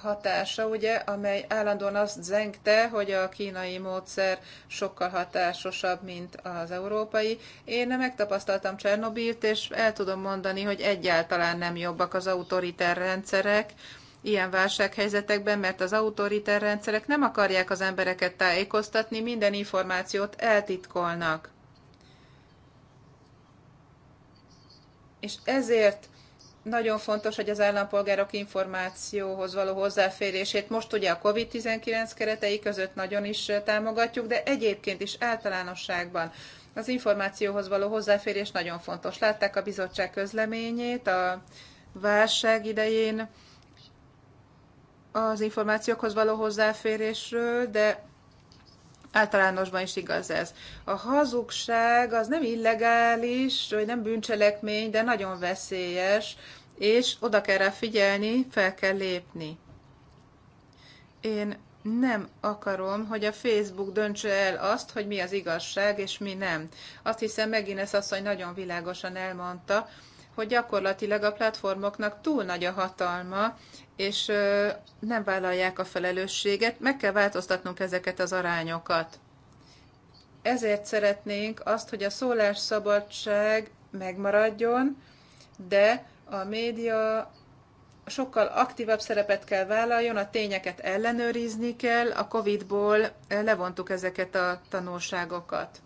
hatása, ugye, amely állandóan azt zengte, hogy a kínai módszer sokkal hatásosabb, mint az európai. Én nem megtapasztaltam Csernobilt, és el tudom mondani, hogy egyáltalán nem jobbak az autoriter rendszerek, ilyen válsághelyzetekben, mert az autoriter rendszerek nem akarják az embereket tájékoztatni, minden információt eltitkolnak. És ezért nagyon fontos, hogy az állampolgárok információhoz való hozzáférését most ugye a COVID-19 keretei között nagyon is eh, támogatjuk, de egyébként is általánosságban az információhoz való hozzáférés nagyon fontos. Látták a bizottság közleményét a válság idején az információkhoz való hozzáférésről, de Általánosban is igaz ez. A hazugság az nem illegális, vagy nem bűncselekmény, de nagyon veszélyes, és oda kell rá figyelni, fel kell lépni. Én nem akarom, hogy a Facebook döntse el azt, hogy mi az igazság, és mi nem. Azt hiszem, megint azt, asszony nagyon világosan elmondta, hogy gyakorlatilag a platformoknak túl nagy a hatalma, és nem vállalják a felelősséget, meg kell változtatnunk ezeket az arányokat. Ezért szeretnénk azt, hogy a szólásszabadság megmaradjon, de a média sokkal aktívabb szerepet kell vállaljon, a tényeket ellenőrizni kell, a COVID-ból levontuk ezeket a tanulságokat.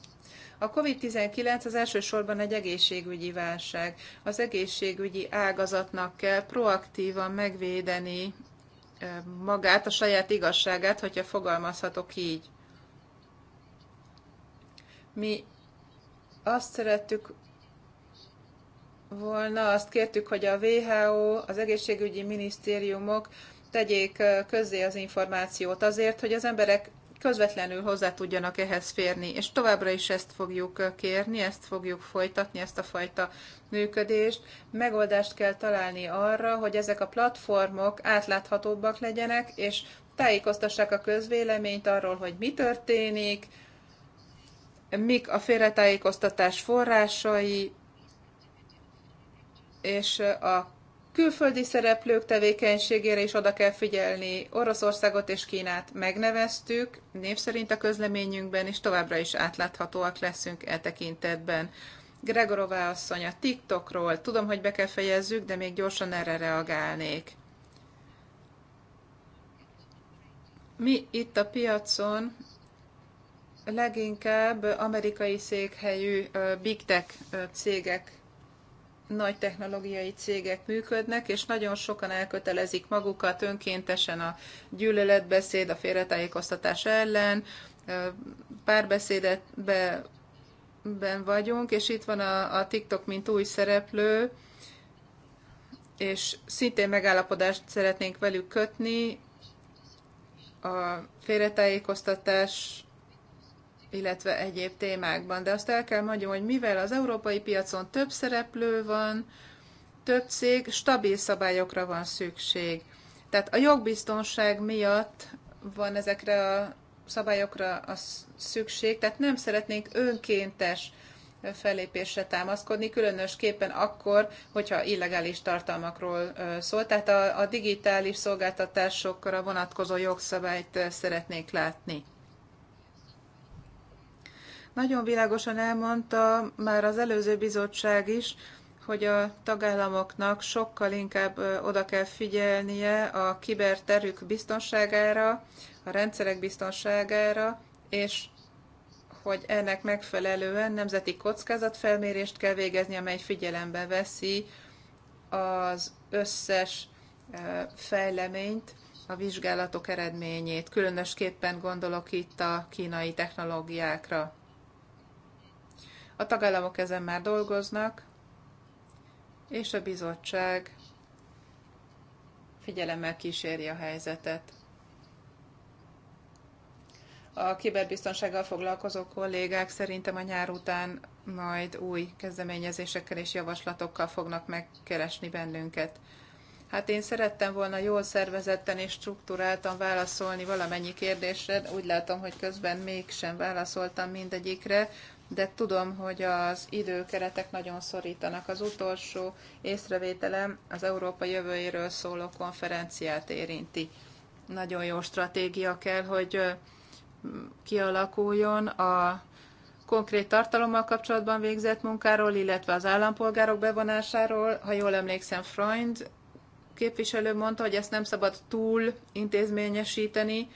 A COVID-19 az elsősorban egy egészségügyi válság. Az egészségügyi ágazatnak kell proaktívan megvédeni eh, magát, a saját igazságát, hogyha fogalmazhatok így. Mi azt szerettük volna, azt kértük, hogy a WHO, az egészségügyi minisztériumok tegyék eh, közzé az információt azért, hogy az emberek közvetlenül hozzá tudjanak ehhez férni, és továbbra is ezt fogjuk kérni, ezt fogjuk folytatni, ezt a fajta működést. Megoldást kell találni arra, hogy ezek a platformok átláthatóbbak legyenek, és tájékoztassák a közvéleményt arról, hogy mi történik, mik a félretájékoztatás forrásai, és a külföldi szereplők tevékenységére is oda kell figyelni. Oroszországot és Kínát megneveztük, név szerint a közleményünkben, és továbbra is átláthatóak leszünk e tekintetben. Gregorová asszony a TikTokról, tudom, hogy be kell fejezzük, de még gyorsan erre reagálnék. Mi itt a piacon leginkább amerikai székhelyű big tech cégek nagy technológiai cégek működnek, és nagyon sokan elkötelezik magukat önkéntesen a gyűlöletbeszéd, a félretájékoztatás ellen, párbeszédet ben vagyunk, és itt van a, a TikTok, mint új szereplő, és szintén megállapodást szeretnénk velük kötni a félretájékoztatás illetve egyéb témákban. De azt el kell mondjam, hogy mivel az európai piacon több szereplő van, több cég, stabil szabályokra van szükség. Tehát a jogbiztonság miatt van ezekre a szabályokra a szükség, tehát nem szeretnénk önkéntes fellépésre támaszkodni, különösképpen akkor, hogyha illegális tartalmakról szól. Tehát a, a digitális szolgáltatásokra vonatkozó jogszabályt szeretnék látni. Nagyon világosan elmondta már az előző bizottság is, hogy a tagállamoknak sokkal inkább oda kell figyelnie a kiberterük biztonságára, a rendszerek biztonságára, és hogy ennek megfelelően nemzeti kockázatfelmérést kell végezni, amely figyelembe veszi az összes fejleményt, a vizsgálatok eredményét. Különösképpen gondolok itt a kínai technológiákra. A tagállamok ezen már dolgoznak, és a bizottság figyelemmel kíséri a helyzetet. A kiberbiztonsággal foglalkozó kollégák szerintem a nyár után majd új kezdeményezésekkel és javaslatokkal fognak megkeresni bennünket. Hát én szerettem volna jól szervezetten és struktúráltan válaszolni valamennyi kérdésre, úgy látom, hogy közben mégsem válaszoltam mindegyikre, de tudom, hogy az időkeretek nagyon szorítanak. Az utolsó észrevételem az Európa jövőjéről szóló konferenciát érinti. Nagyon jó stratégia kell, hogy kialakuljon a konkrét tartalommal kapcsolatban végzett munkáról, illetve az állampolgárok bevonásáról. Ha jól emlékszem, Freund képviselő mondta, hogy ezt nem szabad túl intézményesíteni,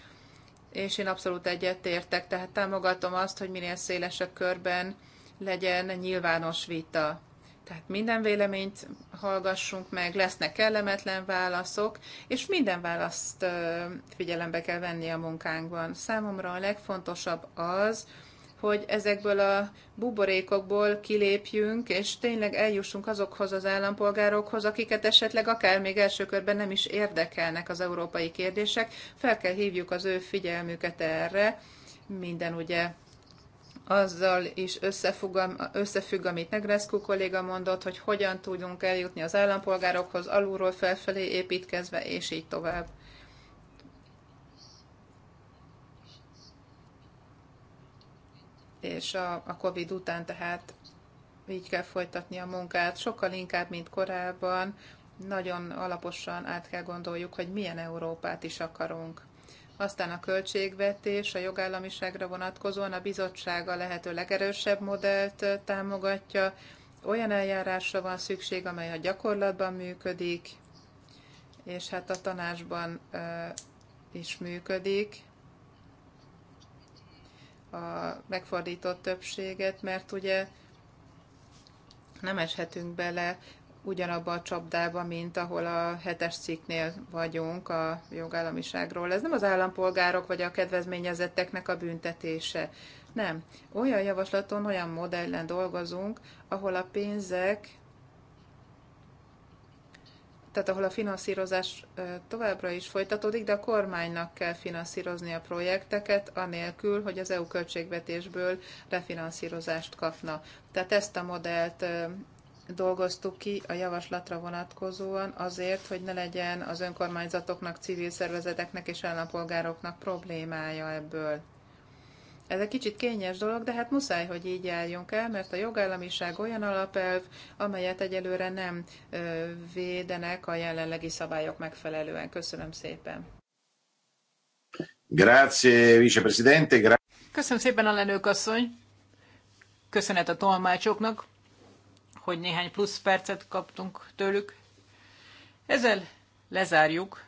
és én abszolút egyet értek, tehát támogatom azt, hogy minél szélesebb körben legyen nyilvános vita. Tehát minden véleményt hallgassunk meg, lesznek kellemetlen válaszok, és minden választ figyelembe kell venni a munkánkban. Számomra a legfontosabb az, hogy ezekből a buborékokból kilépjünk, és tényleg eljussunk azokhoz az állampolgárokhoz, akiket esetleg akár még első körben nem is érdekelnek az európai kérdések. Fel kell hívjuk az ő figyelmüket erre. Minden ugye azzal is összefügg, összefügg amit Negrescu kolléga mondott, hogy hogyan tudunk eljutni az állampolgárokhoz alulról felfelé építkezve, és így tovább. és a, a COVID után tehát így kell folytatni a munkát, sokkal inkább, mint korábban, nagyon alaposan át kell gondoljuk, hogy milyen Európát is akarunk. Aztán a költségvetés, a jogállamiságra vonatkozóan a bizottság a lehető legerősebb modellt támogatja. Olyan eljárásra van szükség, amely a gyakorlatban működik, és hát a tanácsban is működik a megfordított többséget, mert ugye nem eshetünk bele ugyanabba a csapdába, mint ahol a hetes cikknél vagyunk a jogállamiságról. Ez nem az állampolgárok vagy a kedvezményezetteknek a büntetése. Nem. Olyan javaslaton, olyan modellen dolgozunk, ahol a pénzek tehát ahol a finanszírozás továbbra is folytatódik, de a kormánynak kell finanszírozni a projekteket, anélkül, hogy az EU költségvetésből refinanszírozást kapna. Tehát ezt a modellt dolgoztuk ki a javaslatra vonatkozóan azért, hogy ne legyen az önkormányzatoknak, civil szervezeteknek és állampolgároknak problémája ebből. Ez egy kicsit kényes dolog, de hát muszáj, hogy így álljunk el, mert a jogállamiság olyan alapelv, amelyet egyelőre nem védenek a jelenlegi szabályok megfelelően. Köszönöm szépen. Grazie, vicepresidente. Gra- Köszönöm szépen, alelnök asszony. Köszönet a tolmácsoknak, hogy néhány plusz percet kaptunk tőlük. Ezzel lezárjuk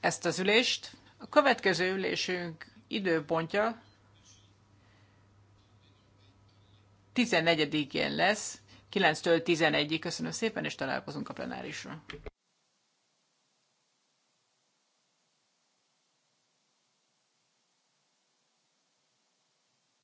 ezt az ülést. A következő ülésünk időpontja 14-én lesz, 9-től 11-ig. Köszönöm szépen, és találkozunk a plenárisra.